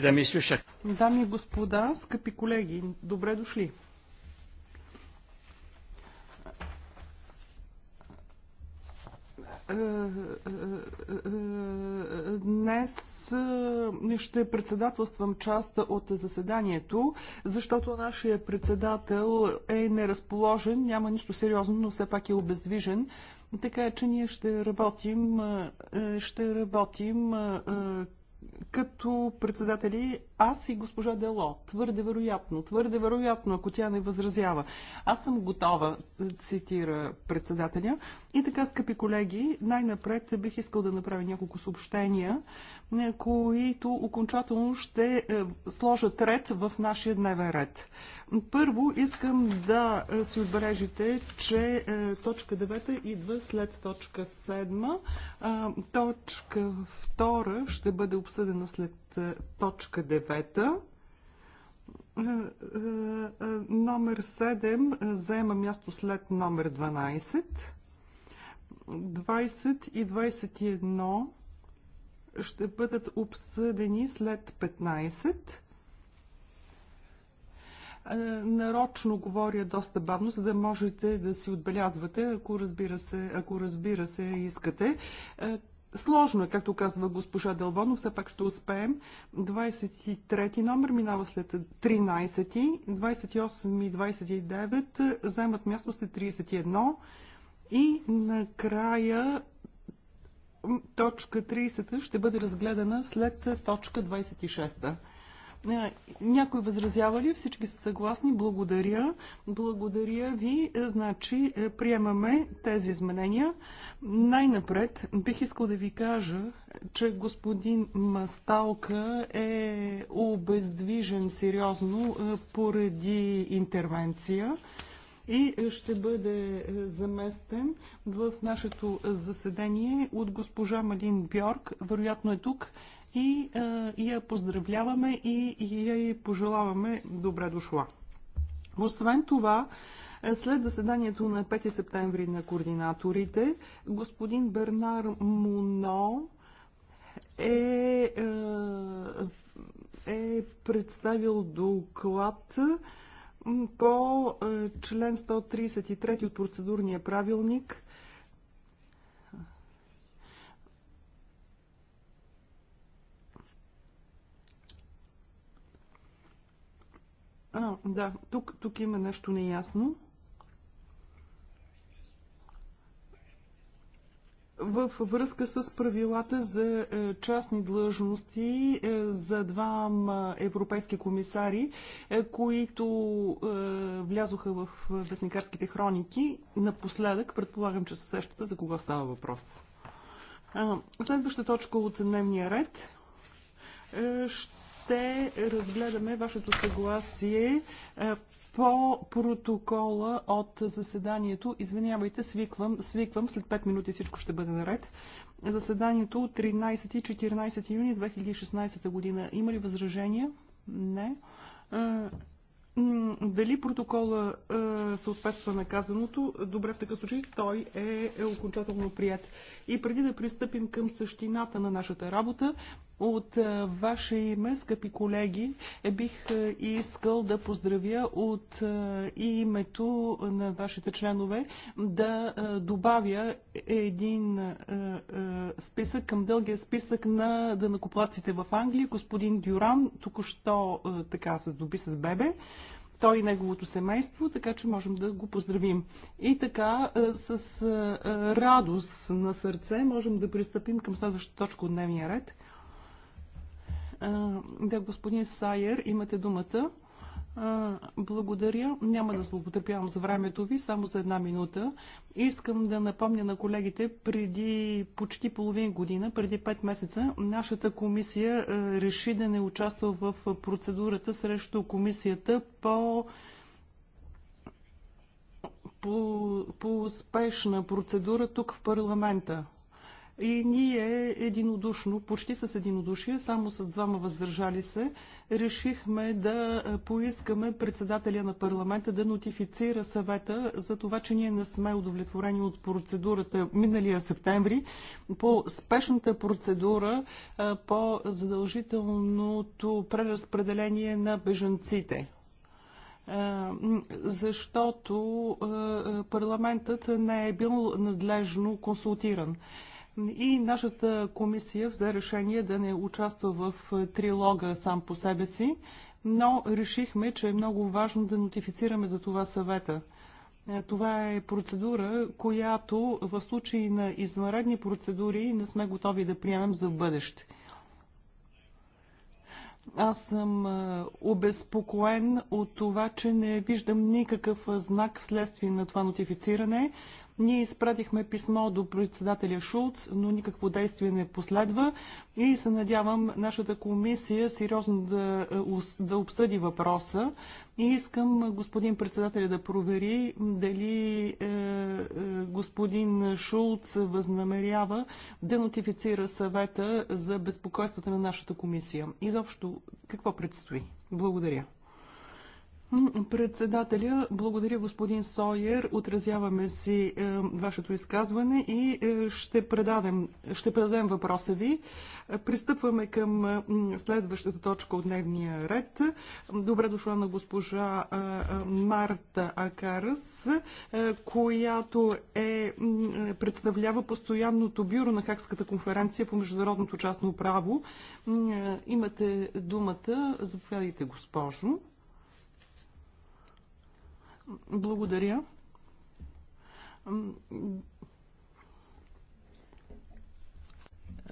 Дами и господа, скъпи колеги, добре дошли. Е, е, е, днес ще председателствам част от заседанието, защото нашия председател е неразположен, няма нищо сериозно, но все пак е обездвижен. Така че ние ще работим, ще работим като председатели аз и госпожа Дело. Твърде вероятно, твърде вероятно, ако тя не възразява. Аз съм готова, цитира председателя. И така, скъпи колеги, най-напред бих искал да направя няколко съобщения, които окончателно ще е, сложат ред в нашия дневен ред. Първо искам да е, си отбележите, че е, точка 9 идва след точка 7. Точка 2 ще бъде обсъдена след е, точка 9. Е, е, номер 7 заема място след номер 12. 20 и 21 ще бъдат обсъдени след 15. Нарочно говоря доста бавно, за да можете да си отбелязвате, ако разбира се, ако разбира се искате. Сложно е, както казва госпожа Дълбонов, все пак ще успеем. 23 номер минава след 13, 28 и 29 заемат място след 31 и накрая точка 30 ще бъде разгледана след точка 26. Е, някой възразява ли? Всички са съгласни. Благодаря. Благодаря ви. Е, значи, е, приемаме тези изменения. Най-напред бих искал да ви кажа, че господин Масталка е обездвижен сериозно поради интервенция и ще бъде заместен в нашето заседание от госпожа Малин Бьорк. Вероятно е тук и я поздравляваме и, и я и пожелаваме добре дошла. Освен това, след заседанието на 5 септември на координаторите, господин Бернар Муно е, е представил доклад по член 133 от процедурния правилник А, да, тук, тук има нещо неясно. в връзка с правилата за е, частни длъжности е, за два е, европейски комисари, които влязоха в вестникарските хроники. Напоследък, предполагам, че се сещате за кого става въпрос. Следваща точка от дневния ред ще ще разгледаме вашето съгласие е, по протокола от заседанието. Извинявайте, свиквам, свиквам. След 5 минути всичко ще бъде наред. Заседанието от 13 и 14 юни 2016 година. Има ли възражения? Не. Е, дали протокола е, съответства на казаното? Добре, в такъв случай той е, е окончателно прият. И преди да пристъпим към същината на нашата работа, от е, ваше име, скъпи колеги, е, бих е, искал да поздравя от името на вашите членове да добавя един списък към дългия списък на дънакоплаците в Англия. Господин Дюран току-що така се здоби с бебе той и неговото семейство, така че можем да го поздравим. И така, с радост на сърце, можем да пристъпим към следващата точка от дневния ред – да, господин Сайер, имате думата. Благодаря. Няма да злоупотребявам за времето ви, само за една минута. Искам да напомня на колегите, преди почти половин година, преди 5 месеца, нашата комисия реши да не участва в процедурата срещу комисията по по, по успешна процедура тук в парламента. И ние единодушно, почти с единодушие, само с двама въздържали се, решихме да поискаме председателя на парламента да нотифицира съвета за това, че ние не сме удовлетворени от процедурата миналия септември по спешната процедура по задължителното преразпределение на бежанците защото парламентът не е бил надлежно консултиран. И нашата комисия взе решение да не участва в е, трилога сам по себе си, но решихме, че е много важно да нотифицираме за това съвета. Е, това е процедура, която в случай на извънредни процедури не сме готови да приемем за бъдеще. Аз съм е, обезпокоен от това, че не виждам никакъв знак вследствие на това нотифициране. Ние изпратихме писмо до председателя Шулц, но никакво действие не последва и се надявам нашата комисия сериозно да, е, да обсъди въпроса и искам господин председателя да провери дали е, е, господин Шулц възнамерява да нотифицира съвета за безпокойствата на нашата комисия. Изобщо, какво предстои? Благодаря. Председателя, благодаря господин Сойер. Отразяваме си е, вашето изказване и е, ще, предадем, ще предадем въпроса ви. Пристъпваме към е, следващата точка от дневния ред. Добре дошла на госпожа е, е Марта Акарас, е, която е, е, представлява постоянното бюро на Хакската конференция по международното частно право. Е, имате думата. Заповядайте, госпожо. Благодаря.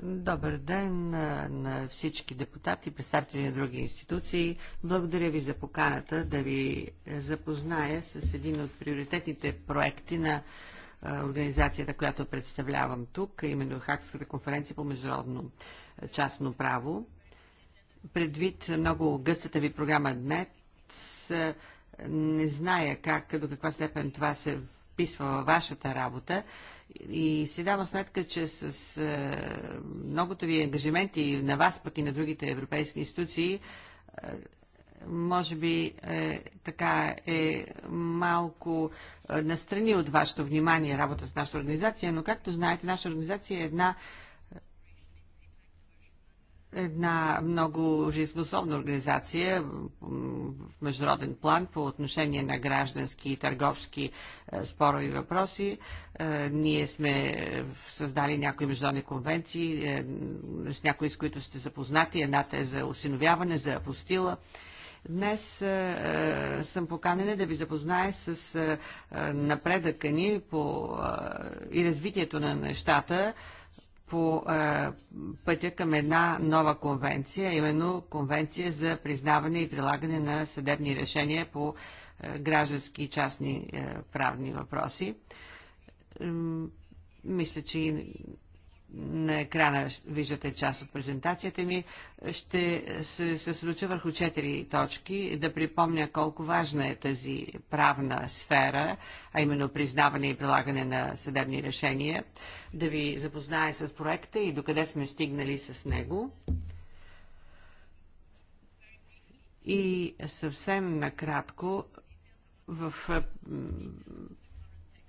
Добър ден на, всички депутати, представители на други институции. Благодаря ви за поканата да ви е, запозная с един от приоритетните проекти на е, организацията, която представлявам тук, именно Хакската конференция по международно е, частно право. Предвид много гъстата ви програма днес, не зная как, до каква степен това се вписва във вашата работа и си давам сметка, че с е, многото ви ангажименти на вас, пък и на другите европейски институции, е, може би е, така е малко е, настрани от вашето внимание работата с нашата организация, но както знаете, наша организация е една една много жизнеспособна организация в международен план по отношение на граждански и търговски е, спорови въпроси. Е, ние сме създали някои международни конвенции, е, с някои с които сте запознати. Едната е за осиновяване, за апостила. Днес е, съм поканена да ви запозная с е, напредъка ни по, е, и развитието на нещата по а, пътя към една нова конвенция, именно конвенция за признаване и прилагане на съдебни решения по а, граждански и частни а, правни въпроси. Мисля, че и на екрана виждате част от презентацията ми. Ще се съсредоча върху четири точки, да припомня колко важна е тази правна сфера, а именно признаване и прилагане на съдебни решения, да ви запозная с проекта и докъде сме стигнали с него. И съвсем накратко в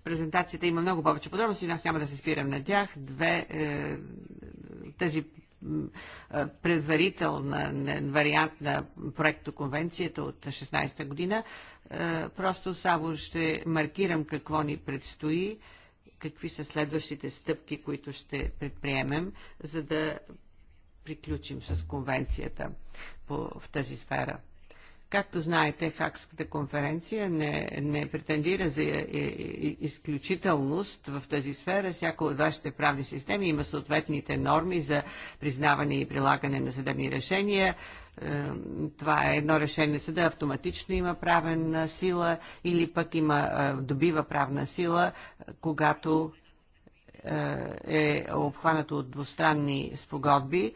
презентацията има много повече подробности, но аз няма да се спирам на тях. Две, е, тази е, предварителен вариант на проекто конвенцията от 16-та година. Е, просто само ще маркирам какво ни предстои, какви са следващите стъпки, които ще предприемем, за да приключим с конвенцията по, в тази сфера. Както знаете, Хакската конференция не, не претендира за е, е, изключителност в тази сфера. Всяко от вашите правни системи има съответните норми за признаване и прилагане на съдебни решения. Е, това е едно решение съда, автоматично има правен сила или пък има, добива правна сила, когато е обхванато от двустранни спогодби.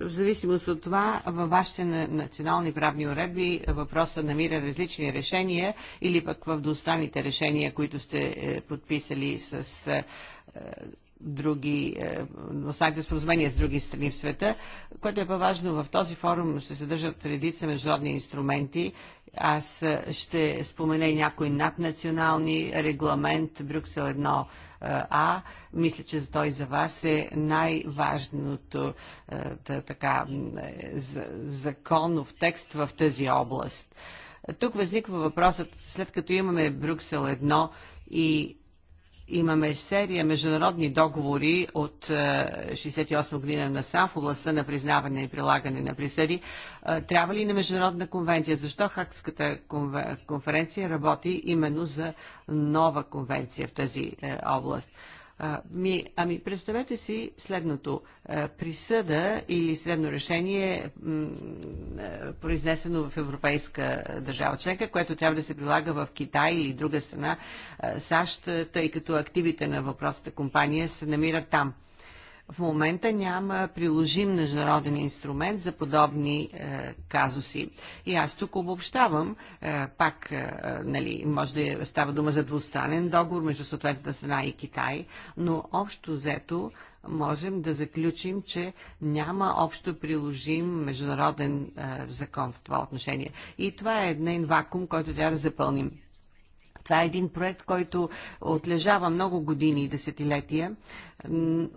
В зависимост от това, във вашите национални правни уредби въпроса намира различни решения или пък в двустранните решения, които сте е, подписали с е, е, други, останалите споразумения с други страни в света. Което е по-важно, в този форум се съдържат редица международни инструменти. Аз ще спомене някой някои наднационални регламент Брюксел 1 а, мисля, че той за вас е най-важното е, да, така, е, законов текст в тази област. Тук възниква въпросът, след като имаме Брюксел 1 и Имаме серия международни договори от 68 е, година на сам в областта на признаване и прилагане на присъди. Е, трябва ли на международна конвенция? Защо Хакската конференция работи именно за нова конвенция в тази е, област? А, ми, ами, представете си следното. А, присъда или средно решение, м, произнесено в европейска държава членка, което трябва да се прилага в Китай или друга страна, а, САЩ, тъй като активите на въпросната компания се намират там. В момента няма приложим международен инструмент за подобни е, казуси. И аз тук обобщавам, е, пак, е, нали, може да е, става дума за двустранен договор между съответната страна и Китай, но общо взето можем да заключим, че няма общо приложим международен е, закон в това отношение. И това е един вакуум, който трябва да запълним. Това е един проект, който отлежава много години и десетилетия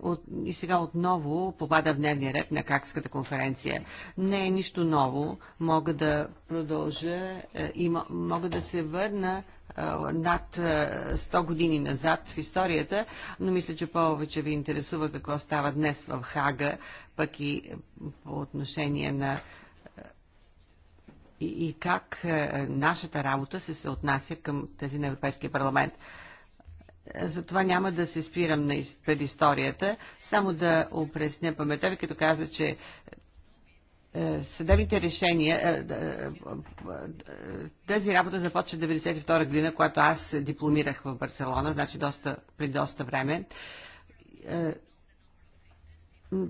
от, и сега отново попада в дневния ред на Какската конференция. Не е нищо ново. Мога да продължа е, и мога да се върна е, над 100 е, години назад в историята, но мисля, че повече ви интересува какво става днес в Хага, пък и по отношение на и, и как е, нашата работа се, се отнася към тези на Европейския парламент. Затова няма да се спирам на предисторията, само да опресня паметта ви, като каза, че е, съдебните решения, е, тази работа започва 1992 година, когато аз дипломирах в Барселона, значи доста, при доста време.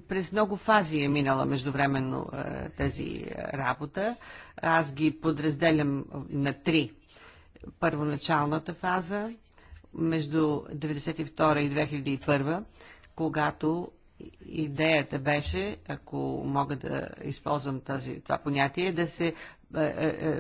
През много фази е минала междувременно е, тази работа. Аз ги подразделям на три. Първоначалната фаза между 1992 и 2001, когато идеята беше, ако мога да използвам тази, това понятие, да се е, е,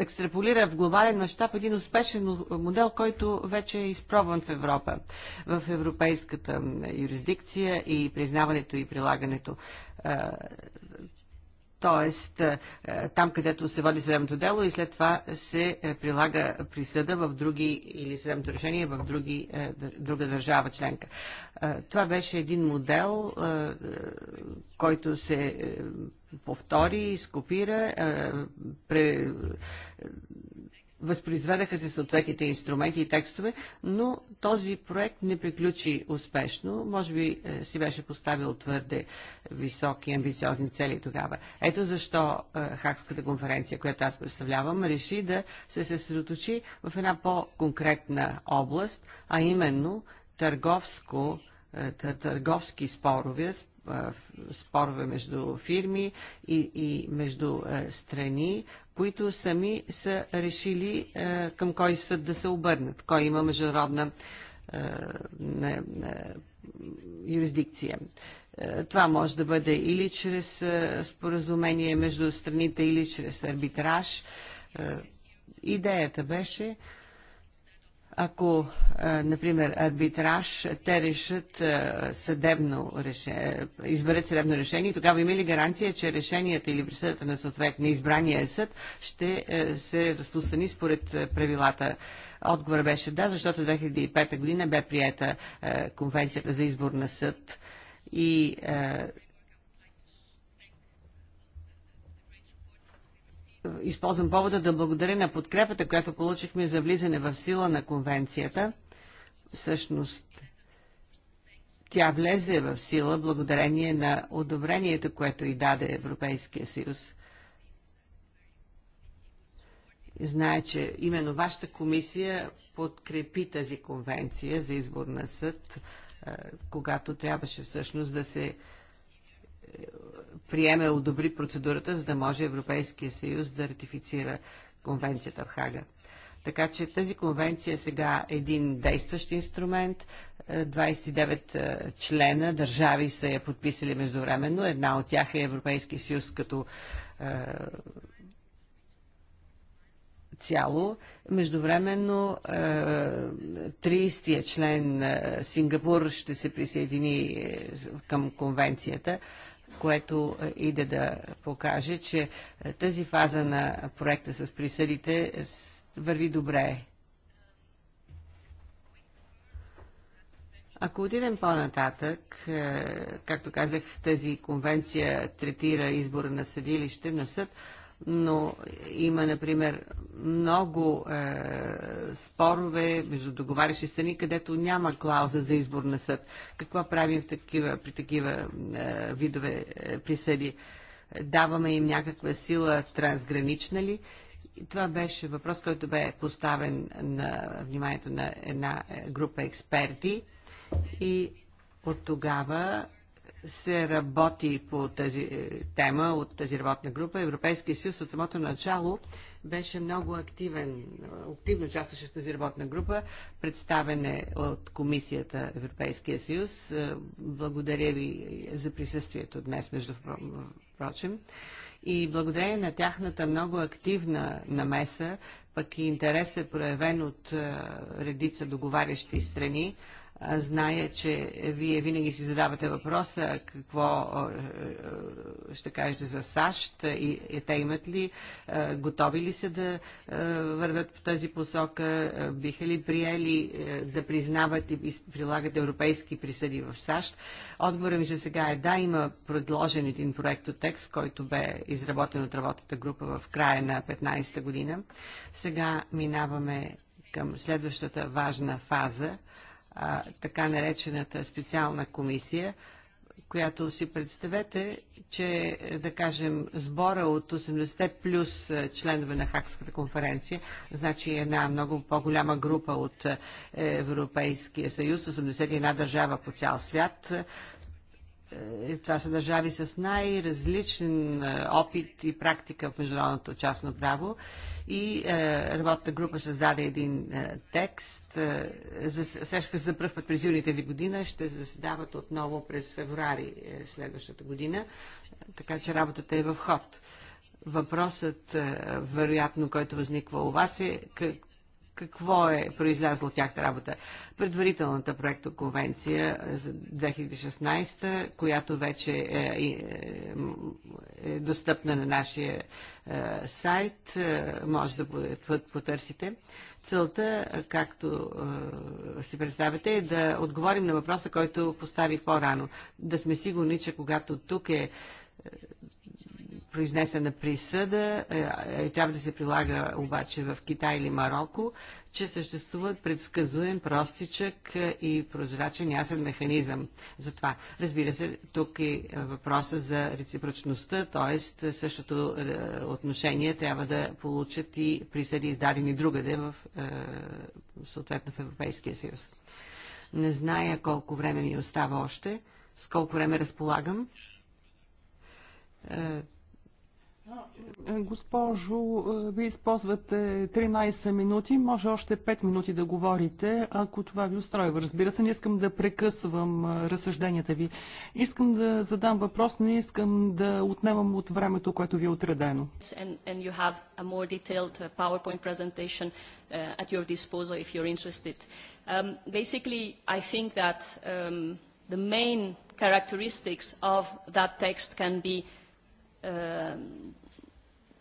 екстраполира в глобален мащаб един успешен модел, който вече е изпробван в Европа, в европейската юрисдикция и признаването и прилагането. Е, т.е. там, където се води съдебното дело и след това се е, прилага присъда в други или съдебното решение в други, е, друга държава членка. Е, това беше един модел, който се повтори, скопира, възпроизведаха се съответните инструменти и текстове, но този проект не приключи успешно. Може би е, си беше поставил твърде високи амбициозни цели тогава. Ето защо е, Хакската конференция, която аз представлявам, реши да се съсредоточи в една по-конкретна област, а именно търговско, е, търговски спорове, спорове между фирми и, и между страни които сами са решили е, към кой съд да се обърнат, кой има международна е, не, не, юрисдикция. Е, това може да бъде или чрез е, споразумение между страните, или чрез арбитраж. Е, идеята беше ако, например, арбитраж, те решат съдебно решение, изберат съдебно решение, тогава има ли гаранция, че решенията или присъдата на съответно избрания съд ще се разпространи според правилата? Отговор беше да, защото 2005 година бе приета конвенцията за избор на съд и използвам повода да благодаря на подкрепата, която получихме за влизане в сила на конвенцията. Всъщност, тя влезе в сила благодарение на одобрението, което и даде Европейския съюз. Знае, че именно вашата комисия подкрепи тази конвенция за избор на съд, когато трябваше всъщност да се приеме, одобри процедурата, за да може Европейския съюз да ратифицира конвенцията в Хага. Така че тази конвенция е сега един действащ инструмент. 29 е, е, члена държави са я подписали междувременно. Една от тях е Европейския съюз като е, цяло. Междувременно е, 30-я член е, Сингапур ще се присъедини към конвенцията което е, иде да покаже, че е, тази фаза на проекта с присъдите е, върви добре. Ако отидем по-нататък, както казах, тази конвенция третира избора на съдилище, на съд, но има, например, много е, спорове между договарящи страни, където няма клауза за избор на съд. Какво правим в такива, при такива е, видове е, присъди? Даваме им някаква сила трансгранична ли? И това беше въпрос, който бе поставен на вниманието на една е, група експерти и от тогава се работи по тази е, тема от тази работна група. Европейския съюз от самото начало беше много активен, активно участваше в тази работна група, представене от Комисията Европейския съюз. Е, благодаря ви за присъствието днес, между прочим. И благодарение на тяхната много активна намеса, пък и интересът е проявен от редица договарящи страни, Зная, че вие винаги си задавате въпроса какво ще кажете за САЩ и те имат ли, готови ли са да вървят по тази посока, биха ли приели да признават и прилагат европейски присъди в САЩ. Отговорът ми, за сега е да, има предложен един проект от текст, който бе изработен от работата група в края на 15-та година. Сега минаваме към следващата важна фаза – а, така наречената специална комисия, която си представете, че, да кажем, сбора от 80 плюс членове на Хакската конференция, значи една много по-голяма група от е, Европейския съюз, 81 държава по цял свят, е, това са държави с най-различен е, опит и практика в международното частно право и е, работната група създаде един е, текст. Е, за, срещка за първ път през юни тази година ще заседават отново през февруари е, следващата година, е, така че работата е в ход. Въпросът, е, вероятно, който възниква у вас е как, какво е произлязло от тяхната работа. Предварителната конвенция за 2016, която вече е, е, е, е достъпна на нашия е, сайт, е, може да потърсите. Целта, както е, си представяте, е да отговорим на въпроса, който поставих по-рано. Да сме сигурни, че когато тук е произнесена присъда е, е, трябва да се прилага обаче в Китай или Марокко, че съществуват предсказуем, простичък е, и прозрачен ясен механизъм за това. Разбира се, тук е въпроса за реципрочността, т.е. същото е, отношение трябва да получат и присъди издадени другаде в, съответно в Европейския съюз. Не зная колко време ми остава още, с колко време разполагам Госпожо, е, вие използвате 13 минути, може още 5 минути да говорите, ако това ви устройва. Разбира се, не искам да прекъсвам е, разсъжденията ви. Искам да задам въпрос, не искам да отнемам от времето, което ви е отредено. Uh, uh, um, basically, I think that um, the main characteristics of that text can be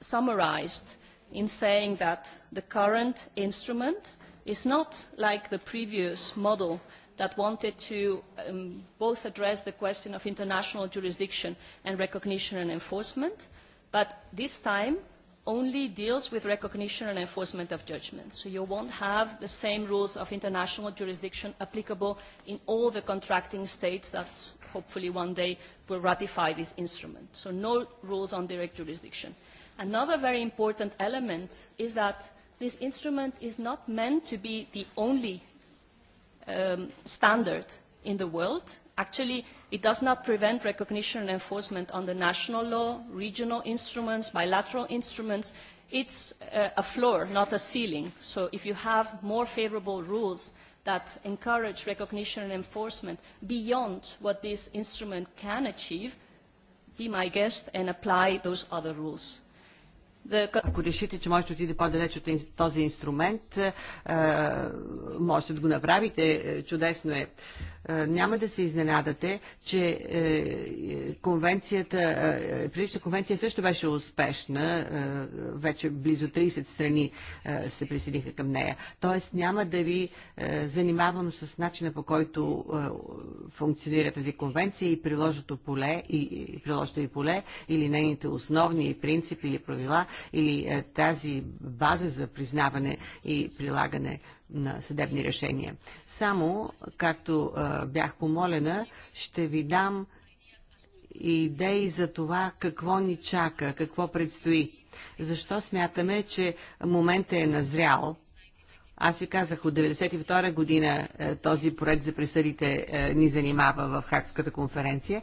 summarised in saying that the current instrument is not like the previous model that wanted to both address the question of international jurisdiction and recognition and enforcement, but this time only deals with recognition and enforcement of judgments. So you won't have the same rules of international jurisdiction applicable in all the contracting states that hopefully one day will ratify this instrument. So no rules on direct jurisdiction. Another very important element is that this instrument is not meant to be the only um, standard in the world Actually, it does not prevent recognition and enforcement under national law, regional instruments, bilateral instruments. It's uh, a floor, not a ceiling. So if you have more favorable rules that encourage recognition and enforcement beyond what this instrument can achieve, be my guest and apply those other rules. Ако решите, че можете да отиде по-далеч от този инструмент, е, можете да го направите. Е, чудесно е. е. Няма да се изненадате, че конвенцията, предишната конвенция също беше успешна. Вече близо 30 страни се присъединиха към нея. Тоест няма да ви занимавам с начина по който функционира тази конвенция и приложното поле, и, и приложното поле, или нейните основни принципи или правила, и е, тази база за признаване и прилагане на съдебни решения. Само, както е, бях помолена, ще ви дам идеи за това какво ни чака, какво предстои. Защо смятаме, че моментът е назрял аз ви казах, от 1992 година е, този проект за присъдите е, ни занимава в Хакската конференция.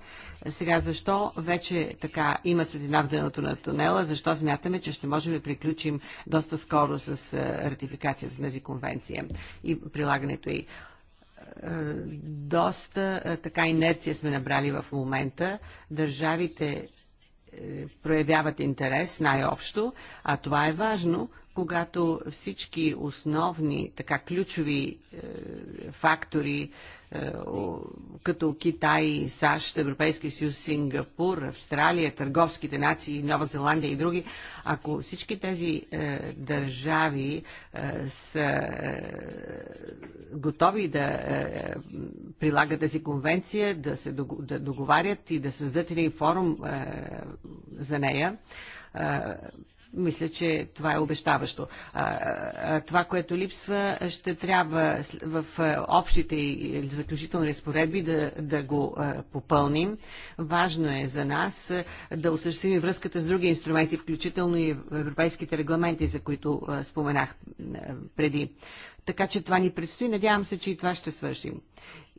Сега защо вече така има светлина в дъното на тунела? Защо смятаме, че ще можем да приключим доста скоро с е, ратификацията на тази конвенция и прилагането й? Доста така инерция сме набрали в момента. Държавите проявяват интерес най-общо, а това е важно, когато всички основни, така ключови е, фактори, е, о, като Китай, САЩ, Европейския съюз, Сингапур, Австралия, търговските нации, Нова Зеландия и други, ако всички тези е, държави е, са е, готови да е, прилагат тази конвенция, да се да договарят и да създадат един форум е, за нея, е, мисля, че това е обещаващо. Това, което липсва, ще трябва в общите и заключителни разпоредби да, да го попълним. Важно е за нас да осъществим връзката с други инструменти, включително и европейските регламенти, за които споменах преди. Така че това ни предстои. Надявам се, че и това ще свършим.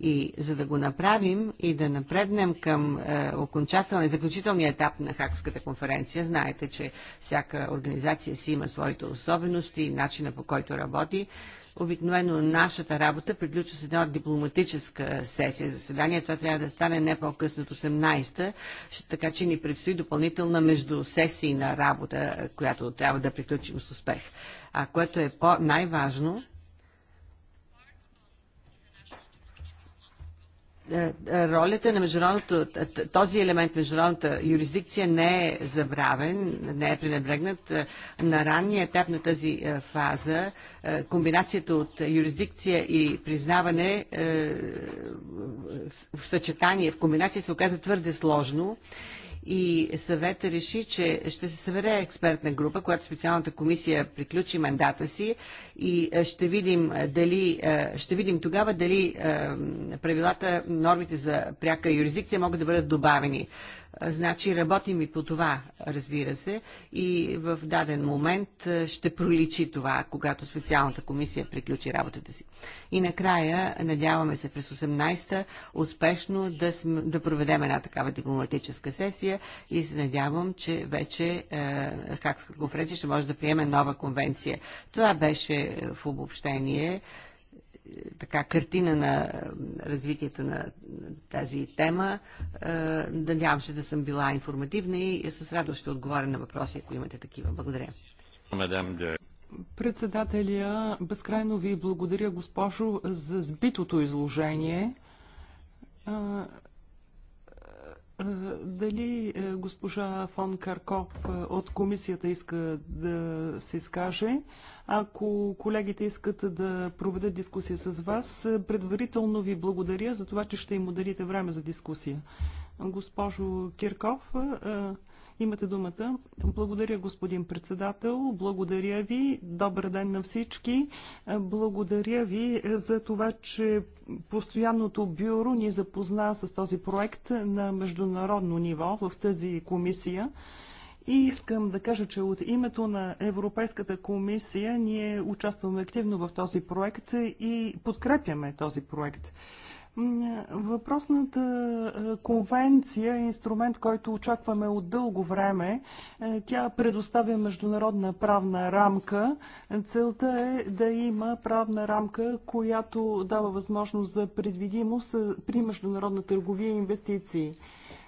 И за да го направим и да напреднем към е, окончателния, заключителния етап на Хакската конференция, знаете, че всяка организация си има своите особености и начина по който работи. Обикновено нашата работа приключва с една дипломатическа сесия заседание. Това трябва да стане не по-късно от 18-та, така че ни предстои допълнителна междусесийна работа, която трябва да приключим с успех. А което е по- най-важно, Е, е, ролята на международното, този елемент международната юрисдикция не е забравен, не е пренебрегнат. Е, на ранния етап на тази фаза комбинацията от юрисдикция и признаване в съчетание, в комбинация се оказа твърде сложно и съвета реши, че ще се събере експертна група, която специалната комисия приключи мандата си и е, ще видим, е, дали, е, ще видим тогава дали правилата, нормите за пряка юрисдикция могат да бъдат добавени Значи работим и по това, разбира се, и в даден момент ще проличи това, когато специалната комисия приключи работата си. И накрая, надяваме се през 18-та успешно да, см, да проведем една такава дипломатическа сесия и се надявам, че вече е, Хакската конференция ще може да приеме нова конвенция. Това беше в обобщение така картина на развитието на тази тема. Е, надявам се да съм била информативна и с радост ще отговоря на въпроси, ако имате такива. Благодаря. Председателя, безкрайно ви благодаря, госпожо, за сбитото изложение. Е, е, дали е, госпожа Фон Карков е, от комисията иска да се изкаже? Ако колегите искат да проведат дискусия с вас, предварително ви благодаря за това, че ще им ударите време за дискусия. Госпожо Кирков, Имате думата. Благодаря, господин председател. Благодаря ви. Добър ден на всички. Благодаря ви за това, че постоянното бюро ни запозна с този проект на международно ниво в тази комисия. И искам да кажа, че от името на Европейската комисия ние участваме активно в този проект и подкрепяме този проект. Въпросната е, конвенция е инструмент, който очакваме от дълго време. Е, тя предоставя международна правна рамка. Целта е да има правна рамка, която дава възможност за предвидимост е, при международна търговия и инвестиции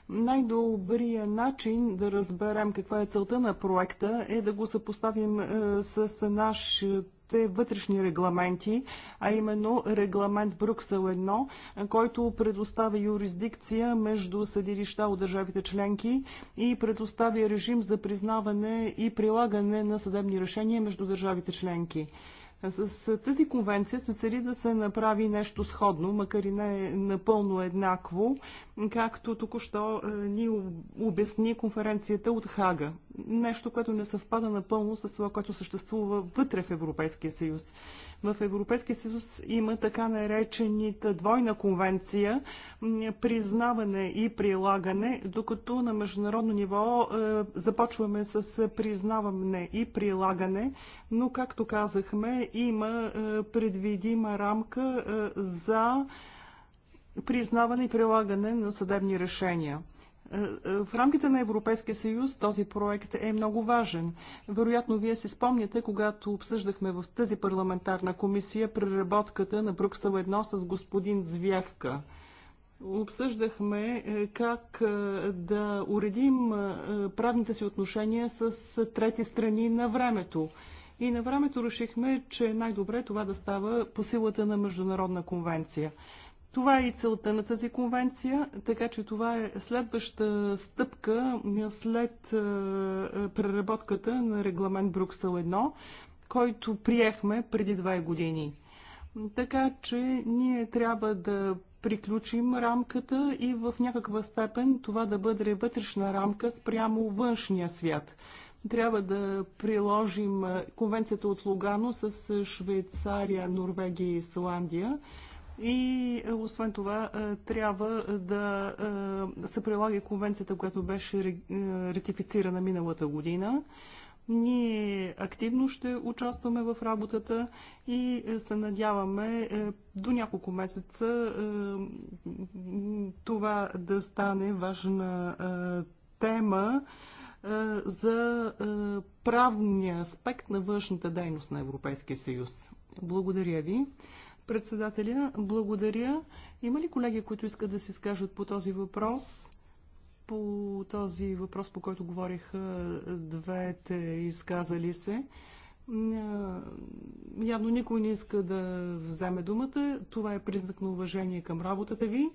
най добрият начин да разберем каква е целта на проекта е да го съпоставим е, с нашите вътрешни регламенти, а именно регламент Брюксел 1, който предоставя юрисдикция между съдилища от държавите членки и предоставя режим за признаване и прилагане на съдебни решения между държавите членки. С тази конвенция се цели да се направи нещо сходно, макар и не е напълно еднакво, както току-що е, ни обясни конференцията от Хага. Нещо, което не съвпада напълно с това, което съществува вътре в Европейския съюз. В Европейския съюз има така наречените двойна конвенция, признаване и прилагане, докато на международно ниво е, започваме с признаване и прилагане, но както казахме, има е, предвидима рамка е, за признаване и прилагане на съдебни решения. В рамките на Европейския съюз този проект е много важен. Вероятно, вие се спомняте, когато обсъждахме в тази парламентарна комисия преработката на Брюксел 1 с господин Звявка. Обсъждахме е, как е, да уредим е, правните си отношения с трети страни на времето. И на времето решихме, че най-добре това да става по силата на Международна конвенция. Това е и целта на тази конвенция, така че това е следваща стъпка след е, е, преработката на регламент Бруксел 1, който приехме преди две години. Така че ние трябва да приключим рамката и в някаква степен това да бъде вътрешна рамка спрямо външния свят. Трябва да приложим е, конвенцията от Лугано с Швейцария, Норвегия и Исландия и е, освен това е, трябва е, да се прилага конвенцията, която беше ратифицирана миналата година. Ние активно ще участваме в работата и се надяваме до няколко месеца това да стане важна тема за правния аспект на външната дейност на Европейския съюз. Благодаря ви. Председателя, благодаря. Има ли колеги, които искат да се скажат по този въпрос? По този въпрос, по който говорих двете изказали се. Явно никой не иска да вземе думата. Това е признак на уважение към работата ви.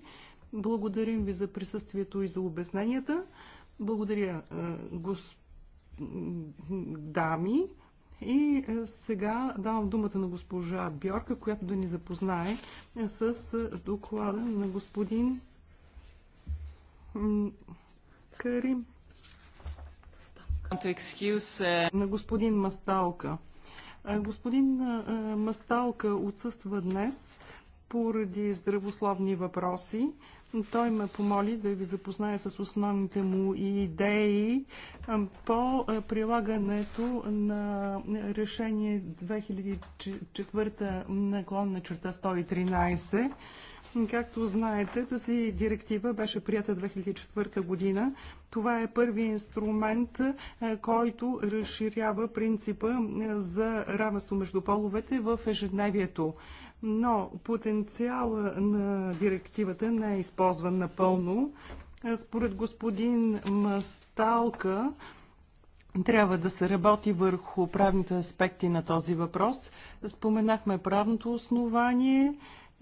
Благодарим ви за присъствието и за обясненията. Благодаря, госп... дами. И е, сега давам думата на госпожа Бьорка, която да ни запознае е, с е, доклада на господин Карим. На господин Масталка. Господин Масталка отсъства днес поради здравословни въпроси. Той ме помоли да ви запозная с основните му идеи по прилагането на решение 2004 наклонна черта 113 Както знаете, тази директива беше прията 2004 година. Това е първи инструмент, който разширява принципа за равенство между половете в ежедневието но потенциала на директивата не е използван напълно. Според господин Масталка, трябва да се работи върху правните аспекти на този въпрос. Споменахме правното основание,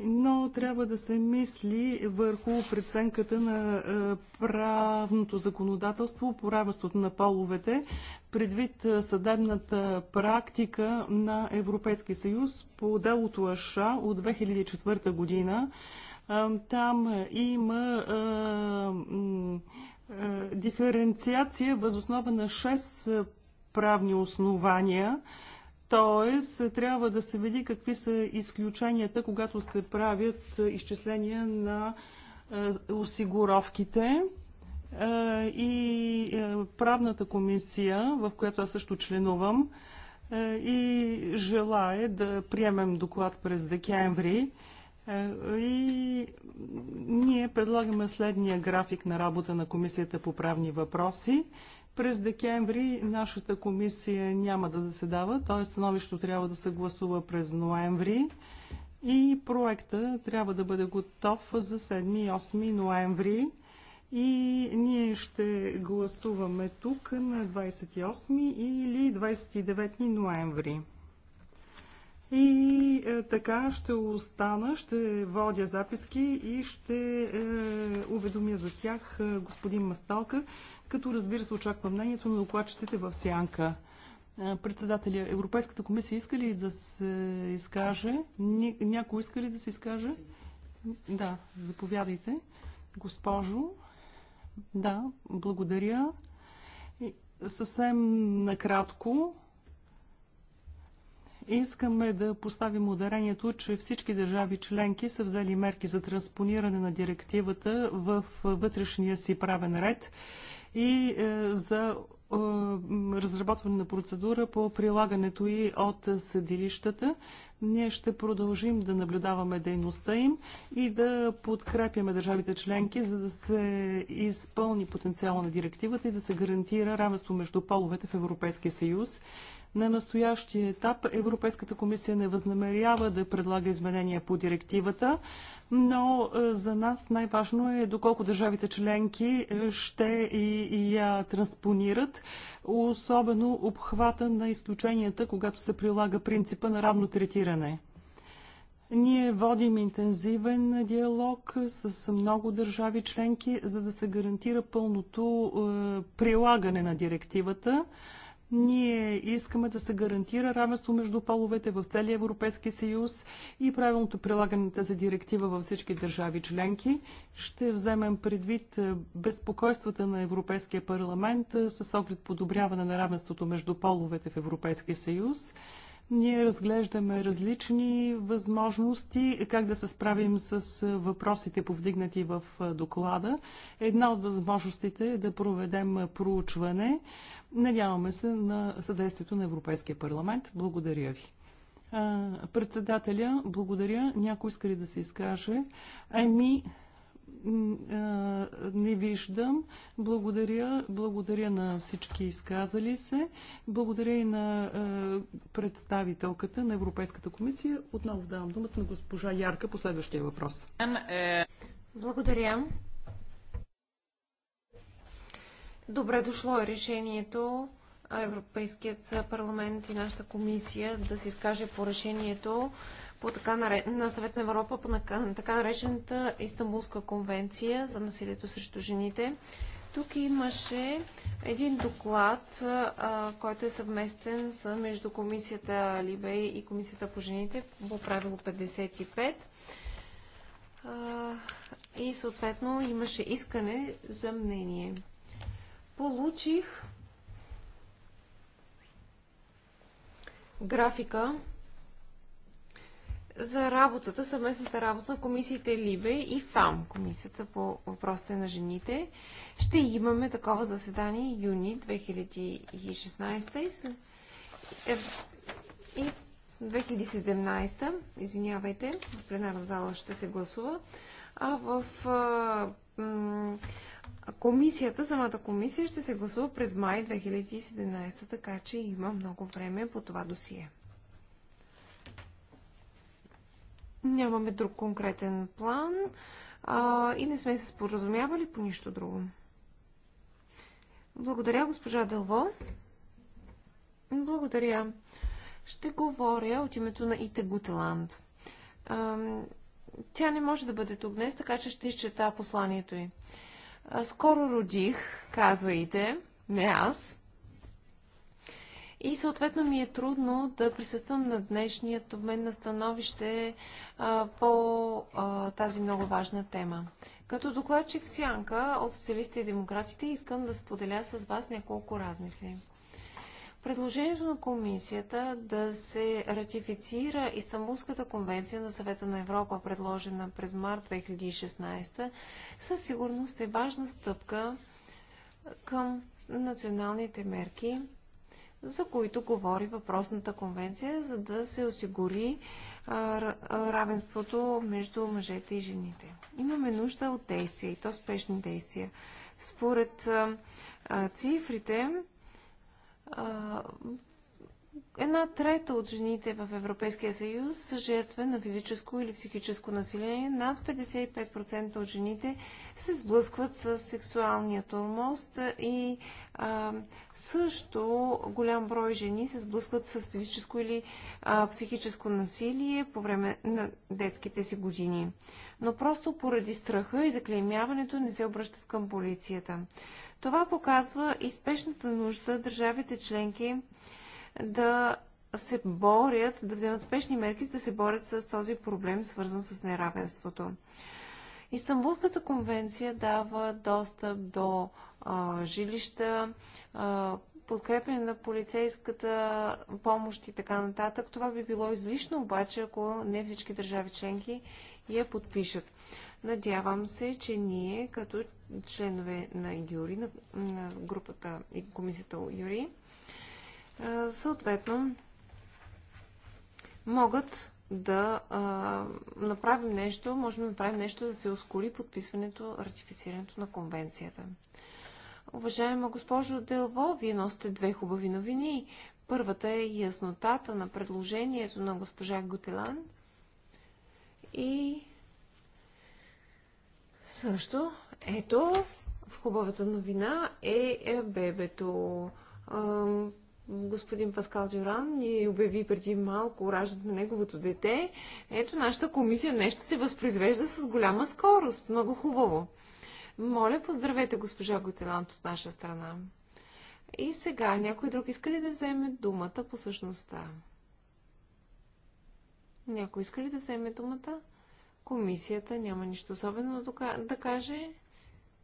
но трябва да се мисли върху преценката на е, правното законодателство по на половете, предвид е, съдебната практика на Европейския съюз по делото Аша от 2004 година. Е, там има диференциация възоснова на 6 правни основания – Тоест, трябва да се види какви са изключенията, когато се правят изчисления на осигуровките. И правната комисия, в която аз също членувам, и желая да приемем доклад през декември. И ние предлагаме следния график на работа на Комисията по правни въпроси. През декември нашата комисия няма да заседава, т.е. становището трябва да се гласува през ноември и проекта трябва да бъде готов за 7 8 ноември. И ние ще гласуваме тук на 28 или 29 ноември. И е, така ще остана, ще водя записки и ще е, уведомя за тях е, господин Масталка, като разбира се очаква мнението на докладчиците в Сянка. Е, председателя, Европейската комисия иска ли да се изкаже? Някой иска ли да се изкаже? Да, заповядайте. Госпожо, да, благодаря. И, съвсем накратко Искаме да поставим ударението, че всички държави членки са взели мерки за транспониране на директивата в вътрешния си правен ред и е, за е, разработване на процедура по прилагането и от съдилищата. Ние ще продължим да наблюдаваме дейността им и да подкрепяме държавите членки, за да се изпълни потенциала на директивата и да се гарантира равенство между половете в Европейския съюз. На настоящия етап Европейската комисия не възнамерява да предлага изменения по директивата, но е, за нас най-важно е доколко държавите членки е, ще и я транспонират, особено обхвата на изключенията, когато се прилага принципа на равно третиране. Ние водим интензивен диалог с много държави членки, за да се гарантира пълното е, прилагане на директивата. Ние искаме да се гарантира равенство между половете в целия Европейски съюз и правилното прилагане на тази директива във всички държави членки. Ще вземем предвид е, безпокойствата на Европейския парламент е, с оглед подобряване на равенството между половете в Европейския съюз ние разглеждаме различни възможности как да се справим с е, въпросите повдигнати в доклада. Една от възможностите е да проведем проучване Надяваме се на съдействието на Европейския парламент. Благодаря ви. Председателя, благодаря. Някой иска ли да се изкаже? Ами, не виждам. Благодаря. Благодаря на всички изказали се. Благодаря и на представителката на Европейската комисия. Отново давам думата на госпожа Ярка по следващия въпрос. Благодаря. Добре дошло е решението Европейският парламент и нашата комисия да се изкаже по решението по така наре... на Съвет на Европа по така наречената Истанбулска конвенция за насилието срещу жените. Тук имаше един доклад, а, който е съвместен с, между комисията Либе и комисията по жените по правило 55. А, и съответно имаше искане за мнение получих графика за работата, съвместната работа на комисиите Либе и ФАМ, комисията по въпросите на жените. Ще имаме такова заседание юни 2016 и 2017, е, извинявайте, в пленарна зала ще се гласува, а в комисията, самата комисия ще се гласува през май 2017, така че има много време по това досие. Нямаме друг конкретен план а, и не сме се споразумявали по нищо друго. Благодаря, госпожа Дълво. Благодаря. Ще говоря от името на Ите Гутеланд. Тя не може да бъде тук днес, така че ще изчета посланието й. Скоро родих, казвайте, не аз. И съответно ми е трудно да присъствам на днешният обмен на становище а, по а, тази много важна тема. Като докладчик Сянка от Социалистите и Демократите искам да споделя с вас няколко размисли. Предложението на комисията да се ратифицира Истанбулската конвенция на съвета на Европа, предложена през март 2016, със сигурност е важна стъпка към националните мерки, за които говори въпросната конвенция, за да се осигури равенството между мъжете и жените. Имаме нужда от действия и то спешни действия. Според цифрите, една трета от жените в Европейския съюз са жертва на физическо или психическо насилие. Над 55% от жените се сблъскват с сексуалния тормоз и а, също голям брой жени се сблъскват с физическо или а, психическо насилие по време на детските си години. Но просто поради страха и заклеймяването не се обръщат към полицията. Това показва и спешната нужда държавите членки да се борят, да вземат спешни мерки, да се борят с този проблем, свързан с неравенството. Истанбулската конвенция дава достъп до а, жилища, а, подкрепене на полицейската помощ и така нататък. Това би било излишно, обаче, ако не всички държави членки я подпишат. Надявам се, че ние като членове на Юри, на, на групата и комисията Юри, съответно могат да а, направим нещо, можем да направим нещо, да се ускори подписването, ратифицирането на конвенцията. Уважаема госпожо Делво, вие носите две хубави новини. Първата е яснотата на предложението на госпожа Гутелан и също, ето, в хубавата новина е, е бебето. Господин Паскал Дюран ни обяви преди малко раждането на неговото дете. Ето, нашата комисия нещо се възпроизвежда с голяма скорост. Много хубаво. Моля, поздравете госпожа Готелант от наша страна. И сега някой друг иска ли да вземе думата по същността? Някой иска ли да вземе думата? Комисията няма нищо особено да каже.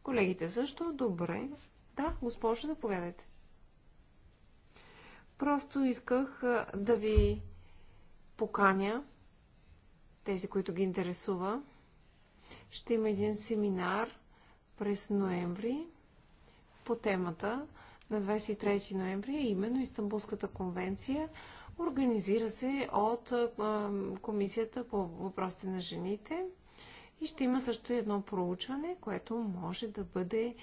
Колегите също. Добре. Да, госпожо, заповядайте. Просто исках да ви поканя, тези, които ги интересува. Ще има един семинар през ноември по темата на 23 ноември, именно Истанбулската конвенция – Организира се от Комисията по въпросите на жените и ще има също едно проучване, което може да бъде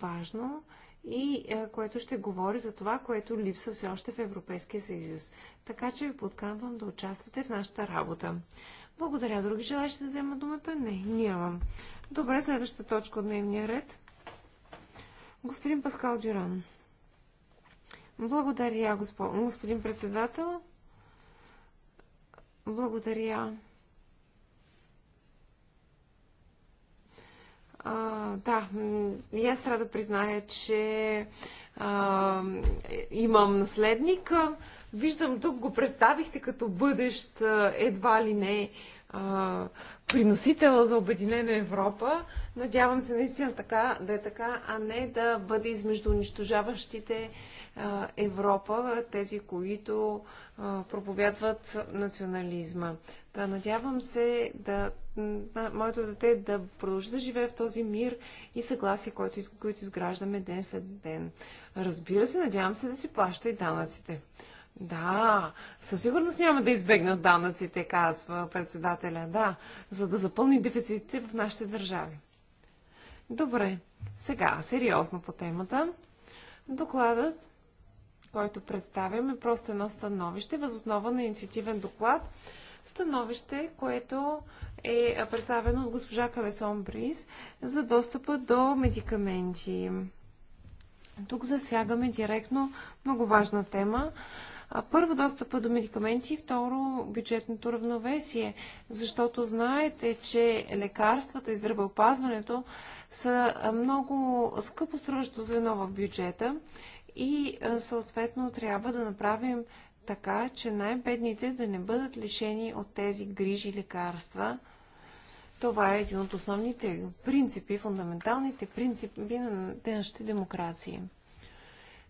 важно и което ще говори за това, което липсва все още в Европейския съюз. Така че ви подканвам да участвате в нашата работа. Благодаря. Други желаящи да взема думата? Не, нямам. Добре, следващата точка от дневния ред. Господин Паскал Дюран. Благодаря, господин председател. Благодаря. А, да, и аз трябва да призная, че а, имам наследник. Виждам, тук го представихте като бъдещ, едва ли не, а, приносител за Обединена Европа. Надявам се наистина така, да е така, а не да бъде измежду унищожаващите Европа, тези, които проповядват национализма. Да, надявам се да, моето дете да продължи да живее в този мир и съгласие, който, които изграждаме ден след ден. Разбира се, надявам се да си плаща и данъците. Да, със сигурност няма да избегнат данъците, казва председателя. Да, за да запълни дефицитите в нашите държави. Добре, сега сериозно по темата. Докладът който представяме, просто едно становище, възоснова на инициативен доклад. Становище, което е представено от госпожа Кавесон Бриз за достъпа до медикаменти. Тук засягаме директно много важна тема. Първо, достъпа до медикаменти и второ, бюджетното равновесие, защото знаете, че лекарствата и здравеопазването са много скъпо струващо звено в бюджета и съответно трябва да направим така, че най-бедните да не бъдат лишени от тези грижи лекарства. Това е един от основните принципи, фундаменталните принципи на нашите демокрации.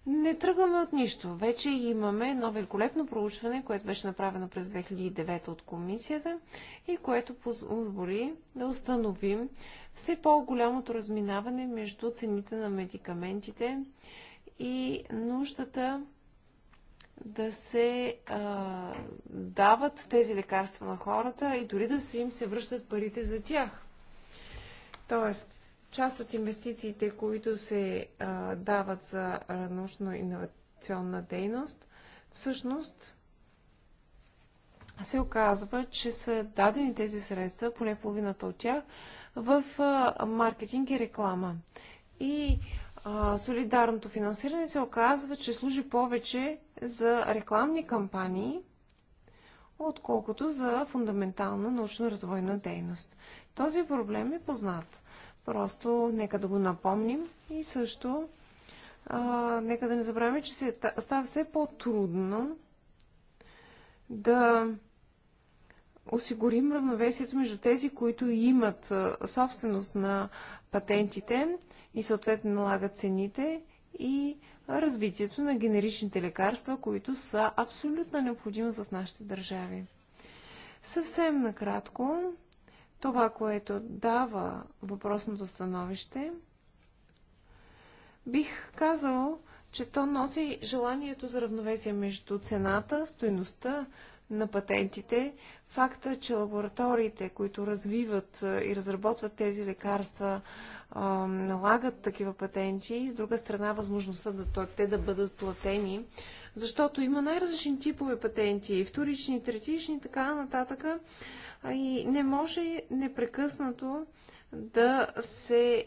Не тръгваме от нищо. Вече имаме едно великолепно проучване, което беше направено през 2009 от комисията и което позволи да установим все по-голямото разминаване между цените на медикаментите и нуждата да се а, дават тези лекарства на хората и дори да се им се връщат парите за тях. Тоест, част от инвестициите, които се а, дават за научно-инновационна дейност, всъщност се оказва, че са дадени тези средства, поне половината от тях, в а, маркетинг и реклама. И а, солидарното финансиране се оказва, че служи повече за рекламни кампании, отколкото за фундаментална научно-развойна дейност. Този проблем е познат. Просто нека да го напомним и също а, нека да не забравяме, че се, става все по-трудно да осигурим равновесието между тези, които имат собственост на патентите и съответно налага цените и развитието на генеричните лекарства, които са абсолютна необходимост в нашите държави. Съвсем накратко, това, което дава въпросното становище, бих казал, че то носи желанието за равновесие между цената, стоеността на патентите, факта, че лабораториите, които развиват и разработват тези лекарства, налагат такива патенти, с друга страна възможността да, те да бъдат платени, защото има най-различни типове патенти, вторични, третични, така нататък. И не може непрекъснато да се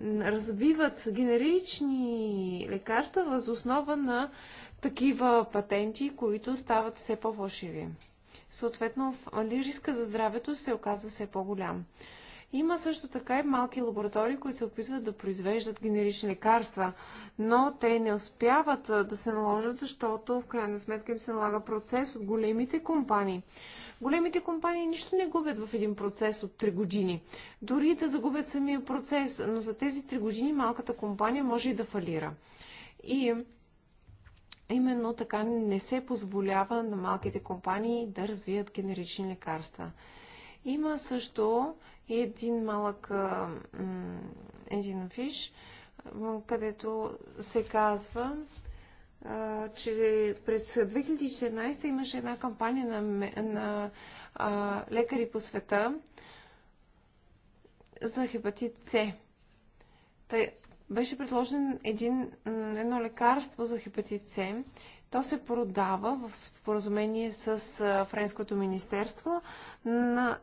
развиват генерични лекарства въз основа на такива патенти, които стават все по-фалшиви. Съответно, риска за здравето се оказва все по-голям. Има също така и малки лаборатории, които се опитват да произвеждат генерични лекарства, но те не успяват да се наложат, защото в крайна сметка им се налага процес от големите компании. Големите компании нищо не губят в един процес от 3 години. Дори да загубят самия процес, но за тези 3 години малката компания може и да фалира. И именно така не се позволява на малките компании да развият генерични лекарства. Има също и един малък един афиш, където се казва, че през 2016 имаше една кампания на, на а, лекари по света за хепатит С. беше предложен един, едно лекарство за хепатит С то се продава в споразумение с Френското министерство на...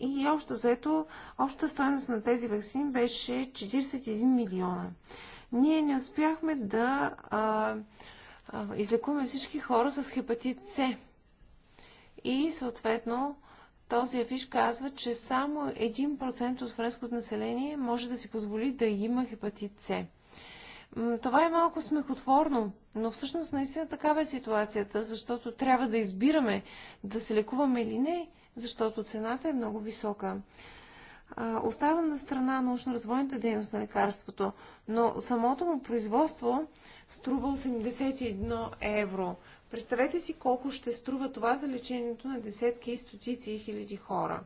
и общо заето, общата стоеност на тези вакцини беше 41 милиона. Ние не успяхме да а, а, излекуваме всички хора с хепатит С. И съответно този афиш казва, че само 1% от френското население може да си позволи да има хепатит С. Това е малко смехотворно, но всъщност наистина такава е ситуацията, защото трябва да избираме да се лекуваме или не, защото цената е много висока. оставам на страна научно-развойната дейност на лекарството, но самото му производство струва 81 евро. Представете си колко ще струва това за лечението на десетки и стотици и хиляди хора.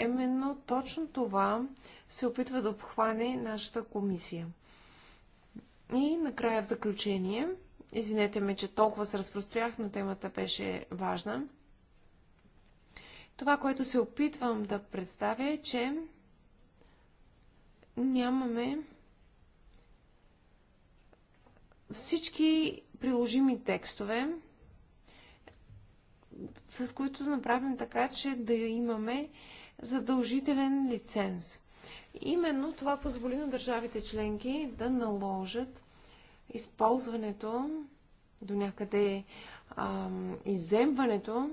Именно точно това се опитва да обхване нашата комисия. И накрая в заключение, извинете ме, че толкова се разпрострях, но темата беше важна. Това, което се опитвам да представя е, че нямаме всички приложими текстове, с които направим така, че да имаме задължителен лиценз. Именно това позволи на държавите членки да наложат използването до някъде ам, иземването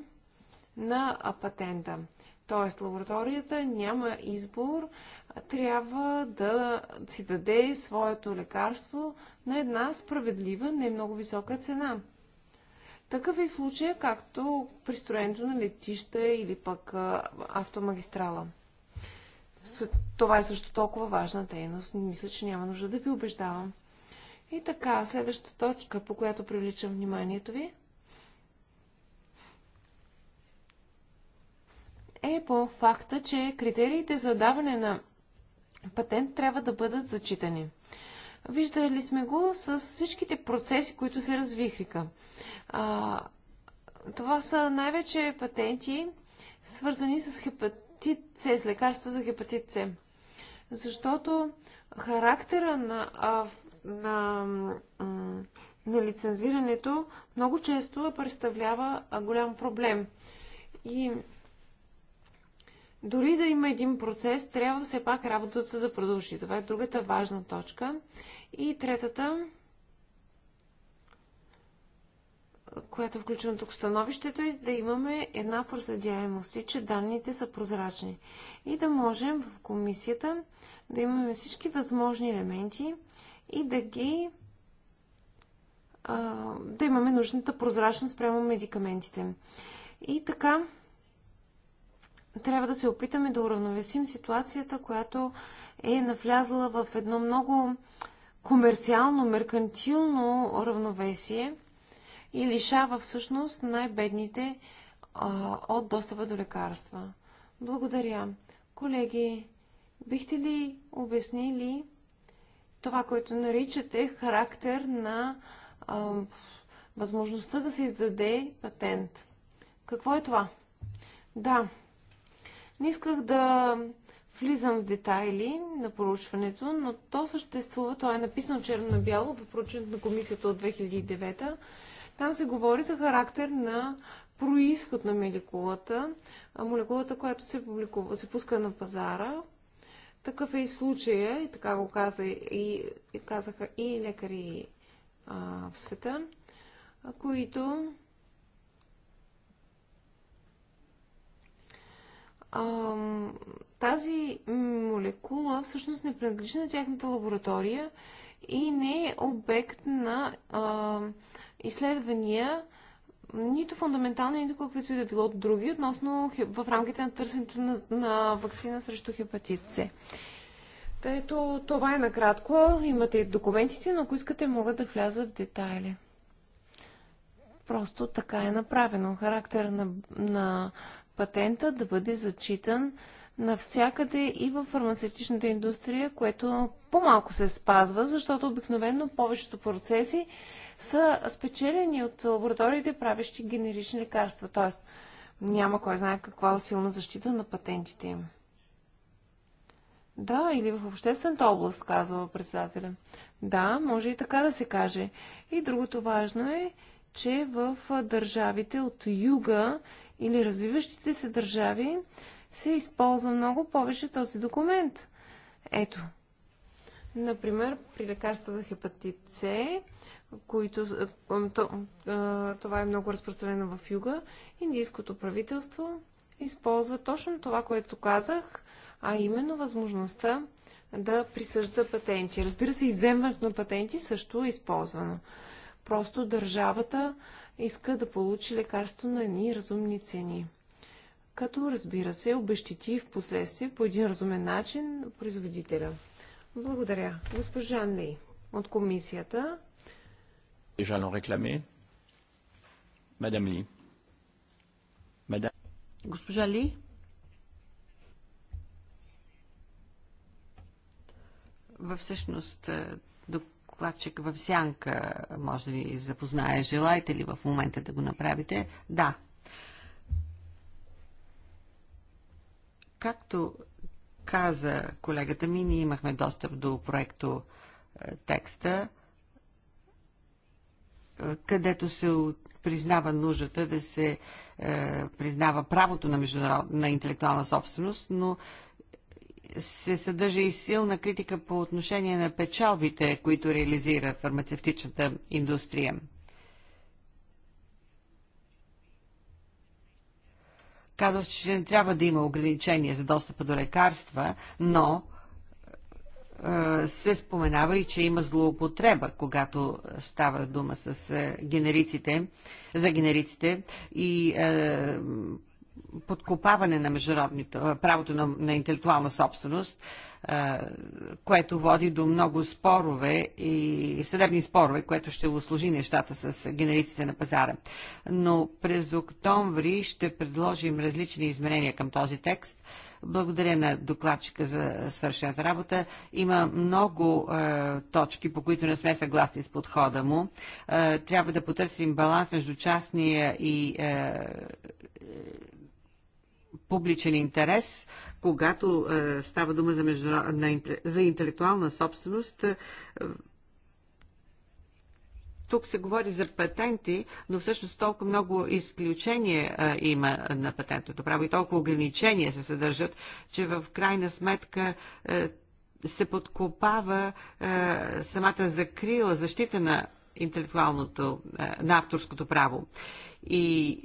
на патента. Тоест, лабораторията няма избор, трябва да си даде своето лекарство на една справедлива, не много висока цена. Такъв е случая, както пристроенето на летища или пък автомагистрала – това е също толкова важна дейност. Мисля, че няма нужда да ви убеждавам. И така, следващата точка, по която привличам вниманието ви, е по факта, че критериите за даване на патент трябва да бъдат зачитани. Виждали сме го с всичките процеси, които се развихриха. това са най-вече патенти, свързани с хепат хепатит С, с лекарства за хепатит С. Защото характера на, а, на, на лицензирането много често представлява голям проблем. И дори да има един процес, трябва все пак работата да продължи. Това е другата важна точка. И третата която е тук в становището, е да имаме една проследяемост и че данните са прозрачни. И да можем в комисията да имаме всички възможни елементи и да ги да имаме нужната прозрачност прямо медикаментите. И така трябва да се опитаме да уравновесим ситуацията, която е навлязла в едно много комерциално, меркантилно равновесие – и лишава всъщност най-бедните от достъпа до лекарства. Благодаря. Колеги, бихте ли обяснили това, което наричате характер на а, възможността да се издаде патент? Какво е това? Да, не исках да влизам в детайли на проучването, но то съществува, то е написано черно на бяло в проучването на комисията от 2009 там се говори за характер на происход на молекулата, молекулата, която се, публикува, се пуска на пазара. Такъв е и случая, и така го каза, и, и казаха и лекари а, в света, които а, тази молекула всъщност не принадлежи на тяхната лаборатория и не е обект на а, изследвания, нито фундаментални, нито каквито и да било от други, относно в рамките на търсенето на, на вакцина срещу хепатит С. Ето, това е накратко. Имате и документите, но ако искате, могат да вляза в детайли. Просто така е направено. Характер на, на патента да бъде зачитан навсякъде и в фармацевтичната индустрия, което по-малко се спазва, защото обикновено повечето процеси са спечелени от лабораториите, правещи генерични лекарства. Т.е. няма кой знае каква е силна защита на патентите им. Да, или в обществената област, казва председателя. Да, може и така да се каже. И другото важно е, че в държавите от юга или развиващите се държави се използва много повече този документ. Ето, например, при лекарства за хепатит С които... Това е много разпространено в юга. Индийското правителство използва точно това, което казах, а именно възможността да присъжда патенти. Разбира се, иземването на патенти също е използвано. Просто държавата иска да получи лекарство на едни разумни цени. Като, разбира се, обещити в последствие по един разумен начин производителя. Благодаря. Госпожа Анли от комисията déjà l'ont réclamé. Madame Lee. Madame. Госпожа Ли. Във всъщност е, докладчик в сянка е, може ли запознае. Желаете ли в момента да го направите? Да. Както каза колегата ми, ние имахме достъп до проекто е, текста където се признава нуждата да се е, признава правото на, международ... на интелектуална собственост, но се съдържа и силна критика по отношение на печалбите, които реализира фармацевтичната индустрия. Казва се, че не трябва да има ограничения за достъпа до лекарства, но се споменава и че има злоупотреба, когато става дума с генериците, за генериците и подкопаване на международното правото на, на интелектуална собственост, което води до много спорове и съдебни спорове, което ще услужи нещата с генериците на пазара. Но през октомври ще предложим различни изменения към този текст, благодаря на докладчика за свършената работа. Има много е, точки, по които не сме съгласни с подхода му. Е, трябва да потърсим баланс между частния и е, е, публичен интерес когато е, става дума за, междуна... за интелектуална собственост, е, тук се говори за патенти, но всъщност толкова много изключения а, има на патентното право и толкова ограничения се съдържат, че в крайна сметка а, се подкопава а, самата закрила, защита на интелектуалното, на авторското право. И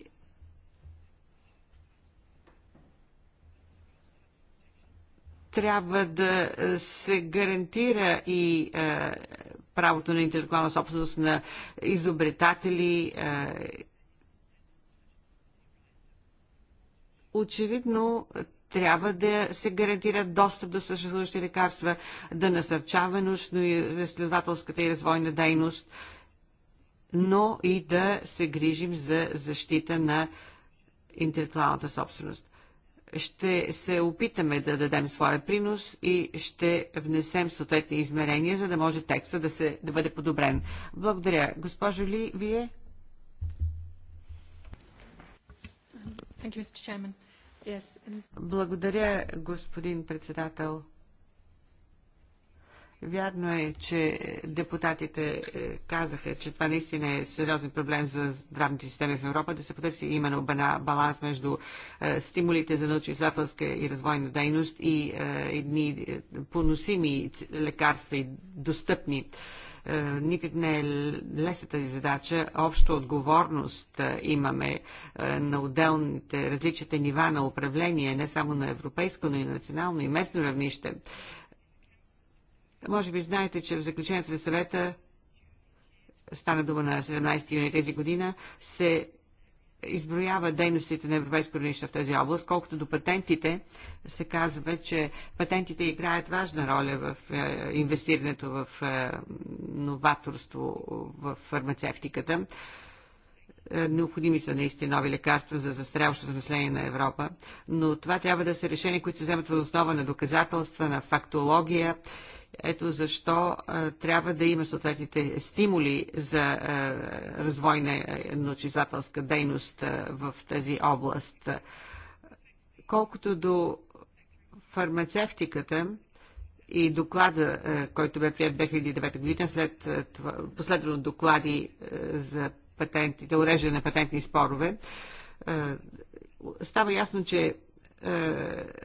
трябва да е, се гарантира и е, правото на интелектуална собственост на изобретатели. Е, очевидно трябва да се гарантира достъп до съществуващи лекарства, да насърчава нужно и разследователската и развойна дейност, но и да се грижим за защита на интелектуалната собственост ще се опитаме да дадем своя принос и ще внесем съответни измерения, за да може текста да, се, да бъде подобрен. Благодаря. Госпожо Ли, вие? Благодаря, господин председател. Вярно е, че депутатите е, казаха, че това наистина е сериозен проблем за здравните системи в Европа, да се потърси именно баланс между е, стимулите за научно-изследователска и развойна дейност и е, едни поносими лекарства и достъпни никак не е лесна тази задача. Обща отговорност имаме на отделните, различните нива на управление, не само на европейско, но и на национално и местно равнище. Може би знаете, че в заключението на съвета стана дума на 17 юни тези година, се изброява дейностите на Европейско равнище в тази област, колкото до патентите се казва, че патентите играят важна роля в е, инвестирането в е, новаторство в фармацевтиката. Е, необходими са наистина нови лекарства за застряващото население на Европа, но това трябва да са решения, които се вземат в основа на доказателства, на фактология. Ето защо а, трябва да има съответните стимули за а, развойна научизателска дейност а, в тази област. Колкото до фармацевтиката и доклада, а, който бе прият 2009 година, след това, доклади а, за патентите, уреждане на патентни спорове, а, става ясно, че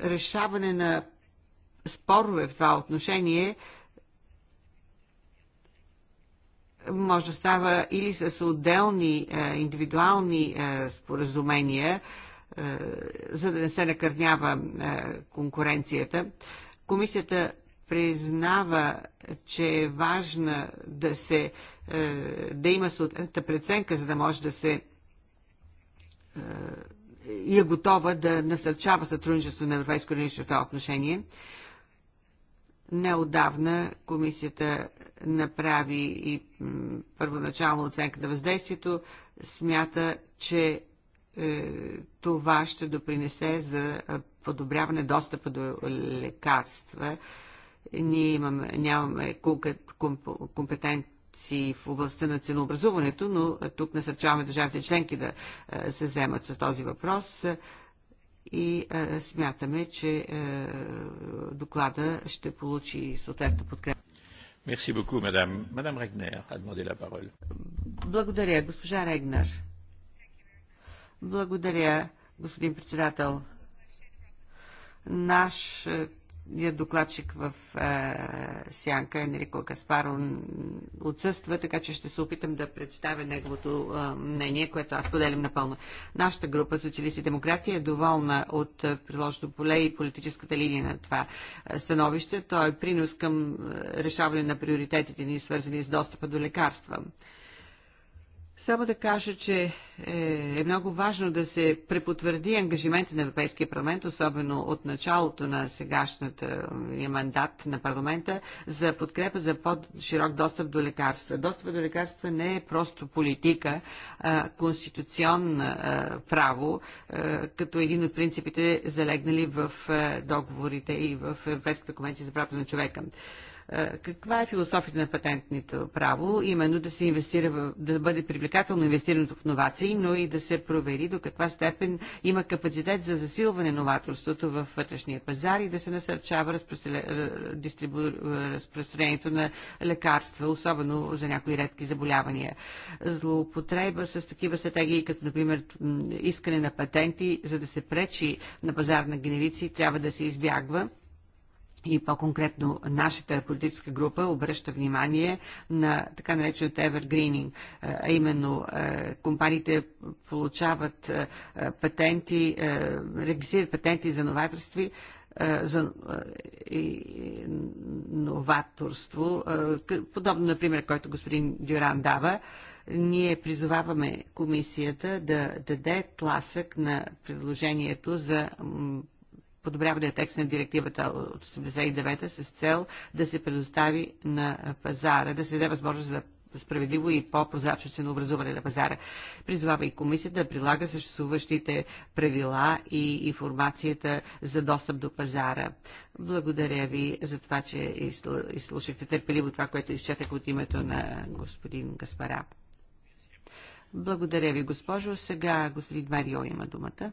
решаване на спорове в това отношение може да става или с отделни е, индивидуални е, споразумения, е, за да не се накърнява конкуренцията. Комисията признава, че е важна да се да има съответната преценка, за да може да се и е готова да насърчава сътрудничество на европейско равнище в това отношение. Неодавна комисията направи и първоначална оценка на въздействието, смята, че е, това ще допринесе за подобряване достъпа до лекарства. Ние имаме, нямаме компетенции в областта на ценообразуването, но тук насърчаваме държавите членки да се вземат с този въпрос и а, смятаме, че а, доклада ще получи съответно подкрепа. Merci beaucoup, madame. Madame Regner a demandé la parole. Благодаря, госпожа Регнер. Благодаря, господин председател. Наш е, докладчик в е, Сянка, Енрико Каспаро, отсъства, така че ще се опитам да представя неговото е, мнение, което аз поделям напълно. Нашата група Социалисти демократи е доволна от е, приложното поле и политическата линия на това е, становище. То е принос към е, решаване на приоритетите ни, свързани с достъпа до лекарства. Е, само да кажа, че е, е много важно да се препотвърди ангажимента на Европейския парламент, особено от началото на сегашната е, мандат на парламента, за подкрепа за по-широк достъп до лекарства. Достъп до лекарства не е просто политика, а конституционно е, право, като един от принципите залегнали в договорите и в Европейската конвенция за правото на човека. Каква е философията на патентното право? Именно да се инвестира в, да бъде привлекателно инвестирането в новации, но и да се провери до каква степен има капацитет за засилване новаторството в вътрешния пазар и да се насърчава разпространението на лекарства, особено за някои редки заболявания. Злоупотреба с такива стратегии, като например искане на патенти, за да се пречи на пазар на генерици, трябва да се избягва и по-конкретно нашата политическа група обръща внимание на така нареченото evergreening, а именно компаниите получават патенти, регистрират патенти за новаторство, за новаторство, подобно, например, който господин Дюран дава, ние призоваваме комисията да даде тласък на предложението за подобряване на текст на директивата от 89-та с цел да се предостави на пазара, да се даде възможност за справедливо и по-прозрачно ценообразуване на пазара. Призвава и комисията да прилага съществуващите правила и информацията за достъп до пазара. Благодаря ви за това, че изслушахте търпеливо това, което изчетах от името на господин Гаспара. Благодаря ви, госпожо. Сега господин Марио има думата.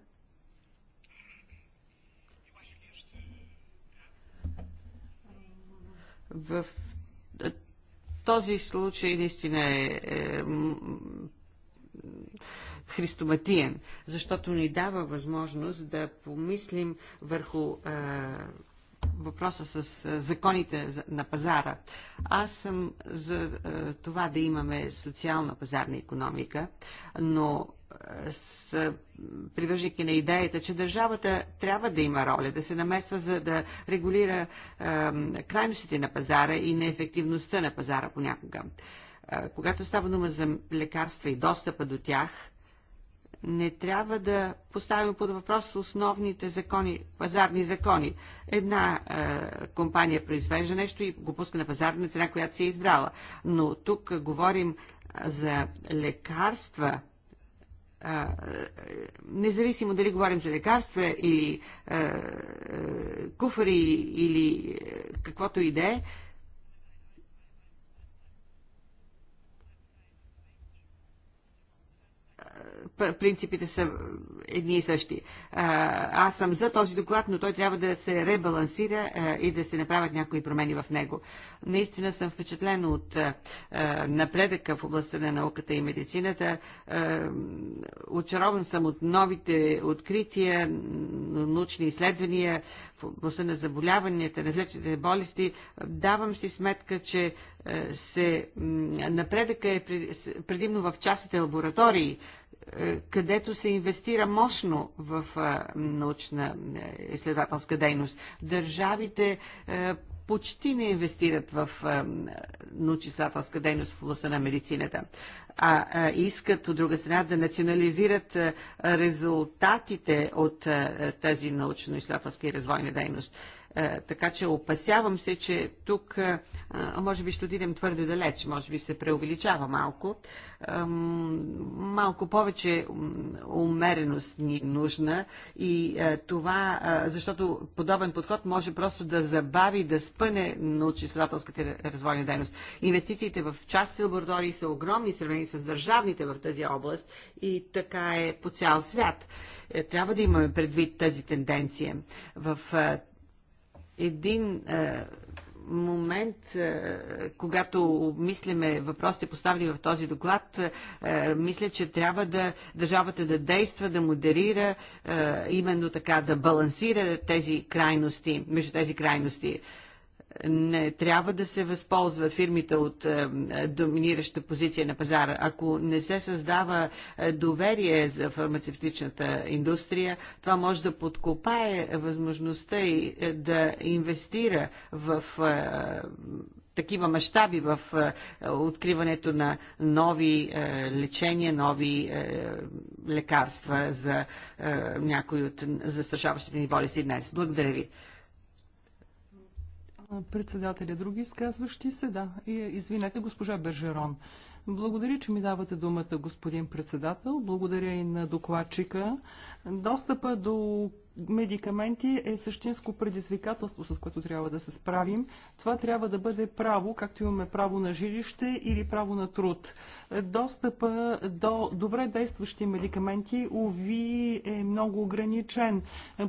В е, този случай наистина е, е христоматиен, защото ни дава възможност да помислим върху е, въпроса с е, законите на пазара. Аз съм за е, това да имаме социална пазарна економика, но с привържники на идеята, че държавата трябва да има роля, да се намесва за да регулира крайностите на пазара и неефективността на пазара понякога. Когато става дума за лекарства и достъпа до тях, не трябва да поставим под въпрос основните закони, пазарни закони. Една е, компания произвежда нещо и го пуска на пазарна цена, която си е избрала. Но тук говорим за лекарства, а, е, независимо дали говорим за лекарства или а, е, е, куфари или каквото и да е, принципите са едни и същи. Аз съм за този доклад, но той трябва да се ребалансира и да се направят някои промени в него. Наистина съм впечатлен от напредъка в областта на науката и медицината. Очарован съм от новите открития, научни изследвания в областта на заболяванията, различните болести. Давам си сметка, че се, напредъка е предимно в частните лаборатории, е, където се инвестира мощно в е, научна е, изследователска дейност. Държавите почти не инвестират в научно-изследователска дейност в областта на медицината, а, а искат от друга страна да национализират резултатите от тази научно-изследователска и развойна дейност. Е, така че опасявам се, че тук е, може би ще отидем твърде далеч, може би се преувеличава малко. Малко повече умереност ни е нужна и е, това, защото подобен подход може просто да забави, да спъне научно-изследователската развойна дейност. Инвестициите в частни лаборатории са огромни, сравнени с държавните в тази област и така е по цял свят трябва да имаме предвид тази тенденция. В един е, момент, е, когато мислиме въпросите поставени в този доклад, е, мисля, че трябва да държавата да действа, да модерира, именно така, да балансира тези крайности, между тези крайности не трябва да се възползват фирмите от е, доминираща позиция на пазара. Ако не се създава е, доверие за фармацевтичната индустрия, това може да подкопае възможността и е, да инвестира в такива мащаби в откриването на нови лечения, нови лекарства за някои от застрашаващите ни болести днес. Благодаря ви. Председателя, други изказващи се, да. Извинете, госпожа Бержерон. Благодаря, че ми давате думата, господин председател. Благодаря и на докладчика. Достъпа до медикаменти е същинско предизвикателство, с което трябва да се справим. Това трябва да бъде право, както имаме право на жилище или право на труд. Достъпа до добре действащи медикаменти, уви, е много ограничен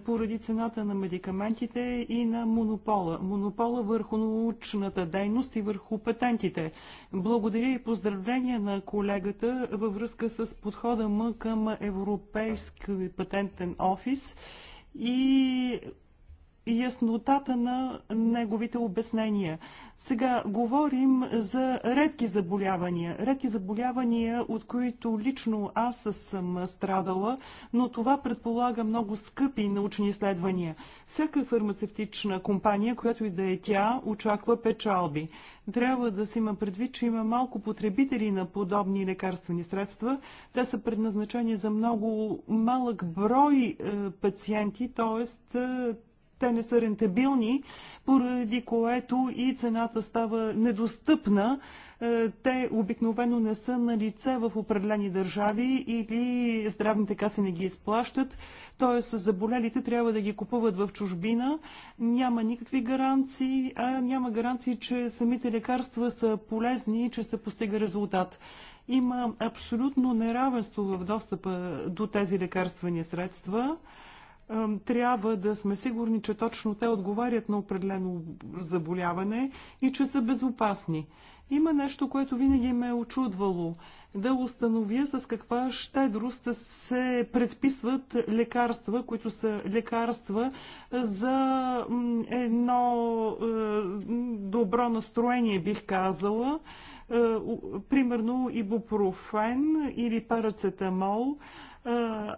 поради цената на медикаментите и на монопола. Монопола върху научната дейност и върху патентите. Благодаря и поздравления на колегата във връзка с подхода му към европейски патент патентен офис и яснотата на неговите обяснения. Сега говорим за редки заболявания. Редки заболявания, от които лично аз съм страдала, но това предполага много скъпи научни изследвания. Всяка фармацевтична компания, която и да е тя, очаква печалби. Трябва да се има предвид, че има малко потребители на подобни лекарствени средства. Те са предназначени за много малък брой е, пациенти, т.е те не са рентабилни, поради което и цената става недостъпна. Е, те обикновено не са на лице в определени държави или здравните каси не ги изплащат. Т.е. заболелите трябва да ги купуват в чужбина. Няма никакви гаранции, а няма гаранции, че самите лекарства са полезни и че се постига резултат има абсолютно неравенство в достъпа до тези лекарствени средства трябва да сме сигурни, че точно те отговарят на определено заболяване и че са безопасни. Има нещо, което винаги ме е очудвало да установя с каква щедрост се предписват лекарства, които са лекарства за едно е, добро настроение, бих казала. Е, примерно ибупрофен или парацетамол.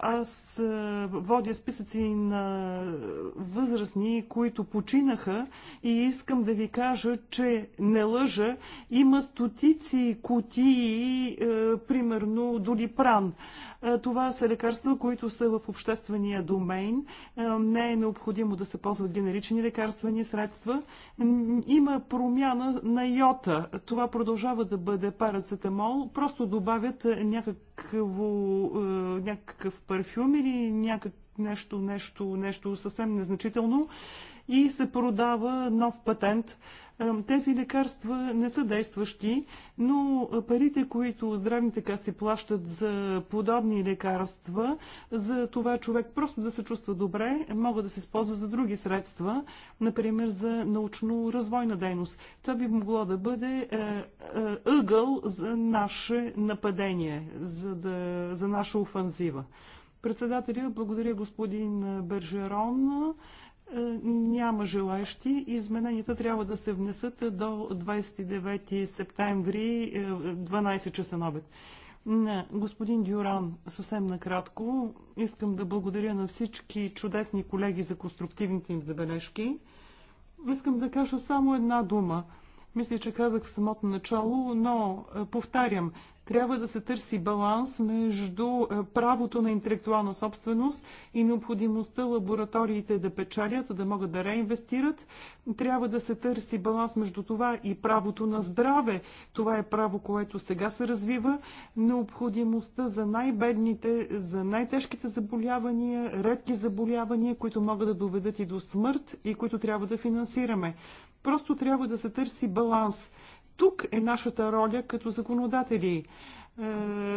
Аз водя списъци на възрастни, които починаха и искам да ви кажа, че не лъжа. Има стотици кутии, примерно доли пран е, това са лекарства, които са в обществения домейн. Е, не е необходимо да се ползват генерични лекарствени средства. Има промяна на йота. Това продължава да бъде парацетамол. Просто добавят е, някакво, някакъв парфюм или някак нещо, нещо, нещо съвсем незначително и се продава нов патент. Тези лекарства не са действащи, но парите, които здравните каси плащат за подобни лекарства, за това човек просто да се чувства добре, могат да се използват за други средства, например за научно-развойна дейност. Това би могло да бъде е, е, ъгъл за наше нападение, за, да, за наша офанзива. Председателя, благодаря господин Бержерон. Е, няма желаещи. Измененията трябва да се внесат до 29 септември 12 е, часа на обед. Не, господин Дюран, съвсем накратко, искам да благодаря на всички чудесни колеги за конструктивните им забележки. Искам да кажа само една дума. Мисля, че казах в самото начало, но е, повтарям, трябва да се търси баланс между е, правото на интелектуална собственост и необходимостта лабораториите да печалят, да могат да реинвестират. Трябва да се търси баланс между това и правото на здраве. Това е право, което сега се развива. Необходимостта за най-бедните, за най-тежките заболявания, редки заболявания, които могат да доведат и до смърт и които трябва да финансираме. Просто трябва да се търси баланс тук е нашата роля като законодатели. Е,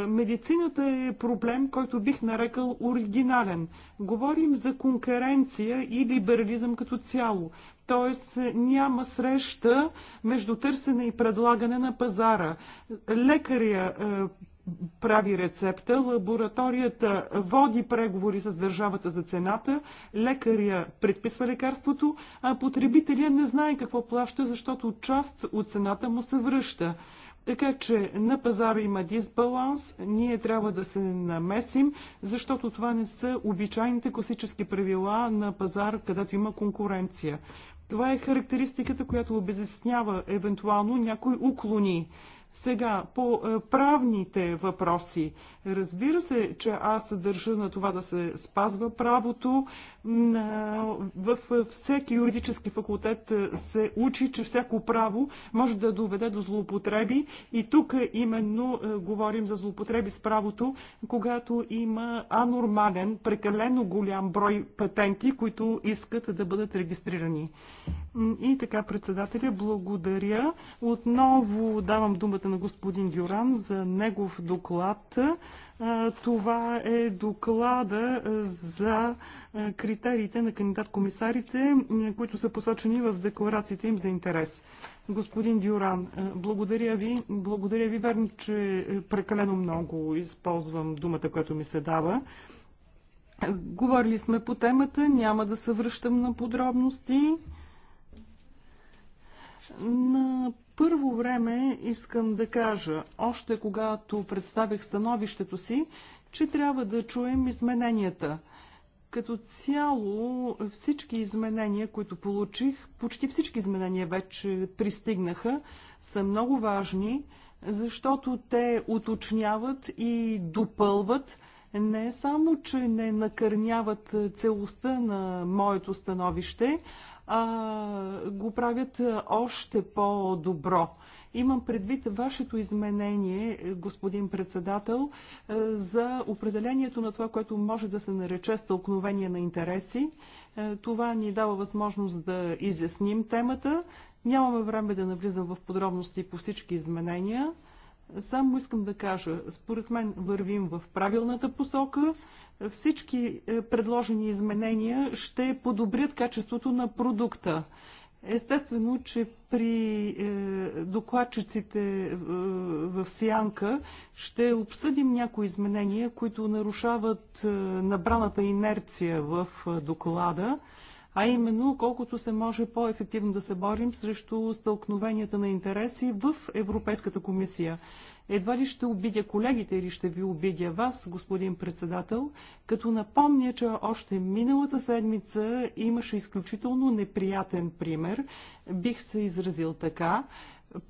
медицината е проблем, който бих нарекал оригинален. Говорим за конкуренция и либерализъм като цяло. Тоест няма среща между търсене и предлагане на пазара. Лекаря, е, прави рецепта, лабораторията води преговори с държавата за цената, лекаря предписва лекарството, а потребителя не знае какво плаща, защото част от цената му се връща. Така че на пазара има дисбаланс, ние трябва да се намесим, защото това не са обичайните класически правила на пазар, където има конкуренция. Това е характеристиката, която обезяснява евентуално някои уклони. Сега, по е, правните въпроси. Разбира се, че аз държа на това да се спазва правото, във всеки юридически факултет е, се учи, че всяко право може да доведе до злоупотреби и тук е, именно е, говорим за злоупотреби с правото, когато има анормален, прекалено голям брой патенти, които искат да бъдат регистрирани. И така, председателя, благодаря. Отново давам думата на господин Гюран за негов доклад. Това е доклада за е, критериите на кандидат-комисарите, които са посочени в декларациите им за интерес. Господин Дюран, е, благодаря ви. Благодаря ви. Верно, че е, прекалено много използвам думата, която ми се дава. Говорили сме по темата, няма да се връщам на подробности. На първо време искам да кажа, още когато представих становището си, че трябва да чуем измененията – като цяло всички изменения, които получих, почти всички изменения вече пристигнаха, са много важни, защото те уточняват и допълват не само, че не накърняват целостта на моето становище, а го правят още по-добро. Имам предвид вашето изменение, господин председател, е, за определението на това, което може да се нарече стълкновение на интереси. Е, това ни дава възможност да изясним темата. Нямаме време да навлизам в подробности по всички изменения. Само искам да кажа, според мен вървим в правилната посока. Всички е, предложени изменения ще подобрят качеството на продукта. Естествено, че при е, докладчиците е, в Сянка ще обсъдим някои изменения, които нарушават е, набраната инерция в е, доклада, а именно колкото се може по-ефективно да се борим срещу стълкновенията на интереси в Европейската комисия. Едва ли ще обидя колегите или ще ви обидя вас, господин председател, като напомня, че още миналата седмица имаше изключително неприятен пример. Бих се изразил така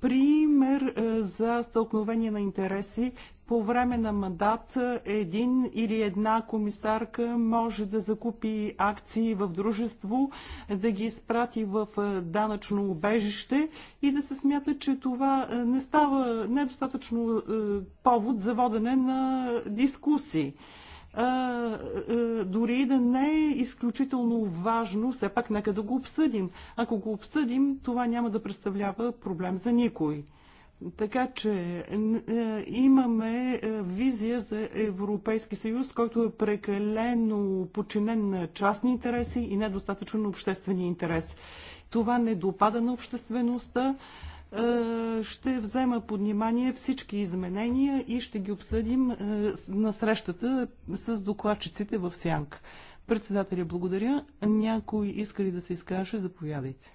пример е, за стълкновение на интереси. По време на мандат е, един или една комисарка може да закупи акции в дружество, да ги изпрати в е, данъчно убежище и да се смята, че това не става недостатъчно повод за водене на дискусии дори и да не е изключително важно, все пак нека да го обсъдим. Ако го обсъдим, това няма да представлява проблем за никой. Така че е, имаме е, визия за Европейски съюз, който е прекалено подчинен на частни интереси и недостатъчно на обществени интерес. Това не допада на обществеността. Е, ще взема под внимание всички изменения и ще ги обсъдим е, на срещата с докладчиците в Сянка. Председателя, благодаря. Някой иска ли да се изкаже? Заповядайте.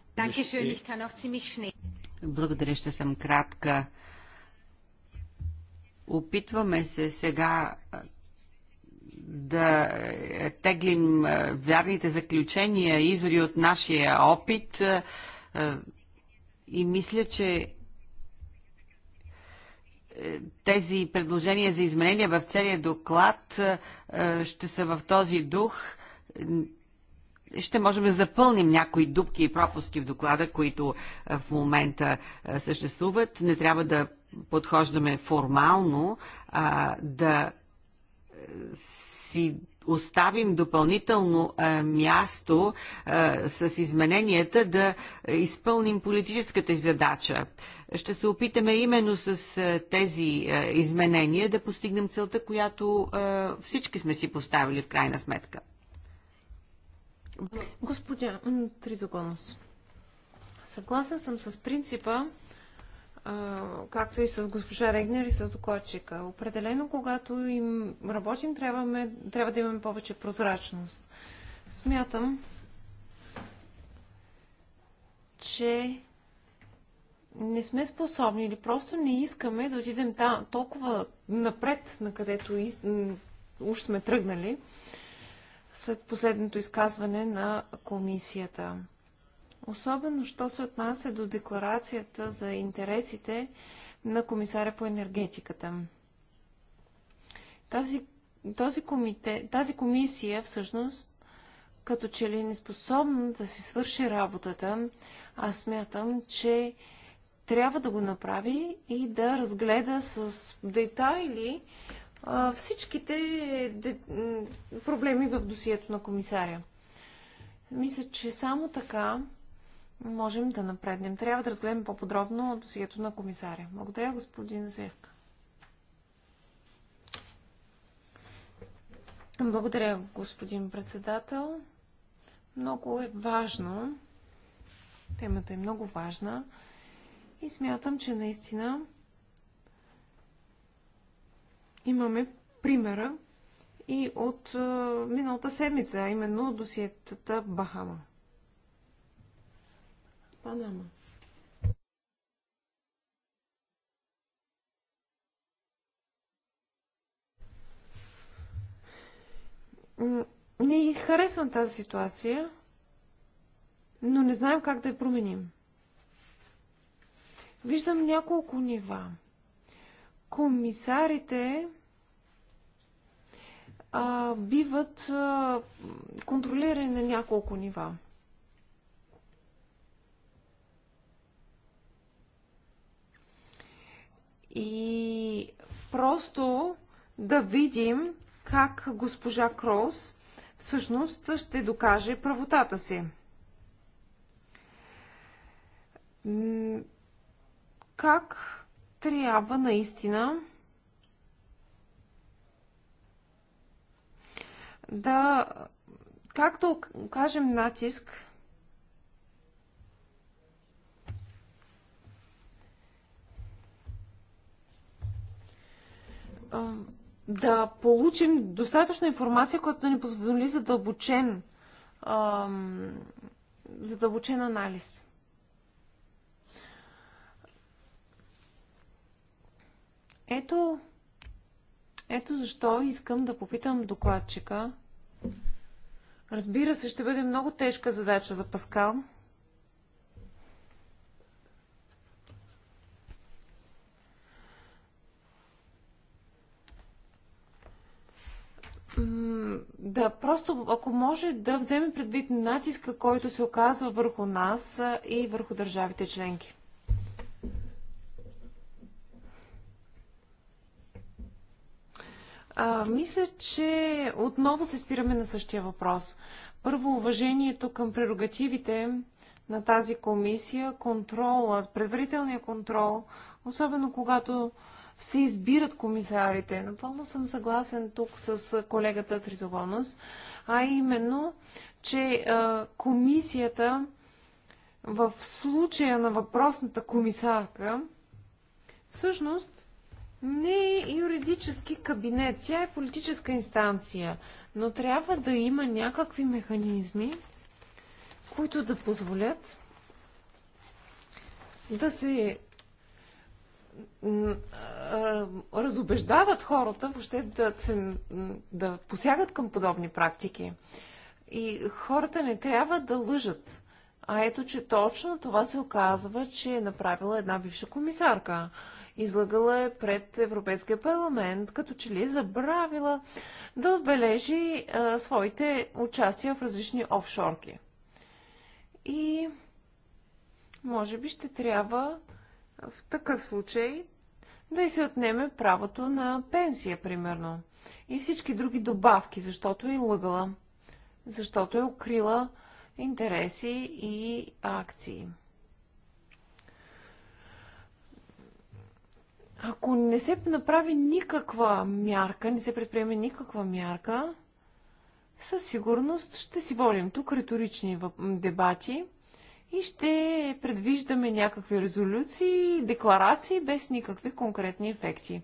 Благодаря, ще съм кратка. Опитваме се сега да е, теглим вярните заключения, изводи от нашия опит и мисля, че е, тези предложения за изменения в целия доклад е, е, ще са в този дух. Ще можем да запълним някои дупки и пропуски в доклада, които в момента съществуват. Не трябва да подхождаме формално, а да си оставим допълнително е, място е, с измененията да изпълним политическата задача. Ще се опитаме именно с е, тези изменения да постигнем целта, която всички сме си поставили в крайна сметка. Господин Тризогонос, съгласен съм с принципа, както и с госпожа Регнер и с докладчика. Определено, когато им работим, трябваме, трябва да имаме повече прозрачност. Смятам, че не сме способни или просто не искаме да отидем там толкова напред, на където из... уж сме тръгнали, след последното изказване на комисията. Особено, що се отнася до декларацията за интересите на комисаря по енергетиката. Тази, този комите, тази комисия всъщност като че ли е неспособна да си свърши работата, аз смятам, че трябва да го направи и да разгледа с детайли а, всичките де, проблеми в досието на комисаря. Мисля, че само така можем да напреднем. Трябва да разгледаме по-подробно досието на комисаря. Благодаря, господин Зверка. Благодаря, господин председател. Много е важно. Темата е много важна. И смятам, че наистина имаме примера и от миналата седмица, а именно досиетата Бахама. Панама. Не харесвам тази ситуация, но не знаем как да я променим. Виждам няколко нива. Комисарите а, биват а, контролирани на няколко нива. и просто да видим как госпожа Крос всъщност ще докаже правотата си. Как трябва наистина да, както кажем, натиск да получим достатъчно информация, която да ни позволи задълбочен, дълбочен анализ. Ето, ето защо искам да попитам докладчика. Разбира се, ще бъде много тежка задача за Паскал. да просто, ако може да вземе предвид натиска, който се оказва върху нас и върху държавите членки. А, мисля, че отново се спираме на същия въпрос. Първо, уважението към прерогативите на тази комисия, контрола, предварителния контрол, особено когато се избират комисарите. Напълно съм съгласен тук с колегата Тризогонос, а именно, че комисията в случая на въпросната комисарка всъщност не е юридически кабинет, тя е политическа инстанция, но трябва да има някакви механизми, които да позволят да се разобеждават хората въобще да, да посягат към подобни практики. И хората не трябва да лъжат. А ето, че точно това се оказва, че е направила една бивша комисарка. Излагала е пред Европейския парламент, като че ли е забравила да отбележи а, своите участия в различни офшорки. И може би ще трябва в такъв случай да й се отнеме правото на пенсия, примерно. И всички други добавки, защото е лъгала, защото е укрила интереси и акции. Ако не се направи никаква мярка, не се предприеме никаква мярка, със сигурност ще си водим тук риторични дебати – и ще предвиждаме някакви резолюции, декларации без никакви конкретни ефекти.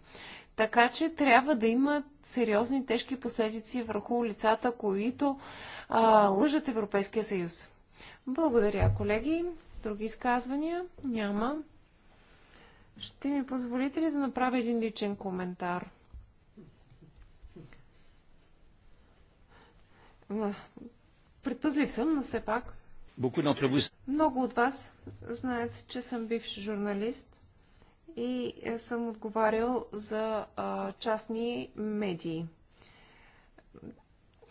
Така че трябва да има сериозни, тежки последици върху лицата, които а, лъжат Европейския съюз. Благодаря, колеги. Други изказвания? Няма. Ще ми позволите ли да направя един личен коментар? Предпазлив съм, но все пак. Много от вас знаят, че съм бивш журналист и съм отговарял за а, частни медии.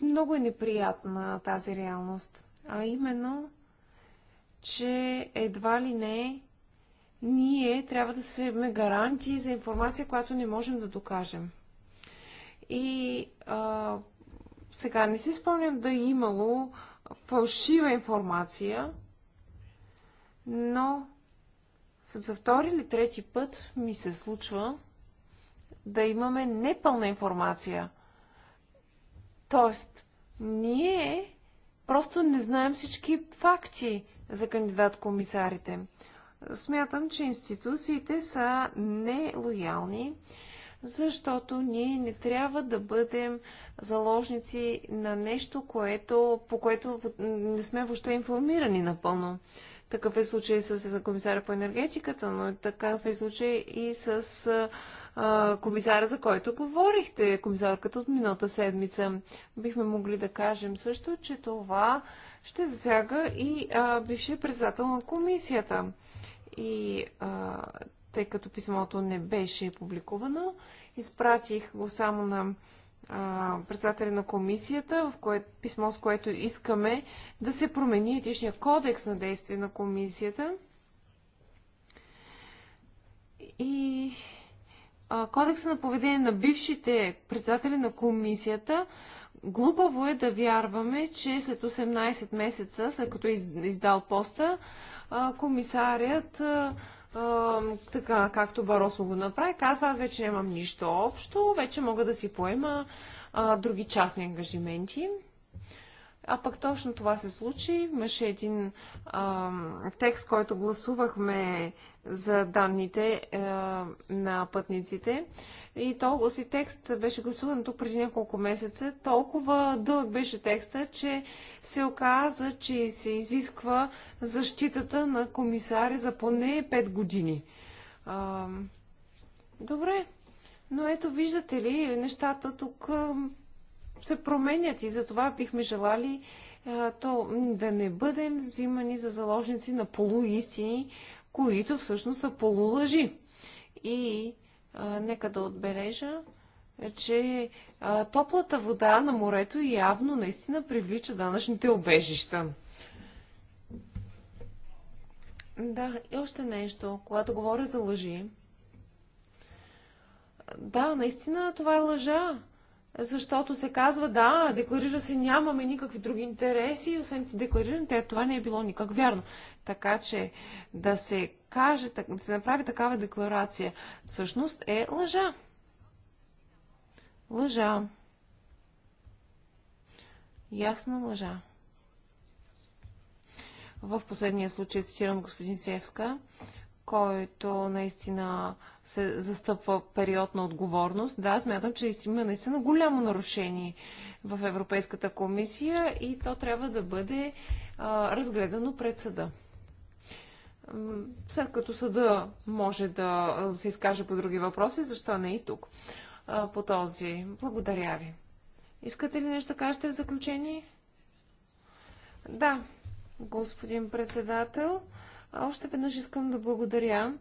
Много е неприятна тази реалност, а именно, че едва ли не ние трябва да сме гаранти за информация, която не можем да докажем. И а, сега не се спомням да е имало фалшива информация, но за втори или трети път ми се случва да имаме непълна информация. Тоест, ние просто не знаем всички факти за кандидат-комисарите. Смятам, че институциите са нелоялни защото ние не трябва да бъдем заложници на нещо, което, по което не сме въобще информирани напълно. Такъв е случай с комисаря по енергетиката, но такъв е случай и с а, комисара, за който говорихте, комисарката от миналата седмица. Бихме могли да кажем също, че това ще засяга и а, бившия председател на комисията. И а, тъй като писмото не беше публикувано. Изпратих го само на председателя на комисията, в кое, писмо с което искаме да се промени етичния кодекс на действие на комисията. И а, кодекса на поведение на бившите председатели на комисията глупаво е да вярваме, че след 18 месеца, след като е издал поста, комисарят така както Баросо го направи, казва, аз вече нямам нищо общо, вече мога да си поема а, други частни ангажименти. А пък точно това се случи. Имаше един а, текст, който гласувахме за данните а, е, на пътниците и този текст беше гласуван тук преди няколко месеца. Толкова дълъг беше текста, че се оказа, че се изисква защитата на комисаря за поне 5 години. А, добре, но ето виждате ли, нещата тук се променят и затова бихме желали а, то, да не бъдем взимани за заложници на полуистини, които всъщност са полулъжи. И нека да отбележа, че а, топлата вода на морето явно наистина привлича данъчните обежища. Да, и още нещо, когато говоря за лъжи. Да, наистина това е лъжа защото се казва, да, декларира се, нямаме никакви други интереси, освен декларираните, това не е било никак вярно. Така че да се каже, да се направи такава декларация, всъщност е лъжа. Лъжа. Ясна лъжа. В последния случай цитирам господин Севска, който наистина се застъпва период на отговорност. Да, смятам, че има наистина голямо нарушение в Европейската комисия и то трябва да бъде а, разгледано пред съда. След като съда може да се изкаже по други въпроси, защо не и тук а, по този. Благодаря ви. Искате ли нещо да кажете в заключение? Да, господин председател. Още веднъж искам да благодаря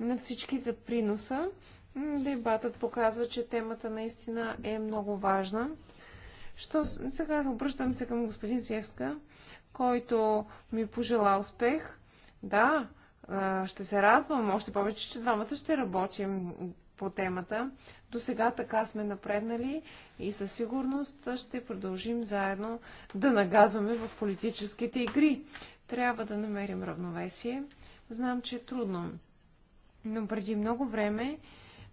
на всички за приноса. Дебатът показва, че темата наистина е много важна. Що, сега обръщам се към господин Свевска, който ми пожела успех. Да, ще се радвам, още повече, че двамата ще работим по темата. До сега така сме напреднали и със сигурност ще продължим заедно да нагазваме в политическите игри. Трябва да намерим равновесие. Знам, че е трудно. Но преди много време,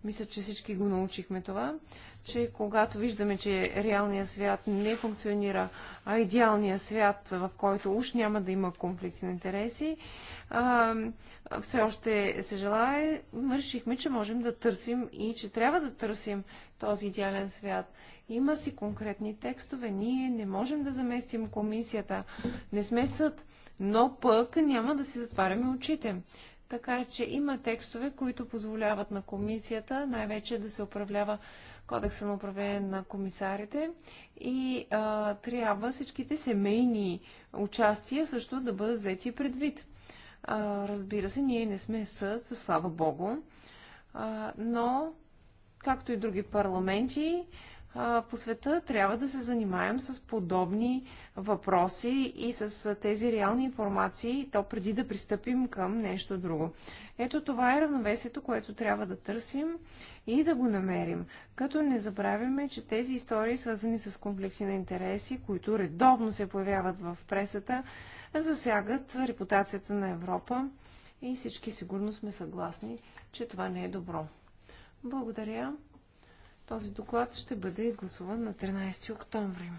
мисля, че всички го научихме това, че когато виждаме, че реалният свят не функционира, а идеалният свят, в който уж няма да има конфликт на интереси, а, все още се желае, решихме, че можем да търсим и че трябва да търсим този идеален свят. Има си конкретни текстове. Ние не можем да заместим комисията. Не сме съд, но пък няма да си затваряме очите. Така че има текстове, които позволяват на комисията най-вече да се управлява кодекса на управление на комисарите и а, трябва всичките семейни участия също да бъдат взети предвид. А, разбира се, ние не сме съд, слава Богу, а, но както и други парламенти, по света, трябва да се занимаем с подобни въпроси и с тези реални информации, то преди да пристъпим към нещо друго. Ето това е равновесието, което трябва да търсим и да го намерим. Като не забравяме, че тези истории, свързани с конфликти на интереси, които редовно се появяват в пресата, засягат репутацията на Европа и всички сигурно сме съгласни, че това не е добро. Благодаря. Този доклад ще бъде гласуван на 13 октомври.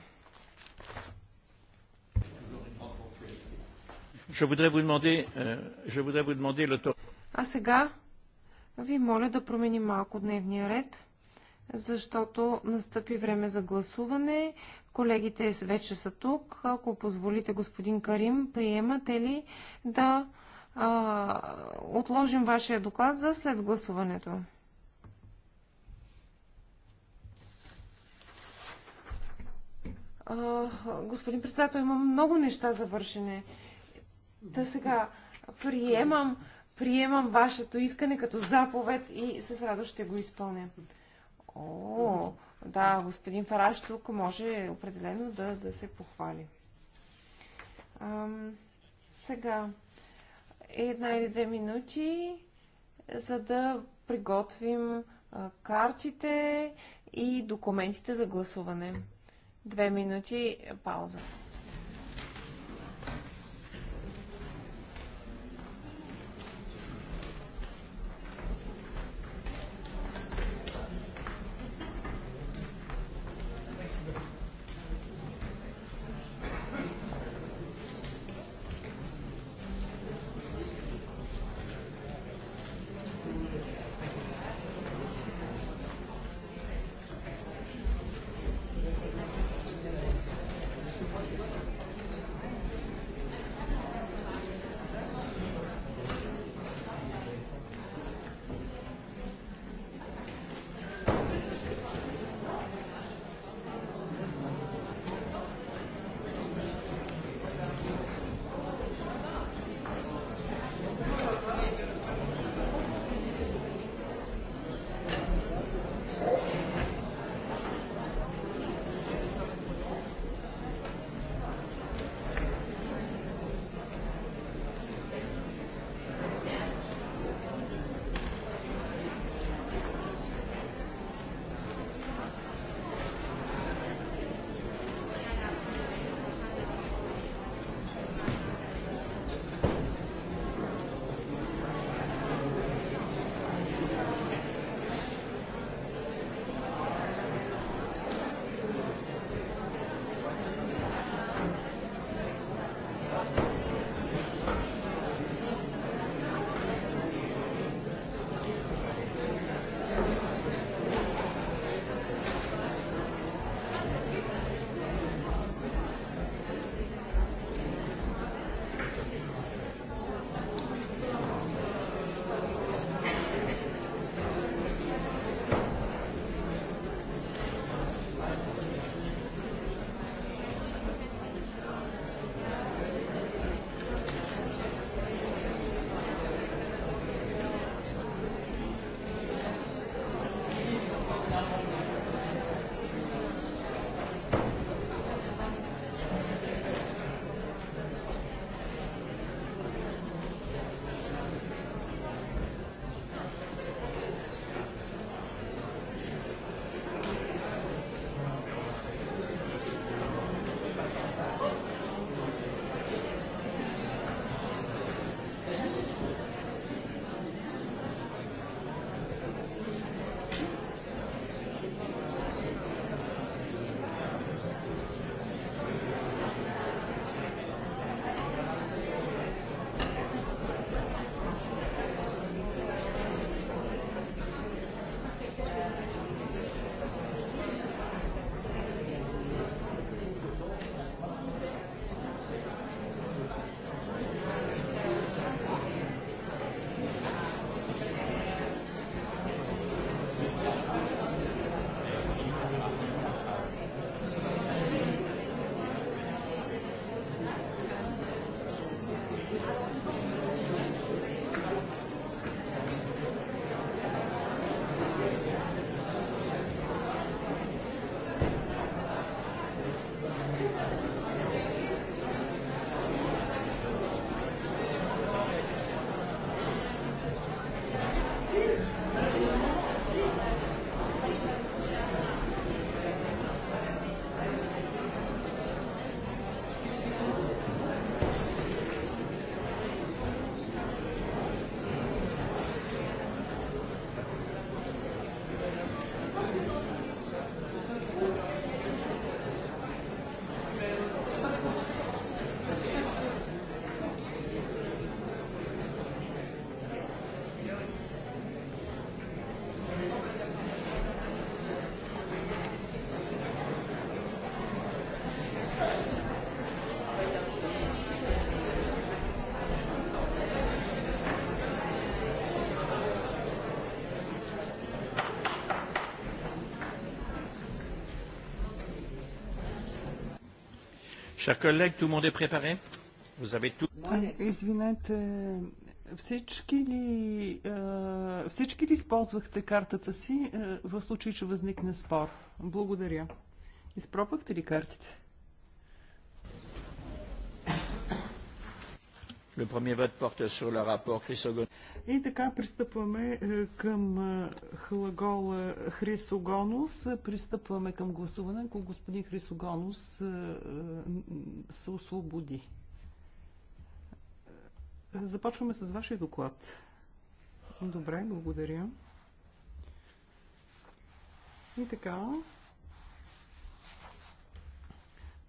Euh, а сега ви моля да променим малко дневния ред, защото настъпи време за гласуване. Колегите вече са тук. Ако позволите, господин Карим, приемате ли да а, отложим вашия доклад за след гласуването? господин председател, имам много неща за вършене. Та сега приемам, приемам вашето искане като заповед и с радост ще го изпълня. О, да, господин Фараш тук може определено да, да се похвали. Ам, сега, една или две минути, за да приготвим а, картите и документите за гласуване. Две минути пауза. Chers collègues, tout le monde est préparé Vous avez tout... Извинете, всички ли, всички ли използвахте картата си в случай, че възникне спор? Благодаря. Изпробвахте ли картите? И така пристъпваме е, към Хлагола е, Хрисогонус. Пристъпваме към гласуване, ако господин Хрисогонус е, се освободи. Започваме с вашия доклад. Добре, благодаря. И така,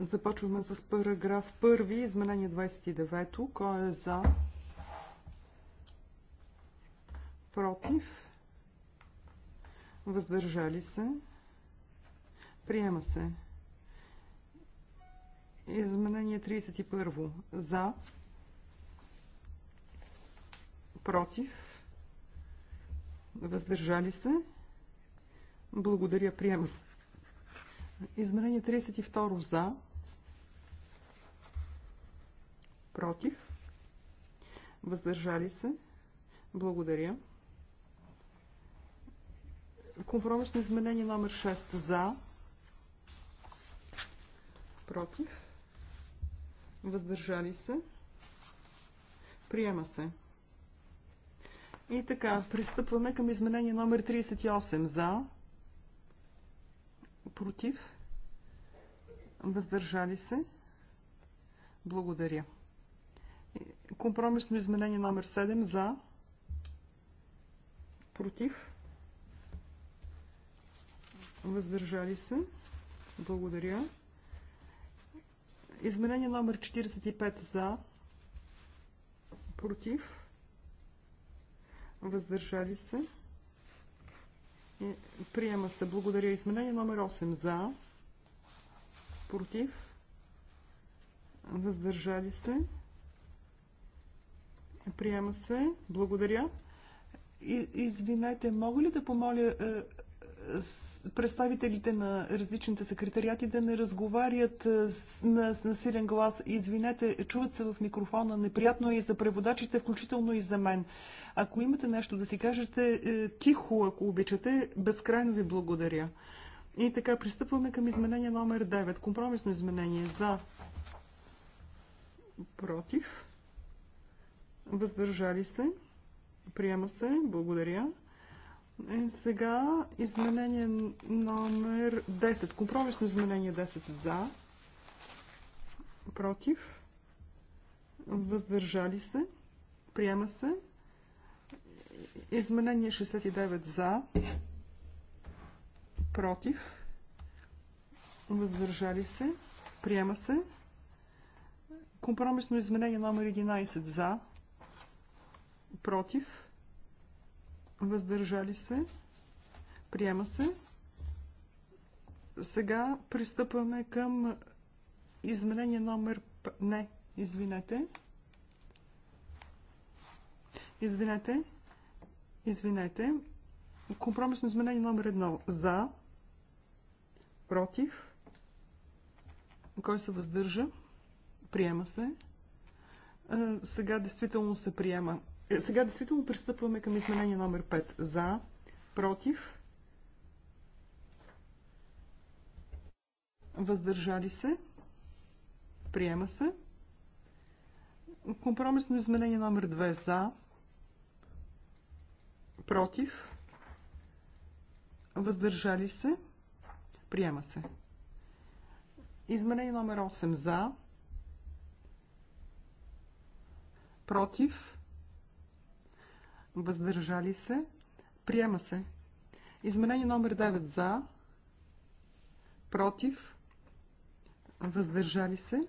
Започваме с параграф 1, изменение 29. Кой е за? Против? Въздържали се? Приема се. Изменение 31. За? Против? Въздържали се? Благодаря, приема се. Изменение 32. За? против, въздържали се, благодаря. Компромисно изменение номер 6 за, против, въздържали се, приема се. И така, пристъпваме към изменение номер 38 за, против, въздържали се, благодаря. Компромисно изменение номер 7 за. Против. Въздържали се. Благодаря. Изменение номер 45 за. Против. Въздържали се. Приема се. Благодаря. Изменение номер 8 за. Против. Въздържали се. Приема се. Благодаря. И, извинете, мога ли да помоля е, представителите на различните секретариати да не разговарят е, с, на, с насилен глас. Извинете, чуват се в микрофона. Неприятно е и за преводачите, включително и за мен. Ако имате нещо да си кажете, е, тихо, ако обичате, безкрайно ви благодаря. И така, пристъпваме към изменение номер 9. Компромисно изменение за против Въздържали се. Приема се. Благодаря. Е, сега изменение номер 10. Компромисно изменение 10 за. Против. Въздържали се. Приема се. Изменение 69 за. Против. Въздържали се. Приема се. Компромисно изменение номер 11 за против, въздържали се, приема се. Сега пристъпваме към изменение номер... Не, извинете. Извинете. Извинете. Компромисно изменение номер едно. За. Против. Кой се въздържа? Приема се. Е, сега действително се приема. Сега действително пристъпваме към изменение номер 5. За, против, въздържали се, приема се. Компромисно изменение номер 2 за, против, въздържали се, приема се. Изменение номер 8 за, против, въздържали се, приема се. Изменение номер 9 за, против, въздържали се,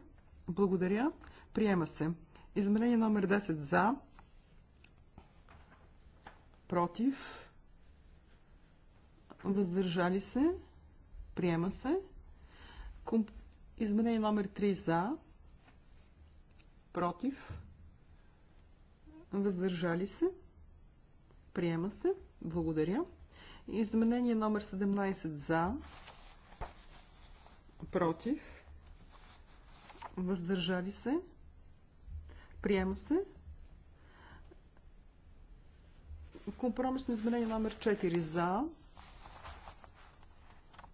благодаря, приема се. Изменение номер 10 за, против, въздържали се, приема се. Изменение номер 3 за, против, въздържали се, Приема се. Благодаря. Изменение номер 17 за. Против. Въздържали се. Приема се. Компромисно изменение номер 4 за.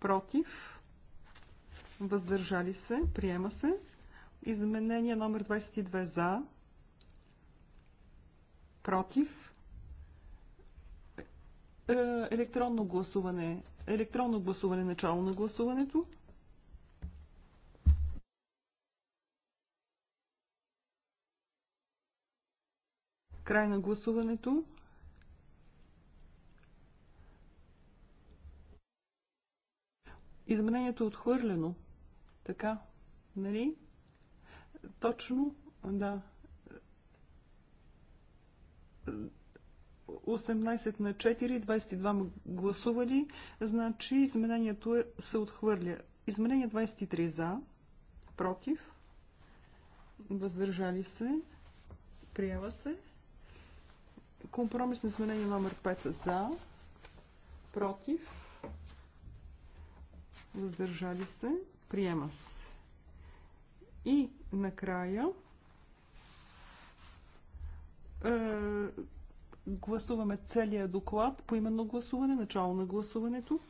Против. Въздържали се. Приема се. Изменение номер 22 за. Против е, електронно гласуване. Електронно гласуване, начало на гласуването. Край на гласуването. Изменението е отхвърлено. Така, нали? Точно, да. 18 на 4, 22 гласували, значи изменението е, се отхвърля. Изменение 23 за, против, въздържали се, приема се. Компромисно изменение номер 5 за, против, въздържали се, приема се. И накрая е, Гласуваме целия доклад по именно гласуване, начало на гласуването.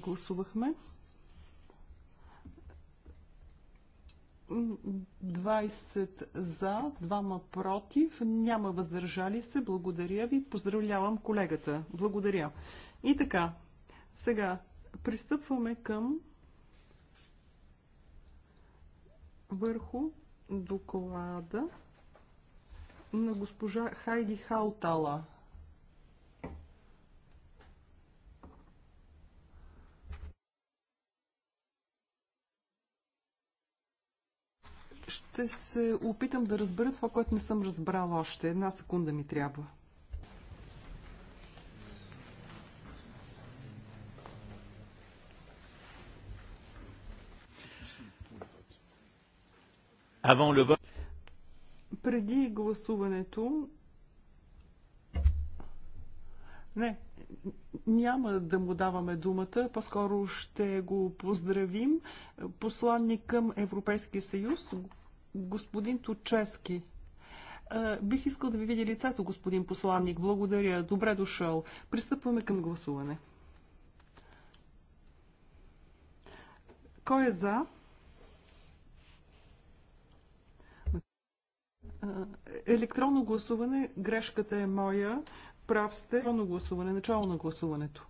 гласувахме. 20 за, 2 против, няма въздържали се. Благодаря ви. Поздравлявам колегата. Благодаря. И така, сега пристъпваме към върху доклада на госпожа Хайди Хаутала. Ще се опитам да разбера това, което не съм разбрала още. Една секунда ми трябва. Преди гласуването. Не, няма да му даваме думата, по-скоро ще го поздравим. Посланник към Европейския съюз, господин Точески. Бих искал да ви видя лицето, господин посланник. Благодаря. Добре дошъл. Пристъпваме към гласуване. Кой е за? Е, електронно гласуване, грешката е моя, прав сте. Електронно гласуване, начало на гласуването.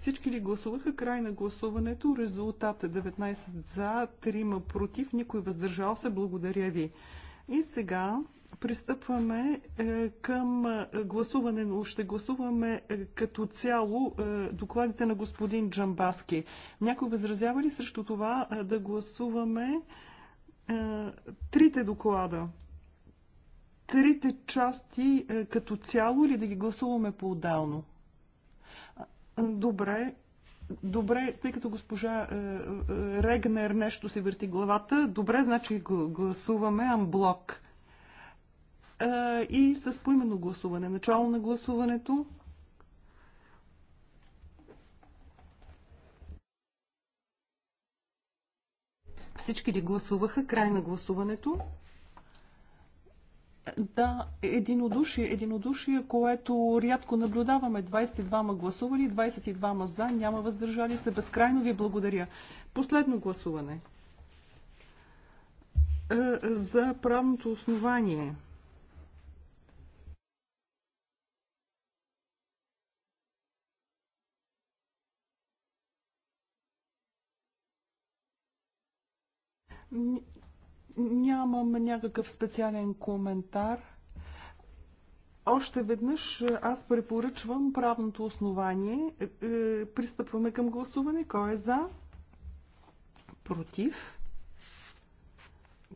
Всички ли гласуваха? Край на гласуването. Резултат е 19 за, 3 против, никой въздържал се. Благодаря ви. И сега пристъпваме е, към е, гласуване, но ще гласуваме е, като цяло докладите на господин Джамбаски. Някой възразява ли срещу това да гласуваме трите доклада? Трите части като цяло или да ги гласуваме по-отдално? Добре, Добре, тъй като госпожа е, е, Регнер нещо се върти главата, добре, значи гласуваме амблок. Е, и с поименно гласуване. Начало на гласуването. Всички ли гласуваха? Край на гласуването. Да, единодушие, единодушие, което рядко наблюдаваме. 22-ма гласували, 22-ма за, няма въздържали се. Безкрайно ви благодаря. Последно гласуване. Е, за правното основание. Нямам някакъв специален коментар. Още веднъж аз препоръчвам правното основание. Е, е, пристъпваме към гласуване. Кой е за? Против?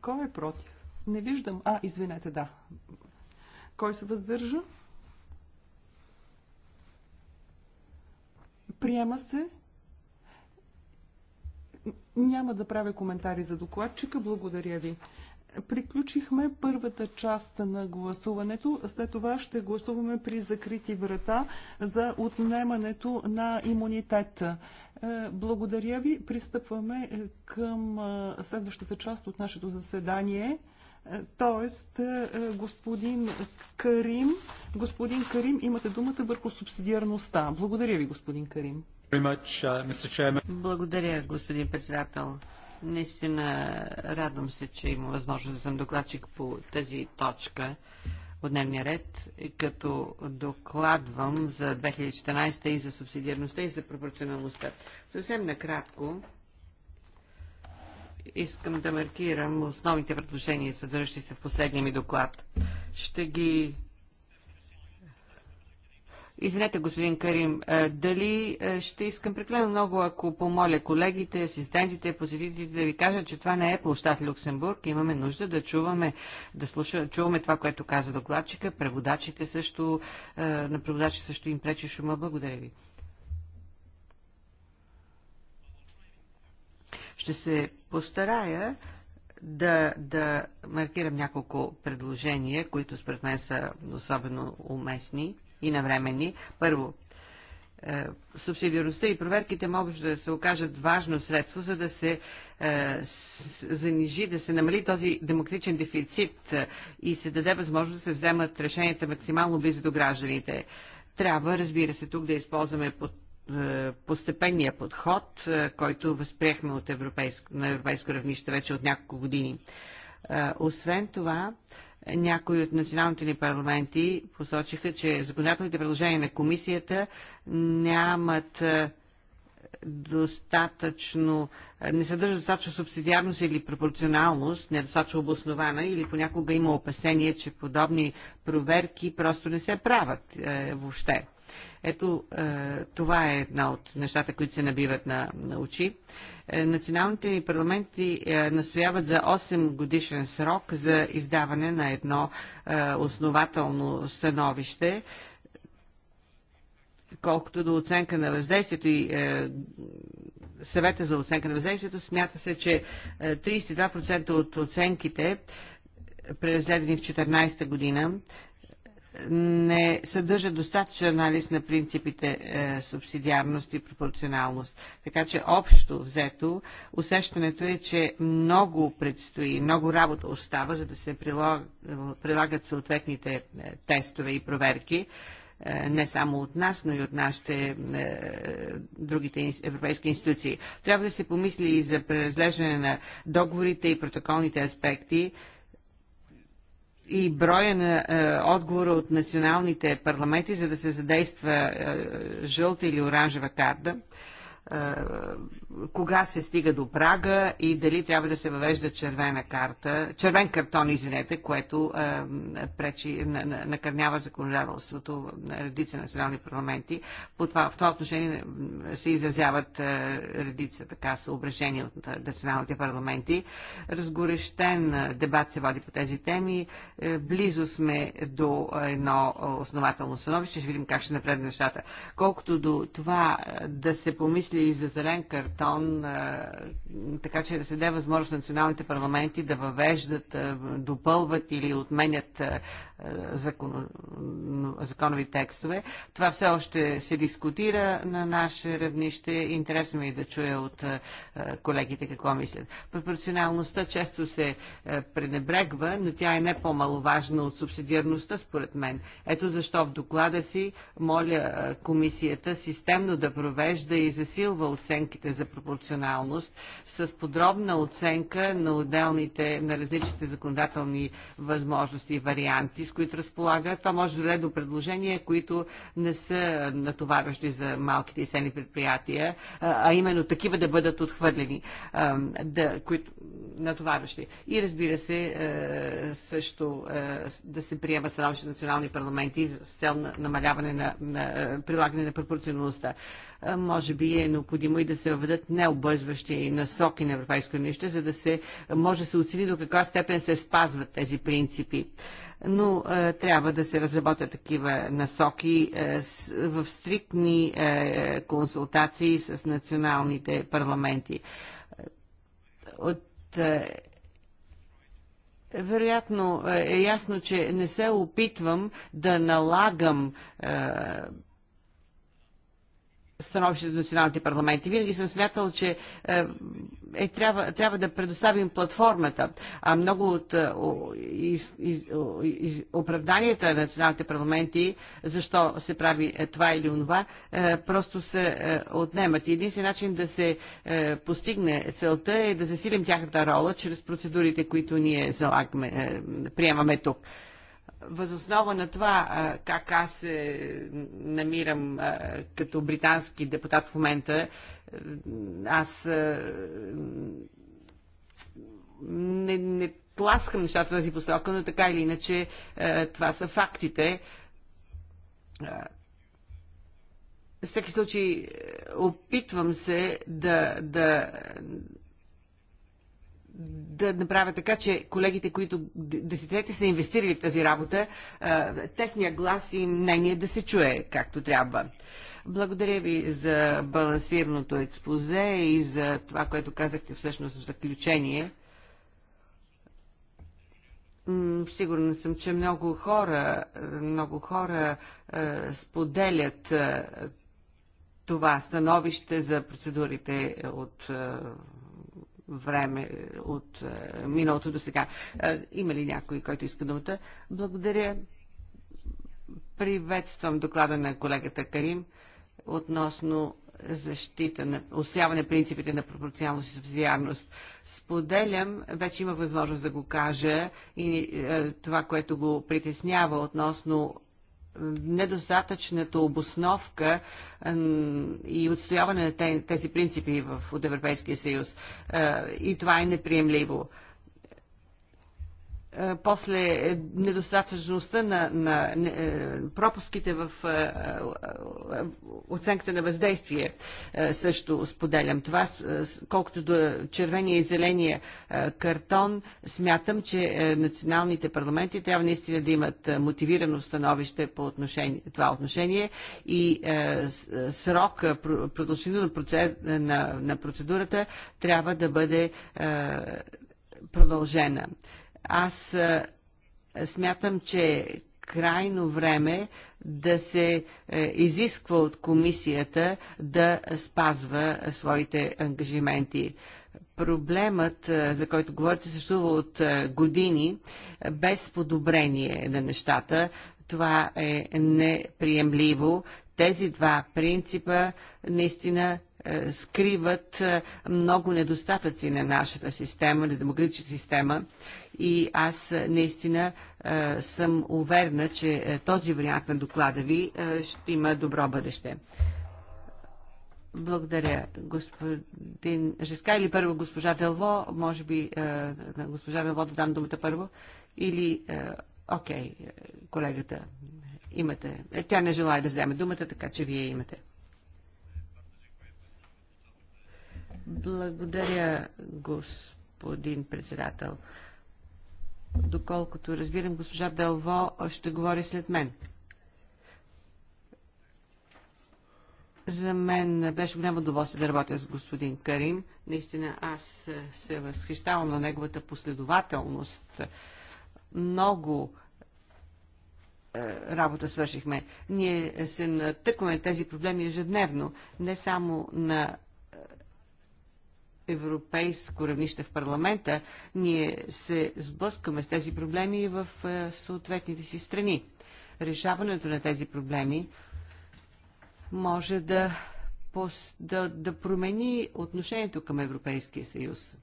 Кой е против? Не виждам. А, извинете, да. Кой се въздържа? Приема се. Няма да правя коментари за докладчика. Благодаря ви. Приключихме първата част на гласуването. След това ще гласуваме при закрити врата за отнемането на имунитета. Е, благодаря ви. Пристъпваме е, към е, следващата част от нашето заседание. Тоест, господин Карим, господин Карим, имате думата върху субсидиарността. Благодаря ви, господин Карим. Uh, Благодаря, господин председател. Наистина радвам се, че има възможност да съм докладчик по тази точка от дневния ред, като докладвам за 2014 и за субсидиарността и за пропорционалността. Съвсем накратко искам да маркирам основните предложения, съдържащи се в последния ми доклад. Ще ги Извинете, господин Карим, дали ще искам преклено много, ако помоля колегите, асистентите, посетителите да ви кажат, че това не е площад Люксембург. Имаме нужда да чуваме, да слушаме, чуваме това, което казва докладчика. Преводачите също, на преводачи също им пречи шума. Благодаря ви. Ще се постарая да, да маркирам няколко предложения, които според мен са особено уместни и навременни. Първо, е, субсидиарността и проверките могат да се окажат важно средство, за да се е, занижи, да се намали този демократичен дефицит е, и се даде възможност да се вземат решенията максимално близо до гражданите. Трябва, разбира се, тук да използваме под постепенния подход, който възприехме от европейско, на европейско равнище вече от няколко години. Освен това, някои от националните ни парламенти посочиха, че законодателните предложения на комисията нямат достатъчно, не съдържат достатъчно субсидиарност или пропорционалност, недостатъчно е обоснована или понякога има опасение, че подобни проверки просто не се правят е, въобще. Ето, е, това е една от нещата, които се набиват на, на очи. Е, националните ни парламенти е, настояват за 8 годишен срок за издаване на едно е, основателно становище колкото до оценка на въздействието и съвета за оценка на въздействието, смята се, че 32% от оценките, преразгледани в 2014 година, не съдържа достатъчен анализ на принципите е, субсидиарност и пропорционалност. Така че общо взето усещането е, че много предстои, много работа остава, за да се прилагат съответните е, тестове и проверки е, не само от нас, но и от нашите е, другите европейски институции. Трябва да се помисли и за преразглеждане на договорите и протоколните аспекти, и броя на е, отговора от националните парламенти, за да се задейства е, жълта или оранжева карта. Е, кога се стига до прага и дали трябва да се въвежда червена карта, червен картон, извинете, което е, пречи, накърнява законодателството на редица национални парламенти. По това, в това отношение се изразяват е, редица така съображения от националните парламенти. Разгорещен дебат се води по тези теми. Близо сме до едно основателно становище. Ще видим как ще напредне нещата. Колкото до това да се помисли мисли и за зелен картон, така че да се даде възможност националните парламенти да въвеждат, допълват или отменят е, закон, законови текстове. Това все още се дискутира на наше равнище. Интересно ми е да чуя от е, колегите какво мислят. Пропорционалността често се е, пренебрегва, но тя е не по-маловажна от субсидиарността, според мен. Ето защо в доклада си моля комисията системно да провежда и засилва оценките за пропорционалност с подробна оценка на отделните, на различните законодателни възможности и варианти, с които разполага, това може да доведе до предложения, които не са натоварващи за малките и средни предприятия, а именно такива да бъдат отхвърлени, да, които натоварващи. И разбира се, също да се приема с национални парламенти с цел на намаляване на, на прилагане на пропорционалността. Може би е необходимо и да се въведат необързващи насоки на европейско нище, за да се може да се оцени до каква степен се спазват тези принципи но е, трябва да се разработят такива насоки е, в стриктни е, консултации с националните парламенти. От е, вероятно е, е ясно, че не се опитвам да налагам е, становище за националните парламенти. Винаги съм смятал, че е, е, трябва, трябва да предоставим платформата, а много от е, о, из, из, о, из, оправданията на националните парламенти, защо се прави е, това или онова, е, просто се е, отнемат. И единствен начин да се е, постигне целта е да засилим тяхната роля чрез процедурите, които ние залагаме, е, приемаме тук възоснова на това, как аз се намирам като британски депутат в момента, аз не, не тласкам нещата в тази посока, но така или иначе това са фактите. Всеки случай опитвам се да, да да направя така, че колегите, които десетилетия са инвестирали в тази работа, техния глас и мнение да се чуе както трябва. Благодаря ви за балансираното експозе и за това, което казахте всъщност в заключение. Сигурна съм, че много хора, много хора споделят това становище за процедурите от време е, от е, миналото до сега. Е, има ли някой, който иска думата? Благодаря. Приветствам доклада на колегата Карим относно защита на устояване принципите на пропорционалност и субсидиарност. Споделям, вече има възможност да го кажа и е, това, което го притеснява относно недостатъчната обосновка и отстояване на тези принципи в, от Европейския съюз. И това е неприемливо. Е, после е, недостатъчността на, на не, пропуските в е, оценката на въздействие също споделям това. Колкото до червения и зеления картон, смятам, че националните парламенти трябва наистина да имат мотивирано становище по отношение, това отношение и срок, продължително на, процед, на, на процедурата трябва да бъде продължена. Аз смятам, че е крайно време да се е, изисква от комисията да спазва своите ангажименти. Проблемът, за който говорите, съществува от години без подобрение на нещата. Това е неприемливо. Тези два принципа наистина е, скриват е, много недостатъци на нашата система, на демократична система. И аз е, наистина съм уверена, че този вариант на доклада ви ще има добро бъдеще. Благодаря, господин Жеска. Или първо госпожа Дълво, може би на госпожа Дълво да дам думата първо. Или, окей, колегата, имате. Тя не желая да вземе думата, така че вие имате. Благодаря, господин председател. Доколкото разбирам, госпожа Дълво ще говори след мен. За мен беше голямо удоволствие да работя с господин Карим. Наистина аз се възхищавам на неговата последователност. Много е, работа свършихме. Ние се натъкваме тези проблеми ежедневно, не само на европейско равнище в парламента, ние се сблъскаме с тези проблеми в е, съответните си страни. Решаването на тези проблеми може да, да, да промени отношението към Европейския съюз,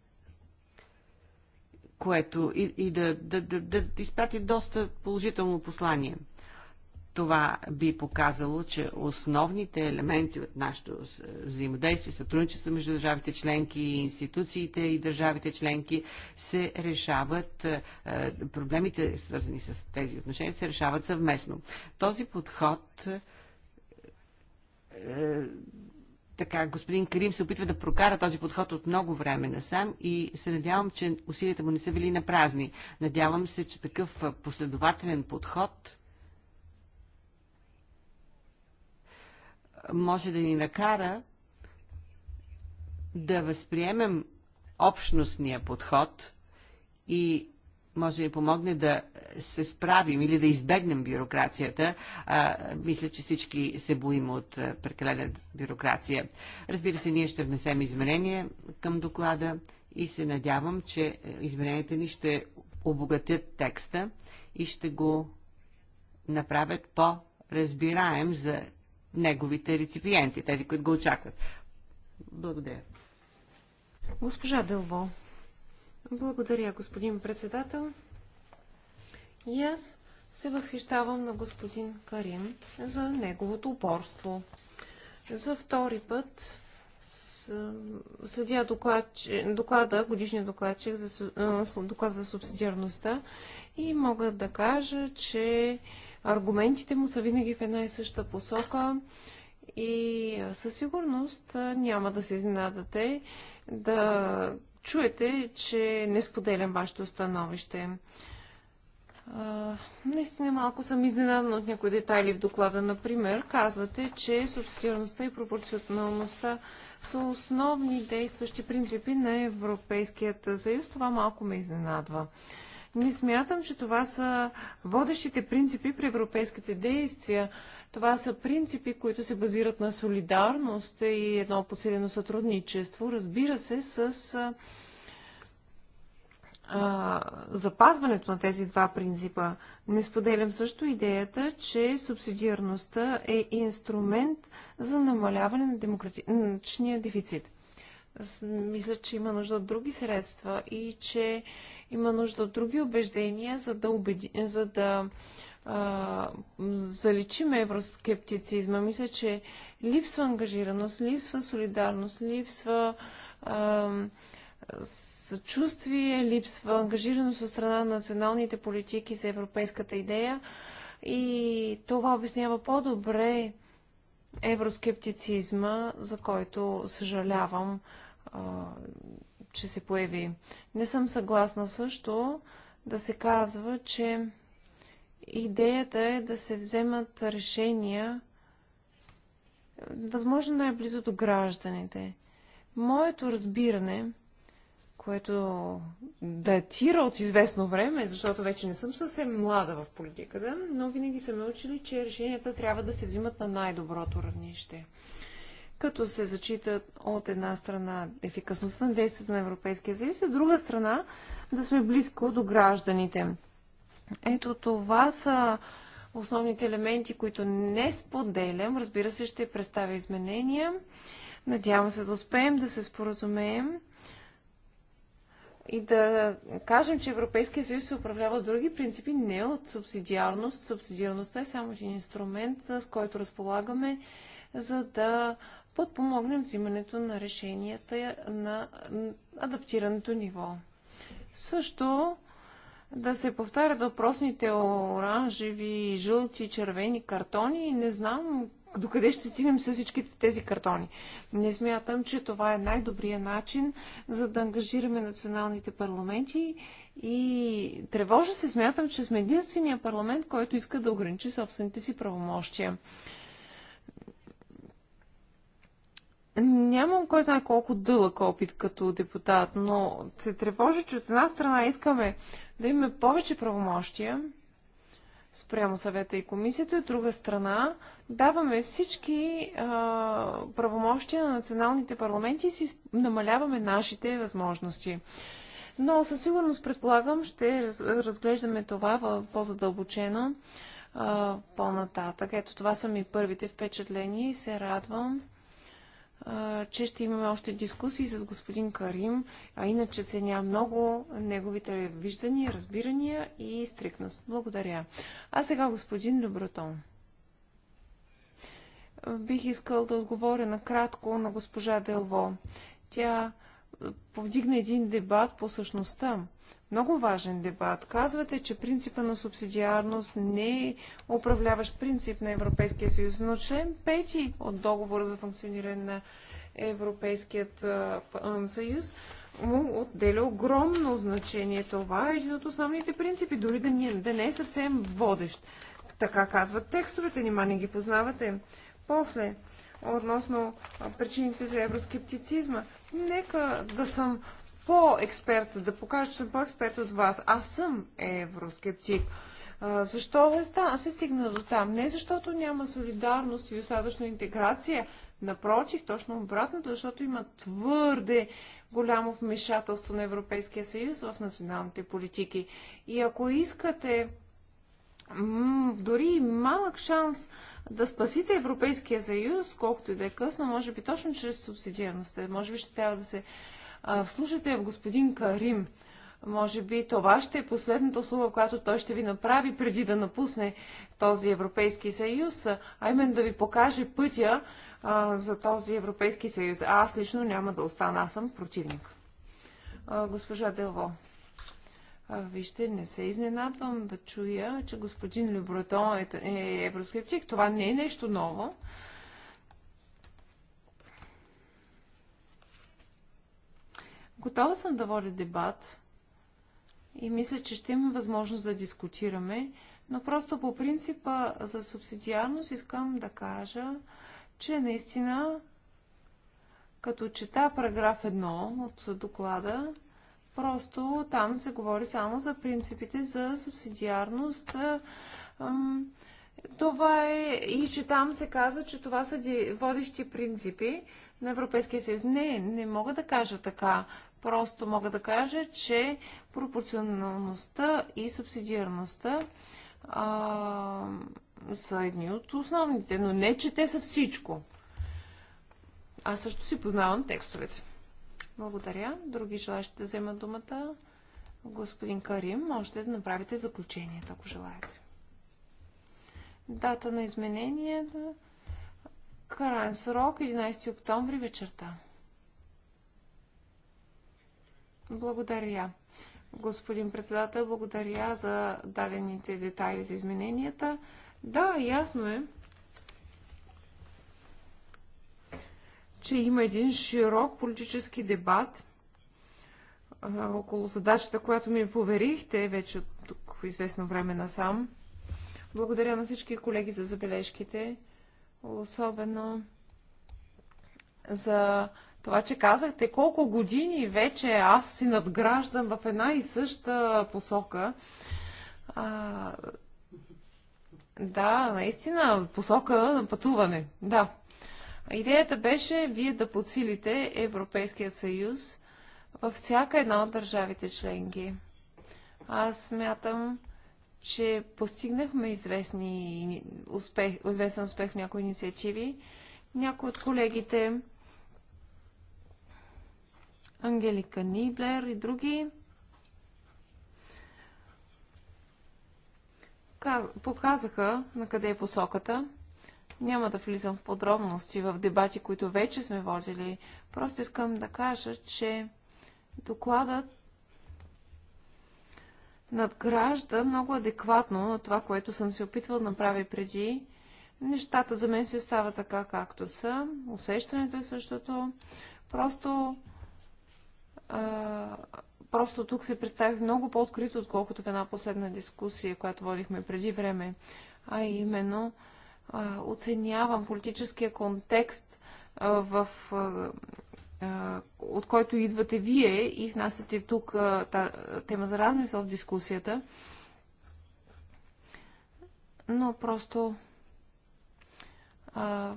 което и, и да, да, да, да изпрати доста положително послание – това би показало, че основните елементи от нашето взаимодействие, сътрудничество между държавите членки, и институциите и държавите членки се решават, е, проблемите свързани с тези отношения се решават съвместно. Този подход е, така, господин Карим се опитва да прокара този подход от много време насам и се надявам, че усилията му не са били на празни. Надявам се, че такъв е, последователен подход може да ни накара да възприемем общностния подход и може да ни помогне да се справим или да избегнем бюрокрацията. А, мисля, че всички се боим от прекалена бюрокрация. Разбира се, ние ще внесем изменения към доклада и се надявам, че измененията ни ще обогатят текста и ще го направят по-разбираем за неговите реципиенти, тези, които го очакват. Благодаря. Госпожа Дълво. Благодаря, господин председател. И аз се възхищавам на господин Карим за неговото упорство. За втори път следя доклад, доклада, годишния докладчик за, доклад за субсидиарността и мога да кажа, че аргументите му са винаги в една и съща посока и със сигурност няма да се изненадате да чуете, че не споделям вашето становище. Uh, наистина малко съм изненадана от някои детайли в доклада. Например, казвате, че субсидиарността и пропорционалността са основни действащи принципи на Европейският съюз. Това малко ме изненадва. Не смятам, че това са водещите принципи при европейските действия. Това са принципи, които се базират на солидарност и едно посилено сътрудничество, разбира се, с а, запазването на тези два принципа. Не споделям също идеята, че субсидиарността е инструмент за намаляване на демократичния дефицит. Аз мисля, че има нужда от други средства и че има нужда от други убеждения, за да, убеди, за да а, заличим евроскептицизма. Мисля, че липсва ангажираност, липсва солидарност, липсва а, съчувствие, липсва ангажираност от страна на националните политики за европейската идея. И това обяснява по-добре евроскептицизма, за който съжалявам че се появи. Не съм съгласна също да се казва, че идеята е да се вземат решения възможно най-близо е до гражданите. Моето разбиране, което датира от известно време, защото вече не съм съвсем млада в политиката, но винаги са ме учили, че решенията трябва да се взимат на най-доброто равнище като се зачита от една страна ефикасността на действието на Европейския съюз и от друга страна да сме близко до гражданите. Ето това са основните елементи, които не споделям. Разбира се, ще представя изменения. Надявам се да успеем да се споразумеем и да кажем, че Европейския съюз се управлява от други принципи, не от субсидиарност. Субсидиарността е само един инструмент, с който разполагаме, за да подпомогнем взимането на решенията на адаптираното ниво. Също да се повтарят въпросните оранжеви, жълти, червени картони и не знам докъде ще стигнем с всичките тези картони. Не смятам, че това е най-добрия начин за да ангажираме националните парламенти и тревожа се смятам, че сме единствения парламент, който иска да ограничи собствените си правомощия. Нямам кой знае колко дълъг опит като депутат, но се тревожи, че от една страна искаме да имаме повече правомощия спрямо съвета и комисията, от друга страна даваме всички а, правомощия на националните парламенти и си намаляваме нашите възможности. Но със сигурност предполагам, ще разглеждаме това по-задълбочено по-нататък. Ето това са ми първите впечатления и се радвам че ще имаме още дискусии с господин Карим, а иначе ценя много неговите виждания, разбирания и стрикност. Благодаря. А сега господин Добротон. Бих искал да отговоря накратко на госпожа Делво. Тя повдигна един дебат по същността много важен дебат. Казвате, че принципа на субсидиарност не е управляващ принцип на Европейския съюз, но член 5 от договора за функциониране на Европейският съюз му отделя огромно значение. Това е един от основните принципи, дори да, ни, да не е съвсем водещ. Така казват текстовете, нима не ги познавате. После, относно причините за евроскептицизма, нека да съм по-експерт, да покажа, че съм по-експерт от вас. Аз съм евроскептик. Защо е ста, се стигна до там? Не защото няма солидарност и достатъчно интеграция. Напротив, точно обратното, защото има твърде голямо вмешателство на Европейския съюз в националните политики. И ако искате дори малък шанс да спасите Европейския съюз, колкото и да е късно, може би точно чрез субсидиарността. Може би ще трябва да се Слушайте в господин Карим. Може би това ще е последната услуга, която той ще ви направи преди да напусне този Европейски съюз, а именно да ви покаже пътя а, за този Европейски съюз. А аз лично няма да остана, аз съм противник. А, госпожа Делво, а, вижте, не се изненадвам да чуя, че господин Любротон е, е евроскептик. Това не е нещо ново. Готова съм да водя дебат и мисля, че ще има възможност да дискутираме, но просто по принципа за субсидиарност искам да кажа, че наистина, като чета параграф 1 от доклада, просто там се говори само за принципите за субсидиарност. Това е и че там се казва, че това са водещи принципи на Европейския съюз. Не, не мога да кажа така. Просто мога да кажа, че пропорционалността и субсидиарността а, са едни от основните, но не, че те са всичко. Аз също си познавам текстовете. Благодаря. Други желащи да вземат думата. Господин Карим, можете да направите заключение, ако желаете. Дата на изменение. Каран срок 11 октомври вечерта. Благодаря. Господин председател, благодаря за дадените детайли за измененията. Да, ясно е, че има един широк политически дебат а, около задачата, която ми поверихте вече от тук известно време насам. Благодаря на всички колеги за забележките, особено за това, че казахте колко години вече аз си надграждам в една и съща посока. А, да, наистина, посока на пътуване. Да. Идеята беше вие да подсилите Европейският съюз във всяка една от държавите членки. Аз смятам, че постигнахме известни успех, известен успех в някои инициативи. Някои от колегите Ангелика Ниблер и други. Показаха на къде е посоката. Няма да влизам в подробности в дебати, които вече сме водили. Просто искам да кажа, че докладът надгражда много адекватно на това, което съм се опитвал да направя преди. Нещата за мен си остават така, както са. Усещането е същото. Просто просто тук се представих много по-открито, отколкото в една последна дискусия, която водихме преди време. А именно, а, оценявам политическия контекст, а, в, а, от който идвате вие и внасяте тук та, тема за размисъл в дискусията. Но просто а,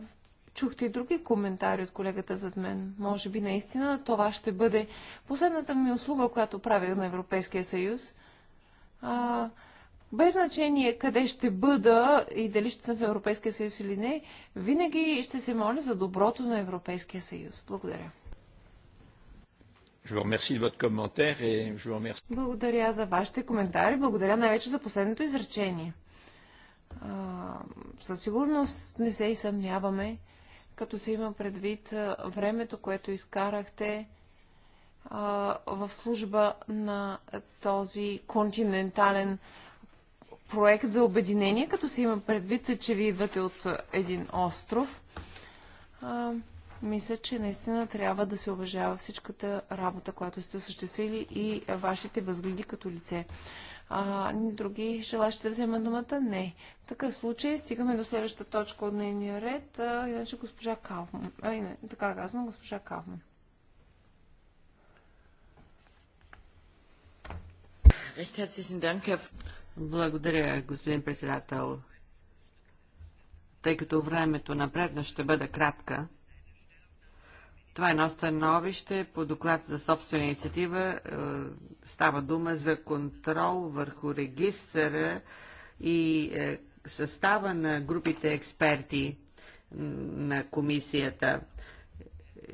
Чухте и други коментари от колегата зад мен. Може би наистина това ще бъде последната ми услуга, която правя на Европейския съюз. А, без значение къде ще бъда и дали ще съм в Европейския съюз или не, винаги ще се моля за доброто на Европейския съюз. Благодаря. Благодаря за вашите коментари. Благодаря най-вече за последното изречение. А, със сигурност не се и съмняваме, като се има предвид времето, което изкарахте в служба на този континентален проект за обединение, като се има предвид, че ви идвате от един остров. мисля, че наистина трябва да се уважава всичката работа, която сте осъществили и вашите възгледи като лице. А други желащи да вземат думата? Не. В такъв случай стигаме до следващата точка от нейния ред, а, иначе госпожа Кавман. А, не, така казвам, госпожа Кавман. Благодаря, господин председател. Тъй като времето напредна ще бъде кратка, това е едно становище по доклад за собствена инициатива. Е, става дума за контрол върху регистъра и е, състава на групите експерти на комисията.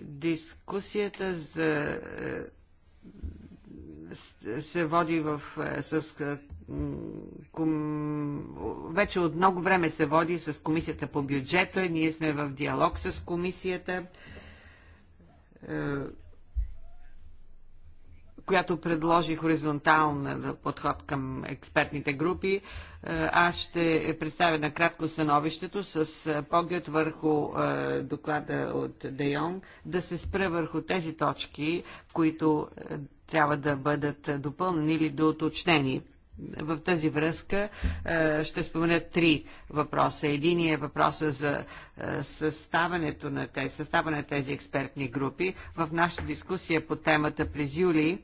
Дискусията за е, се води в, с, ком, вече от много време се води с комисията по бюджета. Ние сме в диалог с комисията. Е, която предложи хоризонтална подход към експертните групи. Е, аз ще представя накратко становището с е, поглед върху доклада от Де Йонг, да се спра върху тези точки, които трябва да бъдат допълнени или доуточнени. В тази връзка е, ще спомена три въпроса. Единият е въпроса за е, съставането на тези, състава на тези експертни групи. В нашата дискусия по темата през юли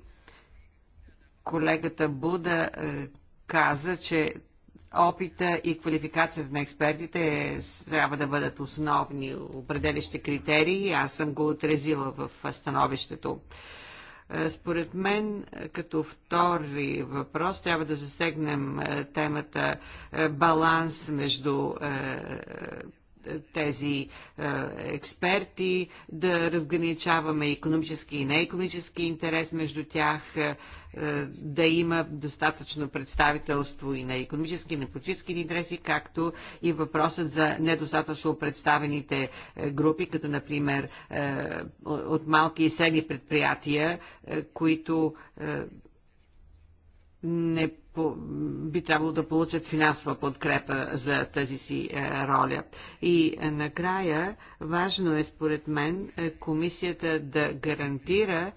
колегата Буда е, каза, че опита и квалификацията на експертите трябва да бъдат основни определящи критерии. Аз съм го отразила в становището. Е, според мен, като втори въпрос, трябва да засегнем е, темата е, баланс между тези е, експерти, да разграничаваме економически и неекономически интерес между тях, е, да има достатъчно представителство и на економически, и на политически интереси, както и въпросът за недостатъчно представените е, групи, като например от малки и средни предприятия, които не по, би трябвало да получат финансова подкрепа за тази си е, роля. И е, накрая, важно е според мен е, комисията да гарантира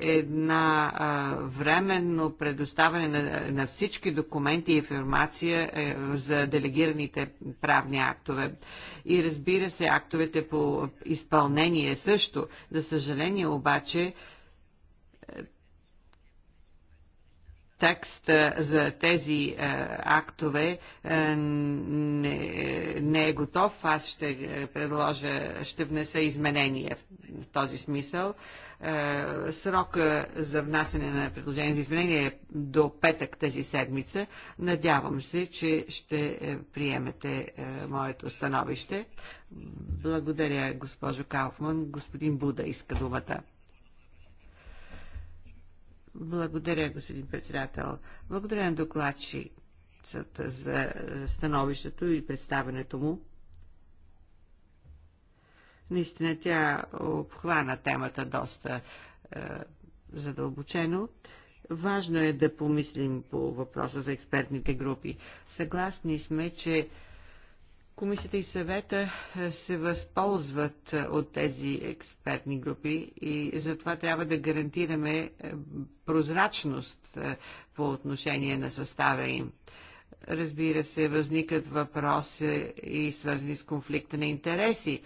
една а, е, временно предоставяне на, на всички документи и информация е, за делегираните правни актове. И разбира се, актовете по изпълнение също. За съжаление обаче, Текст за тези е, актове е, не, е готов. Аз ще предложа, ще внеса изменения в този смисъл. Срок е, срока за внасяне на предложение за изменение е до петък тази седмица. Надявам се, че ще приемете моето становище. Благодаря, госпожо Кауфман. Господин Буда иска думата. Благодаря, господин председател. Благодаря на докладчицата за е, становището и представенето му. Наистина тя обхвана темата доста е, задълбочено. Важно е да помислим по въпроса за експертните групи. Съгласни сме, че Комисията и съвета е, се възползват е, от тези експертни групи и затова трябва да гарантираме е, прозрачност по отношение на състава им. Разбира се, възникат въпроси и свързани с конфликта на интереси.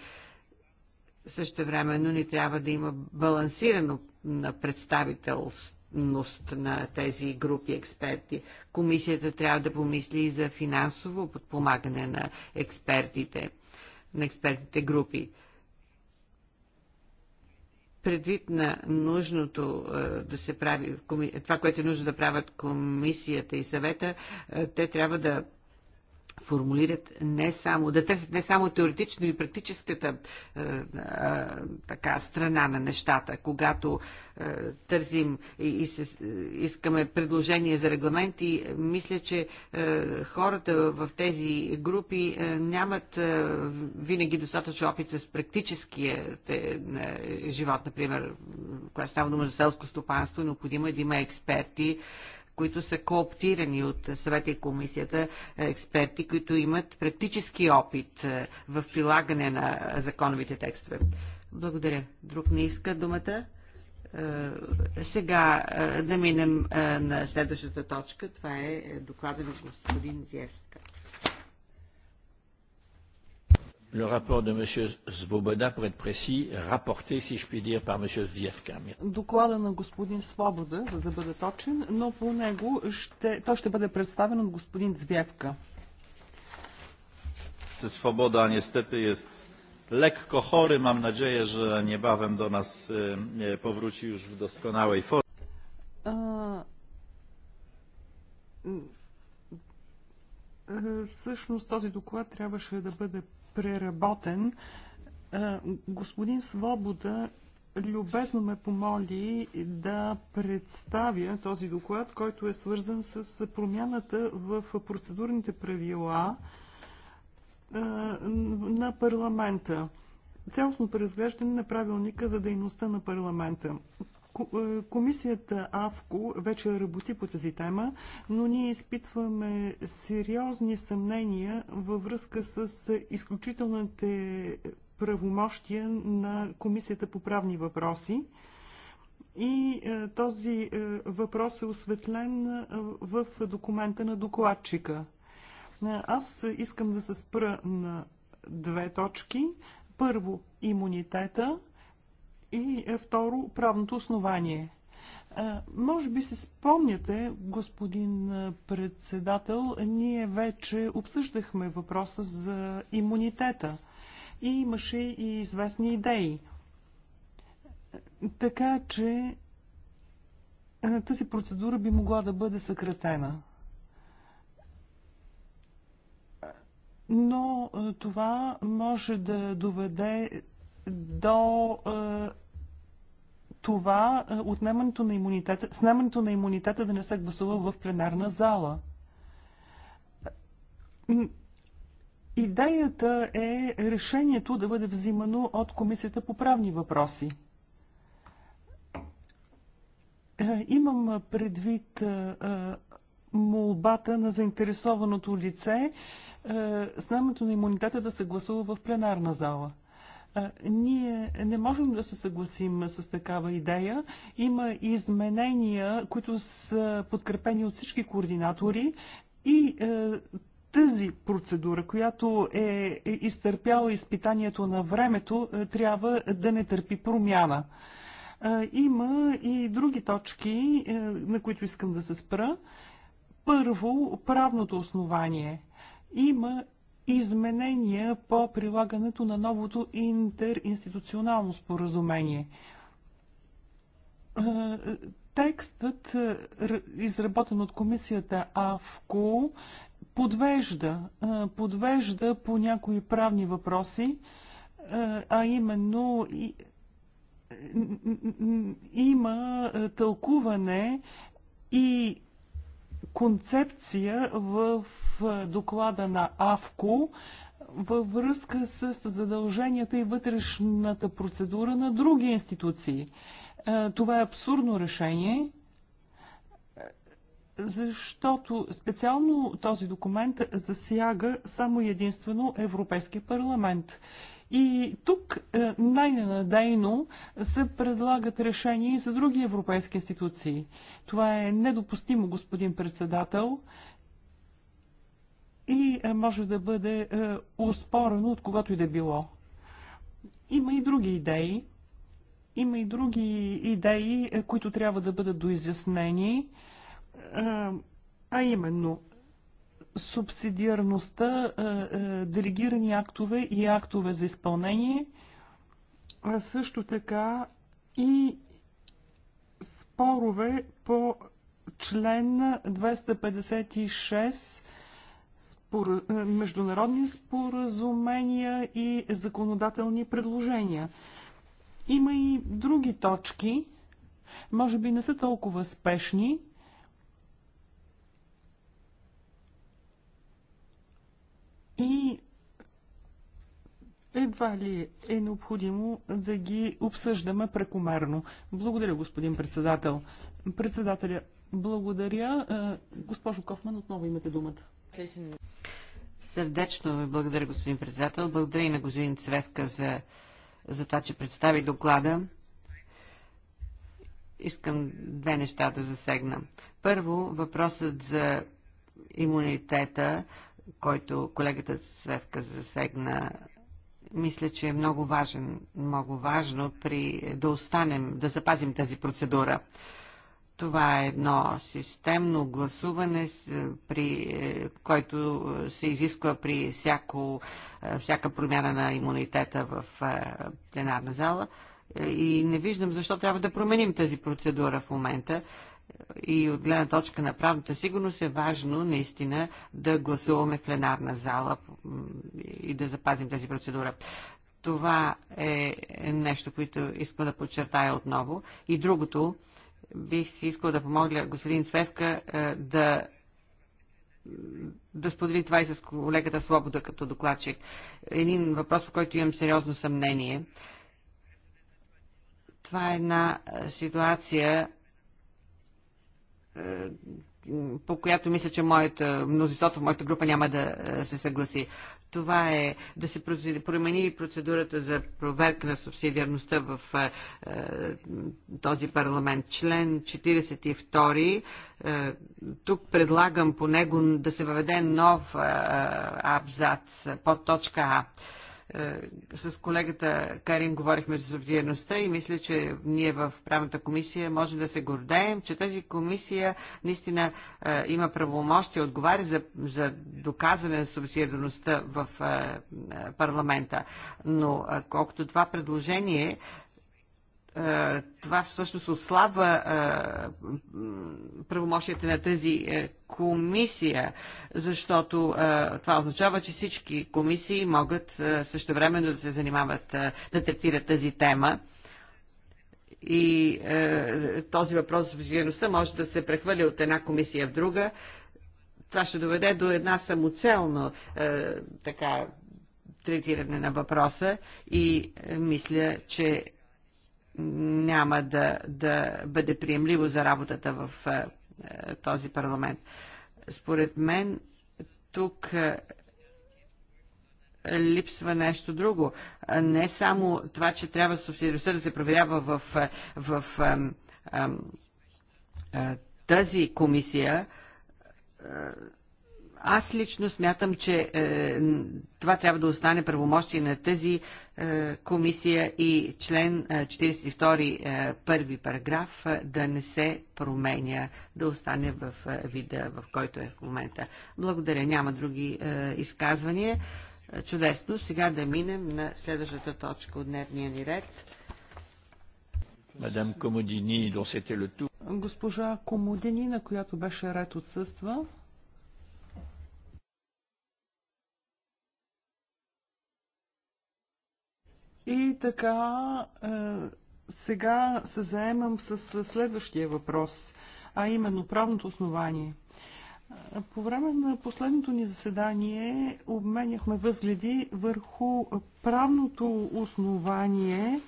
Същевременно ни трябва да има балансирано на представителство отчетност на тези групи експерти. Комисията трябва да помисли и за финансово подпомагане на експертите, на експертите групи. Предвид на нужното е, да се прави, това, което е нужно да правят комисията и съвета, е, те трябва да формулират не само, да търсят не само теоретично и практическата е, е, така, страна на нещата, когато е, търсим и, и се, искаме предложение за регламенти, е, мисля, че е, хората в тези групи е, нямат е, винаги достатъчно опит с практическия е, е, живот, например, когато става дума за селско стопанство, необходимо е да има експерти, които са кооптирани от съвета и комисията е, експерти, които имат практически опит е, в прилагане на законовите текстове. Благодаря. Друг не иска думата. Е, сега да минем на следващата точка. Това е доклада на господин Зеска le rapport de M. Svoboda, pour être précis, rapporté, si je puis dire, par M. Zvievka. Доклада на господин Свобода, за да бъде точен, но по него ще, той ще бъде представен от господин Звевка. Свобода, niestety jest lekko chory. Mam nadzieję, że niebawem до нас powróci już в doskonałej formie. Е, всъщност този доклад трябваше да бъде преработен. Е, господин Свобода любезно ме помоли да представя този доклад, който е свързан с промяната в процедурните правила е, на парламента. Цялостно преразглеждане на правилника за дейността на парламента. Е, комисията АВКО вече работи по тази тема, но ние изпитваме сериозни съмнения във връзка с изключителните правомощия на Комисията по правни въпроси. И е, този е, въпрос е осветлен е, в документа на докладчика. Е, аз искам да се спра на две точки. Първо, имунитета. И е, второ, правното основание. Е, може би се спомняте, господин е, председател, ние вече обсъждахме въпроса за имунитета и имаше и известни идеи. Така че тази процедура би могла да бъде съкратена. Но това може да доведе до това е, отнемането на имунитета, снемането на имунитета да не се гласува в пленарна зала. Идеята е решението да бъде взимано от Комисията по правни въпроси. Е, имам предвид е, молбата на заинтересованото лице снемането на имунитета да се гласува в пленарна зала. Ние не можем да се съгласим с такава идея. Има изменения, които са подкрепени от всички координатори и е, тази процедура, която е, е изтърпяла изпитанието на времето, е, трябва да не търпи промяна. Има и други точки, на които искам да се спра. Първо, правното основание. Има изменения по прилагането на новото интеринституционално споразумение. Е, текстът, е, изработен от комисията АВКО, подвежда, е, подвежда по някои правни въпроси, а именно има тълкуване и концепция в е, доклада на АВКО във връзка с задълженията и вътрешната процедура на други институции. Е, това е абсурдно решение, е, защото специално този документ засяга само единствено Европейския парламент. И тук най-ненадейно се предлагат решения и за други европейски институции. Това е недопустимо, господин председател и е, може да бъде е, успорено от когото и да било. Има и други идеи. Има и други идеи, е, които трябва да бъдат доизяснени, а именно субсидиарността, делегирани актове и актове за изпълнение, а също така и спорове по член 256 е, международни споразумения и законодателни предложения. Има и други точки, може би не са толкова спешни. И едва ли е необходимо да ги обсъждаме прекомерно. Благодаря, господин председател. Председателя, благодаря. Е, госпожо Кофман, отново имате думата. Сърдечно ви благодаря, господин председател. Благодаря и на господин Цвевка за, за това, че представи доклада. Искам две неща да засегна. Първо, въпросът за имунитета, който колегата Цвевка засегна мисля, че е много важен, много важно при, да останем, да запазим тази процедура. Това е едно системно гласуване, е, при, е, който е, се изисква при всяко, всяка промяна на имунитета в пленарна зала. И не виждам защо трябва да променим тази процедура в момента. И от гледна точка на правната сигурност е важно наистина да гласуваме в пленарна зала и да запазим тази процедура. Това е нещо, което искам да подчертая отново. И другото, бих искал да помогля господин Цвевка е, да да сподели това и с колегата Слобода като докладчик. Един въпрос, по който имам сериозно съмнение. Това е една е, ситуация, е, по която мисля, че моята, мнозинството в моята група няма да се съгласи. Това е да се промени процедурата за проверка на субсидиарността в е, е, този парламент. Член 42. Е, тук предлагам по него да се въведе нов абзац под точка А е, с колегата Карин говорихме за субсидиарността и мисля, че ние в правната комисия можем да се гордеем, че тази комисия наистина е, има правомощие, отговаря за, за доказване на субсидиарността в е, парламента. Но колкото това предложение това всъщност ослабва правомощията на тази е, комисия, защото това означава, че всички комисии могат същевременно да се занимават, да третират тази тема. И е, този въпрос за субсидиарността може да се прехвърли от една комисия в друга. Това ще доведе до една самоцелно е, така третиране на въпроса и мисля, че няма да, да бъде приемливо за работата в е, е, този парламент. Според мен тук е, липсва нещо друго. Не само това, че трябва субсидиността да се проверява в, в, в тази комисия, аз лично смятам, че е, това трябва да остане правомощие на тази е, комисия и член 42 е, е, първи параграф е, да не се променя, да остане в е, вида, в който е в момента. Благодаря. Няма други изказвания. Чудесно. Сега да минем на следващата точка от дневния ни ред. Мадам Комодини, досете лето. Госпожа Комодини, на която беше ред отсъства. И така, е, сега се заемам с следващия въпрос, а именно правното основание. Е, по време на последното ни заседание обменяхме възгледи върху правното основание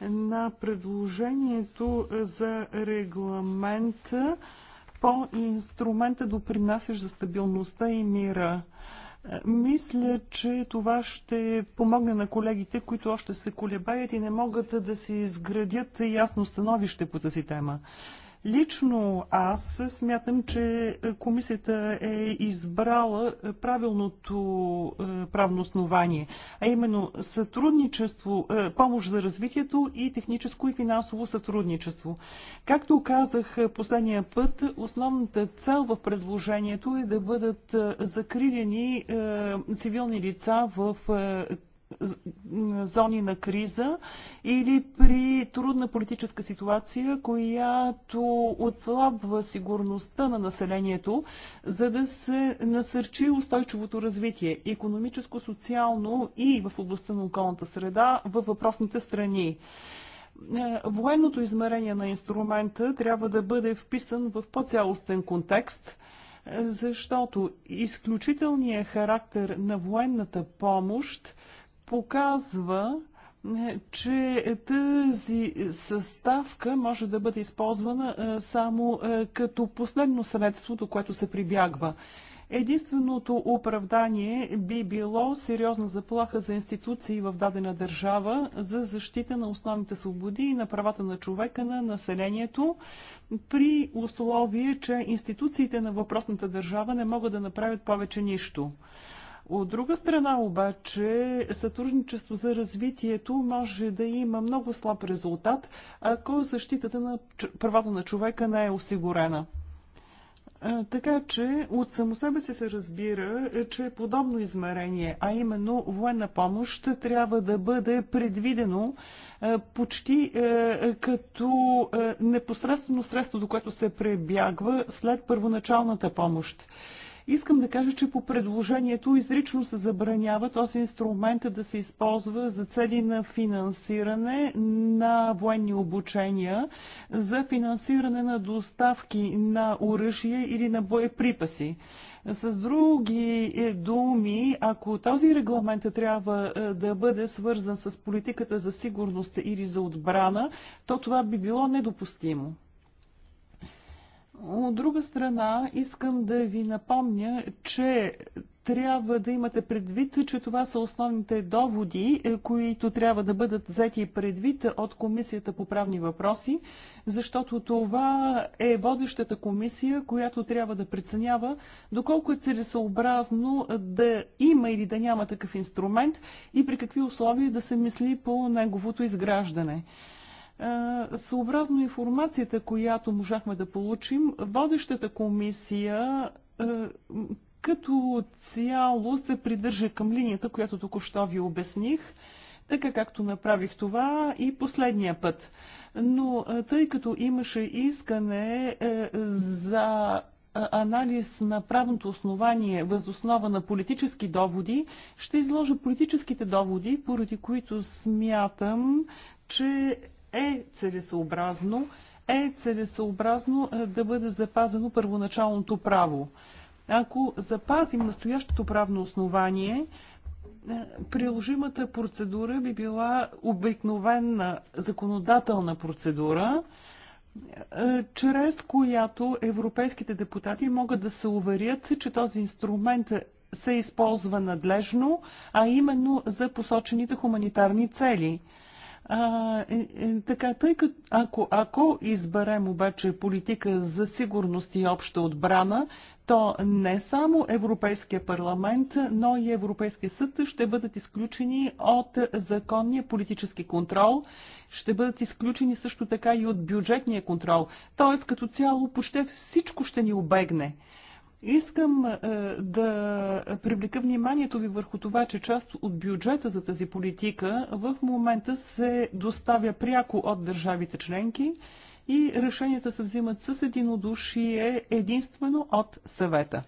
на предложението за регламент по инструмента допринасящ за стабилността и мира – е, мисля, че това ще помогне на колегите, които още се колебаят и не могат да си изградят ясно становище по тази тема. Лично аз смятам, че комисията е избрала правилното е, правно основание, а именно сътрудничество, е, помощ за развитието и техническо и финансово сътрудничество. Както казах е, последния път, основната цел в предложението е да бъдат закрилени цивилни лица в зони на криза или при трудна политическа ситуация, която отслабва сигурността на населението, за да се насърчи устойчивото развитие економическо, социално и в областта на околната среда във въпросните страни е, военното измерение на инструмента трябва да бъде вписан в по-цялостен контекст, е, защото изключителният характер на военната помощ показва, е, че тази съставка може да бъде използвана е, само е, като последно средство, до което се прибягва. Единственото оправдание би било сериозна заплаха за институции в дадена държава за защита на основните свободи и на правата на човека на населението, при условие, че институциите на въпросната държава не могат да направят повече нищо. От друга страна обаче, сътрудничество за развитието може да има много слаб резултат, ако защитата на правата на човека не е осигурена. Така че от само себе си се разбира, че подобно измерение, а именно военна помощ, трябва да бъде предвидено почти като непосредствено средство, до което се пребягва след първоначалната помощ. Искам да кажа, че по предложението изрично се забранява този инструмент да се използва за цели на финансиране на военни обучения, за финансиране на доставки на оръжие или на боеприпаси. С други е, думи, ако този регламент трябва е, да бъде свързан с политиката за сигурност или за отбрана, то това би било недопустимо. От друга страна, искам да ви напомня, че трябва да имате предвид, че това са основните доводи, е, които трябва да бъдат взети предвид от Комисията по правни въпроси, защото това е водещата комисия, която трябва да преценява доколко е целесообразно да има или да няма такъв инструмент и при какви условия да се мисли по неговото изграждане. Е, съобразно информацията, която можахме да получим, водещата комисия е, като цяло се придържа към линията, която току-що ви обясних, така както направих това и последния път. Но е, тъй като имаше искане за анализ на правното основание възоснова на политически доводи, ще изложа политическите доводи, поради които смятам, че е целесообразно, е целесообразно е, да бъде запазено първоначалното право. Ако запазим настоящото правно основание, е, приложимата процедура би била обикновена законодателна процедура, е, чрез която европейските депутати могат да се уверят, че този инструмент се използва надлежно, а именно за посочените хуманитарни цели – а, е, е, така, тъй като ако, ако изберем обаче политика за сигурност и обща отбрана, то не само Европейския парламент, но и Европейския съд ще бъдат изключени от законния политически контрол, ще бъдат изключени също така и от бюджетния контрол. Тоест, като цяло, почти всичко ще ни обегне. Искам е, да привлека вниманието ви върху това, че част от бюджета за тази политика в момента се доставя пряко от държавите членки и решенията се взимат с единодушие единствено от съвета.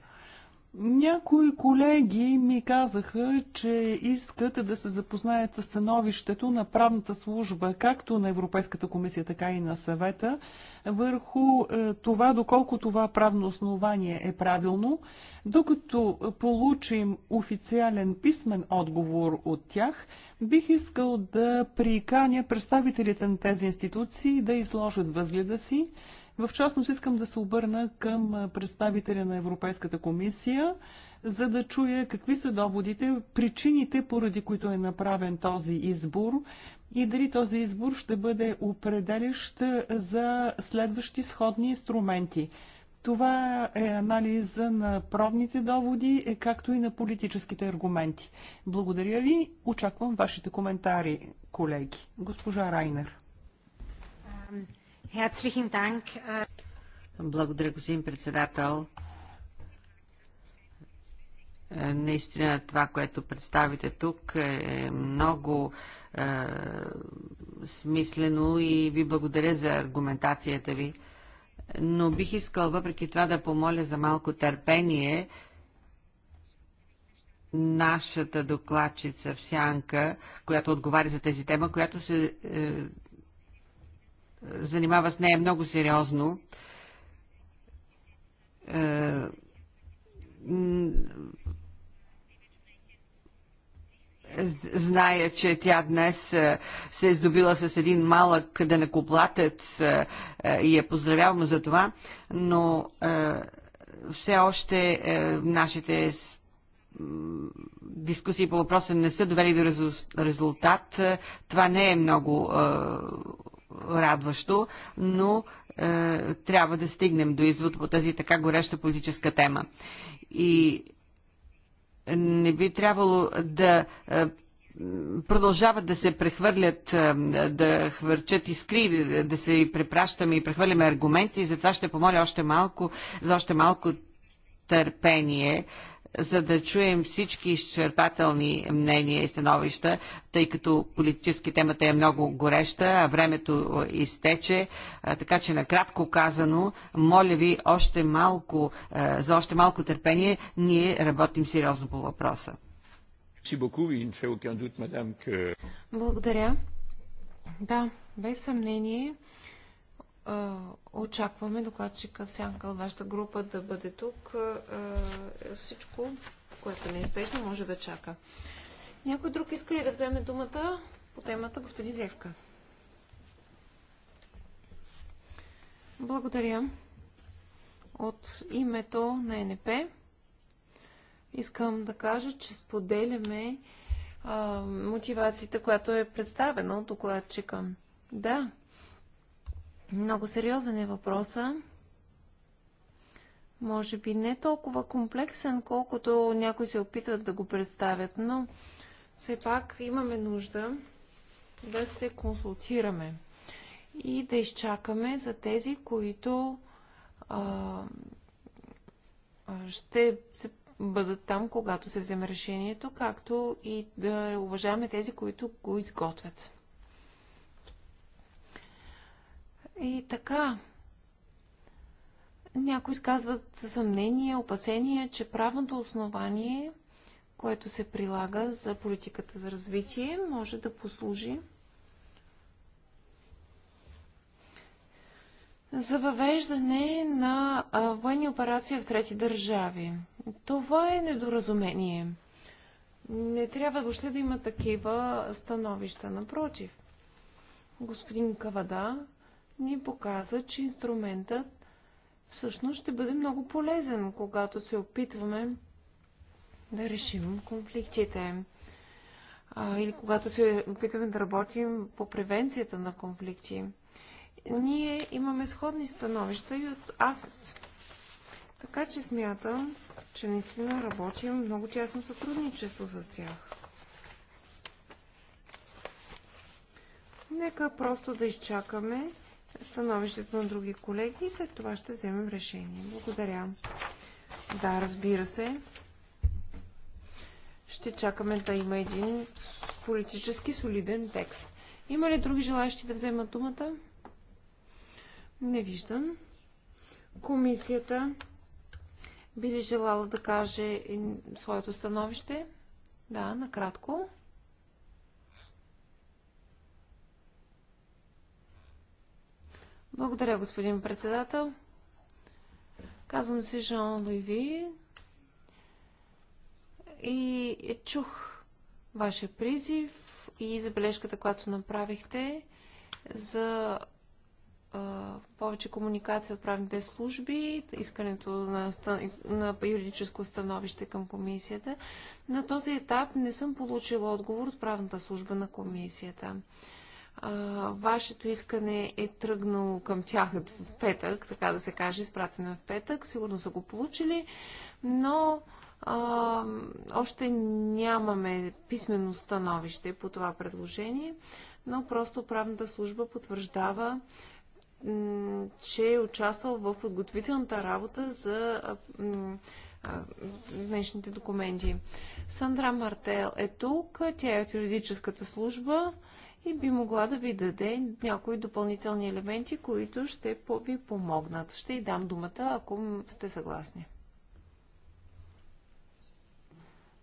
Някои колеги ми казаха, че искат да се запознаят със становището на правната служба, както на Европейската комисия, така и на съвета, върху е, това, доколко това правно основание е правилно, докато получим официален писмен отговор от тях, Бих искал да приканя представителите на тези институции да изложат възгледа си, в частност искам да се обърна към представителя на Европейската комисия, за да чуя какви са доводите, причините, поради които е направен този избор и дали този избор ще бъде определящ за следващи сходни инструменти. Това е анализа на правните доводи, е, както и на политическите аргументи. Благодаря ви. Очаквам вашите коментари, колеги. Госпожа Райнер. Äh, благодаря, господин председател. Е, наистина това, което представите тук е много е, смислено и ви благодаря за аргументацията ви. Но бих искал въпреки това да помоля за малко търпение нашата докладчица в Сянка, която отговаря за тези тема, която се е, занимава с нея много сериозно. Е, зная, че тя днес е, се е здобила с един малък дънакоплатец е, и я поздравявам за това, но все още нашите дискусии по въпроса не са довели до резултат. Това не е много радващо, но е, трябва да стигнем до извод по тази така гореща политическа тема. И не би трябвало да е, продължават да се прехвърлят, е, да хвърчат искри, да се препращаме и прехвърляме аргументи. Затова ще помоля още малко, за още малко търпение. Е, за да чуем всички изчерпателни мнения и становища, тъй като политически темата е много гореща, а времето изтече. Така че, накратко казано, моля ви още малко, за още малко търпение, ние работим сериозно по въпроса. Благодаря. Да, без съмнение очакваме докладчика в сянка от вашата група да бъде тук. Е, всичко, което е неизбежно, може да чака. Някой друг иска ли да вземе думата по темата? Господин Зевка. Благодаря. От името на НП искам да кажа, че споделяме а, мотивацията, която е представена от докладчика. Да, много сериозен е въпроса. Може би не толкова комплексен, колкото някои се опитват да го представят, но все пак имаме нужда да се консултираме и да изчакаме за тези, които а, ще се бъдат там, когато се вземе решението, както и да уважаваме тези, които го изготвят. И така, някои изказват съмнение, опасение, че правното основание, което се прилага за политиката за развитие, може да послужи за въвеждане на военни операции в трети държави. Това е недоразумение. Не трябва въобще да има такива становища. Напротив, господин Кавада ни показа, че инструментът всъщност ще бъде много полезен, когато се опитваме да решим конфликтите. А, или когато се опитваме да работим по превенцията на конфликти. Ние имаме сходни становища и от АФЕС. Така че смятам, че наистина работим много тясно сътрудничество с тях. Нека просто да изчакаме становището на други колеги и след това ще вземем решение. Благодаря. Да, разбира се. Ще чакаме да има един политически солиден текст. Има ли други желаящи да вземат думата? Не виждам. Комисията би ли желала да каже своето становище? Да, накратко. Благодаря, господин председател. Казвам се Жан Леви и чух вашия призив и забележката, която направихте за а, повече комуникация от правните служби, искането на, на юридическо становище към комисията. На този етап не съм получила отговор от правната служба на комисията вашето искане е тръгнало към тях в петък, така да се каже, изпратено е в петък. Сигурно са го получили, но а, още нямаме писмено становище по това предложение, но просто правната служба потвърждава, че е участвал в подготвителната работа за днешните документи. Сандра Мартел е тук, тя е от юридическата служба и би могла да ви даде някои допълнителни елементи, които ще ви помогнат. Ще й дам думата, ако сте съгласни.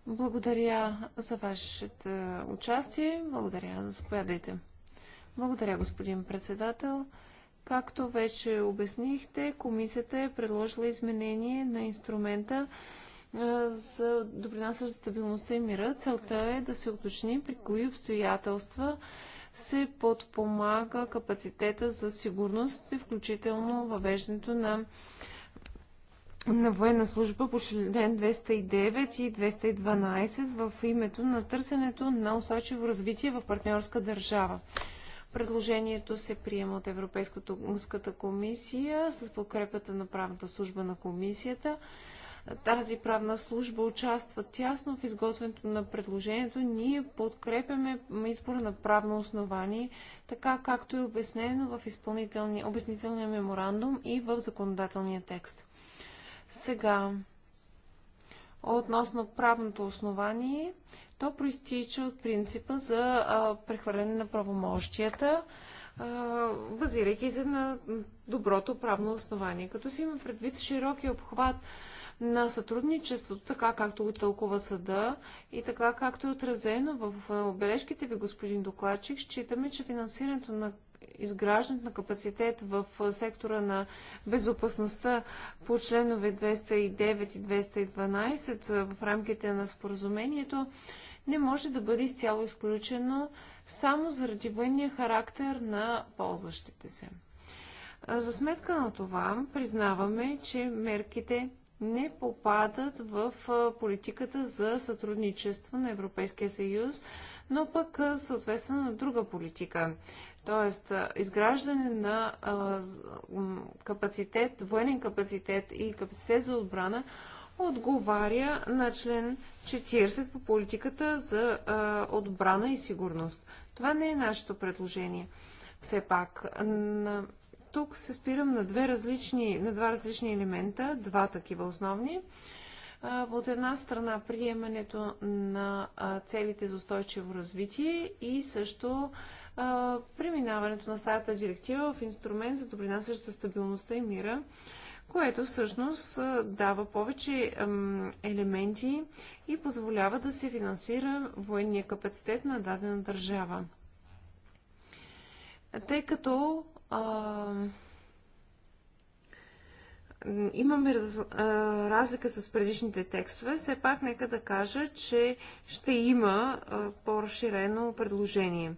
Благодаря за вашето участие. Благодаря. Заповядайте. Благодаря, господин председател. Както вече обяснихте, комисията е предложила изменение на инструмента за добринасъщ за стабилността и мира. Целта е да се уточни при кои обстоятелства се подпомага капацитета за сигурност, включително въвеждането на на военна служба по член 209 и 212 в името на търсенето на устойчиво развитие в партньорска държава. Предложението се приема от Европейската комисия с подкрепата на правната служба на комисията тази правна служба участва тясно в изготвянето на предложението. Ние подкрепяме избора на правно основание, така както е обяснено в обяснителния меморандум и в законодателния текст. Сега, относно правното основание, то проистича от принципа за прехвърляне на правомощията базирайки се на доброто правно основание. Като си има предвид широкия обхват на сътрудничеството, така както го тълкува съда и така както е отразено в обележките ви, господин докладчик, считаме, че финансирането на изграждането на капацитет в сектора на безопасността по членове 209 и 212 в рамките на споразумението не може да бъде изцяло изключено само заради военния характер на ползващите се. За сметка на това признаваме, че мерките не попадат в политиката за сътрудничество на Европейския съюз, но пък съответствено на друга политика. Тоест, изграждане на капацитет, военен капацитет и капацитет за отбрана отговаря на член 40 по политиката за отбрана и сигурност. Това не е нашето предложение. Все пак, тук се спирам на, две различни, на два различни елемента, два такива основни. От една страна приемането на целите за устойчиво развитие и също преминаването на старата директива в инструмент за допринасящ за стабилността и мира, което всъщност дава повече елементи и позволява да се финансира военния капацитет на дадена държава. Тъй като а, имаме раз, а, разлика с предишните текстове, все пак нека да кажа, че ще има по-разширено предложение.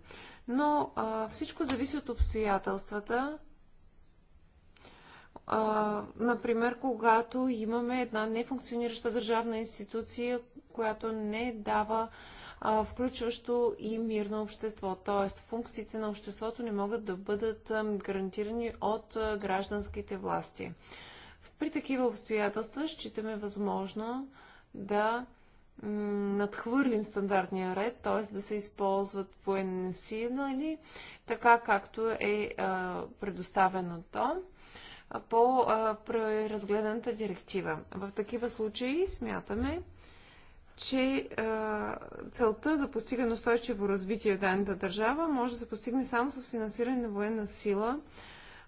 Но а, всичко зависи от обстоятелствата. А, например, когато имаме една нефункционираща държавна институция, която не дава а, включващо и мир на общество. Тоест, функциите на обществото не могат да бъдат гарантирани от гражданските власти. При такива обстоятелства считаме възможно да надхвърлим стандартния ред, т.е. да се използват военни сили, така както е предоставено то по преразгледаната директива. В такива случаи смятаме, че а, целта за постигане на устойчиво развитие в дадената държава може да се постигне само с финансиране на военна сила,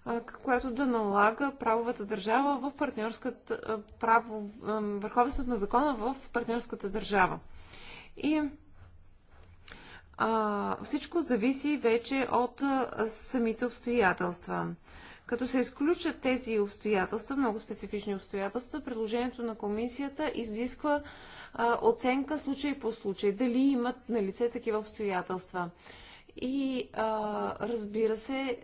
а, която да налага правовата държава в партньорската право, а, върховенството на закона в партньорската държава. И а, всичко зависи вече от а, самите обстоятелства. Като се изключат тези обстоятелства, много специфични обстоятелства, предложението на комисията изисква а, оценка случай по случай, дали имат на лице такива обстоятелства. И а, разбира се,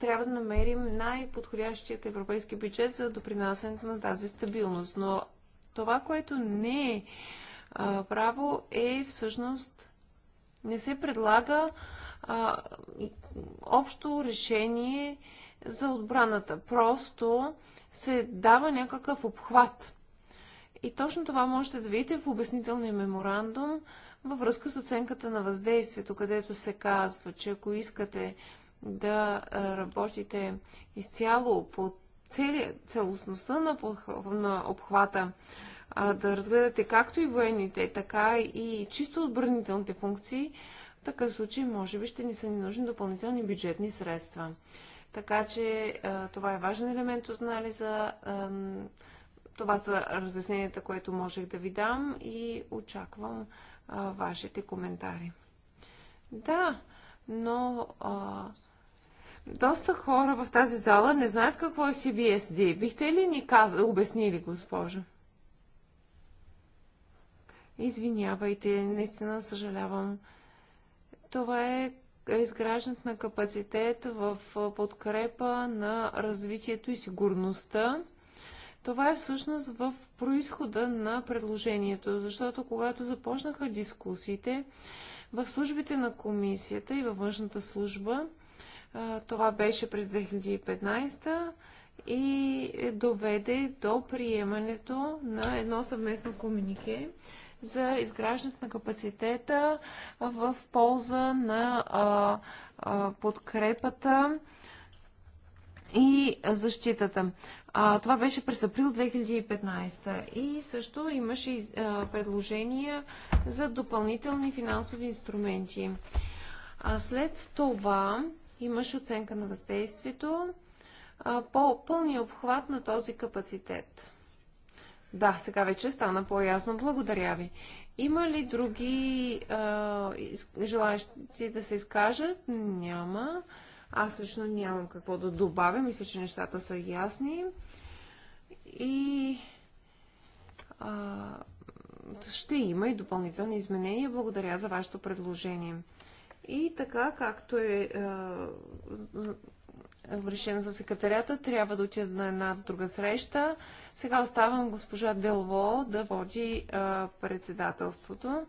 трябва да намерим най-подходящият европейски бюджет за допринасянето на тази стабилност. Но това, което не е а, право, е всъщност не се предлага а, общо решение за отбраната. Просто се дава някакъв обхват и точно това можете да видите в обяснителния меморандум във връзка с оценката на въздействието, където се казва, че ако искате да работите изцяло по цели, целостността на, на обхвата, а, да разгледате както и военните, така и чисто отбранителните функции, в такъв случай може би ще ни са ни нужни допълнителни бюджетни средства. Така че а, това е важен елемент от анализа. А, това са разясненията, което можех да ви дам и очаквам а, вашите коментари. Да, но а, доста хора в тази зала не знаят какво е CBSD. Бихте ли ни каз... обяснили, госпожо? Извинявайте, наистина съжалявам. Това е изграждането на капацитет в подкрепа на развитието и сигурността това е всъщност в происхода на предложението, защото когато започнаха дискусиите в службите на комисията и във външната служба, това беше през 2015 и доведе до приемането на едно съвместно комунике за изграждането на капацитета в полза на подкрепата и защитата. А, това беше през април 2015. И също имаше а, предложения за допълнителни финансови инструменти. А след това имаше оценка на въздействието а, по пълния обхват на този капацитет. Да, сега вече стана по-ясно. Благодаря ви. Има ли други а, желаящи да се изкажат? Няма. Аз лично нямам какво да добавя. Мисля, че нещата са ясни. И а, ще има и допълнителни изменения. Благодаря за вашето предложение. И така, както е а, решено за секретарята, трябва да отида на една друга среща. Сега оставам госпожа Делво да води а, председателството.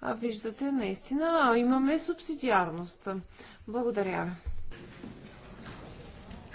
А, виждате, наистина имаме субсидиарност. Благодаря ви.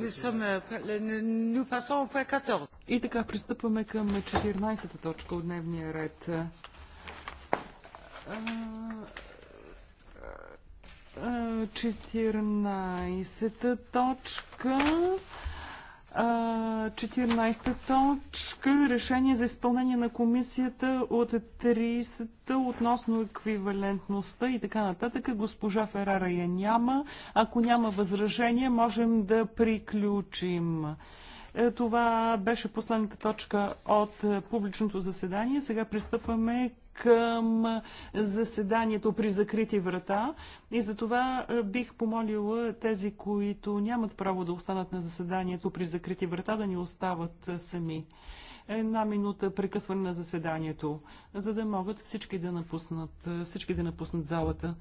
Euh, И така, пристъпваме към 14-та точка от дневния ред. А, 14-та точка. 14 та точка. Решение за изпълнение на комисията от 30-та относно еквивалентността и така нататък. Госпожа Ферара я няма. Ако няма възражение, можем да приключим. Е, това беше последната точка от е, публичното заседание. Сега пристъпваме към заседанието при закрити врата и за това е, бих помолила тези, които нямат право да останат на заседанието при закрити врата, да ни остават е, сами. Една минута прекъсване на заседанието, за да могат всички да напуснат, е, всички да напуснат залата.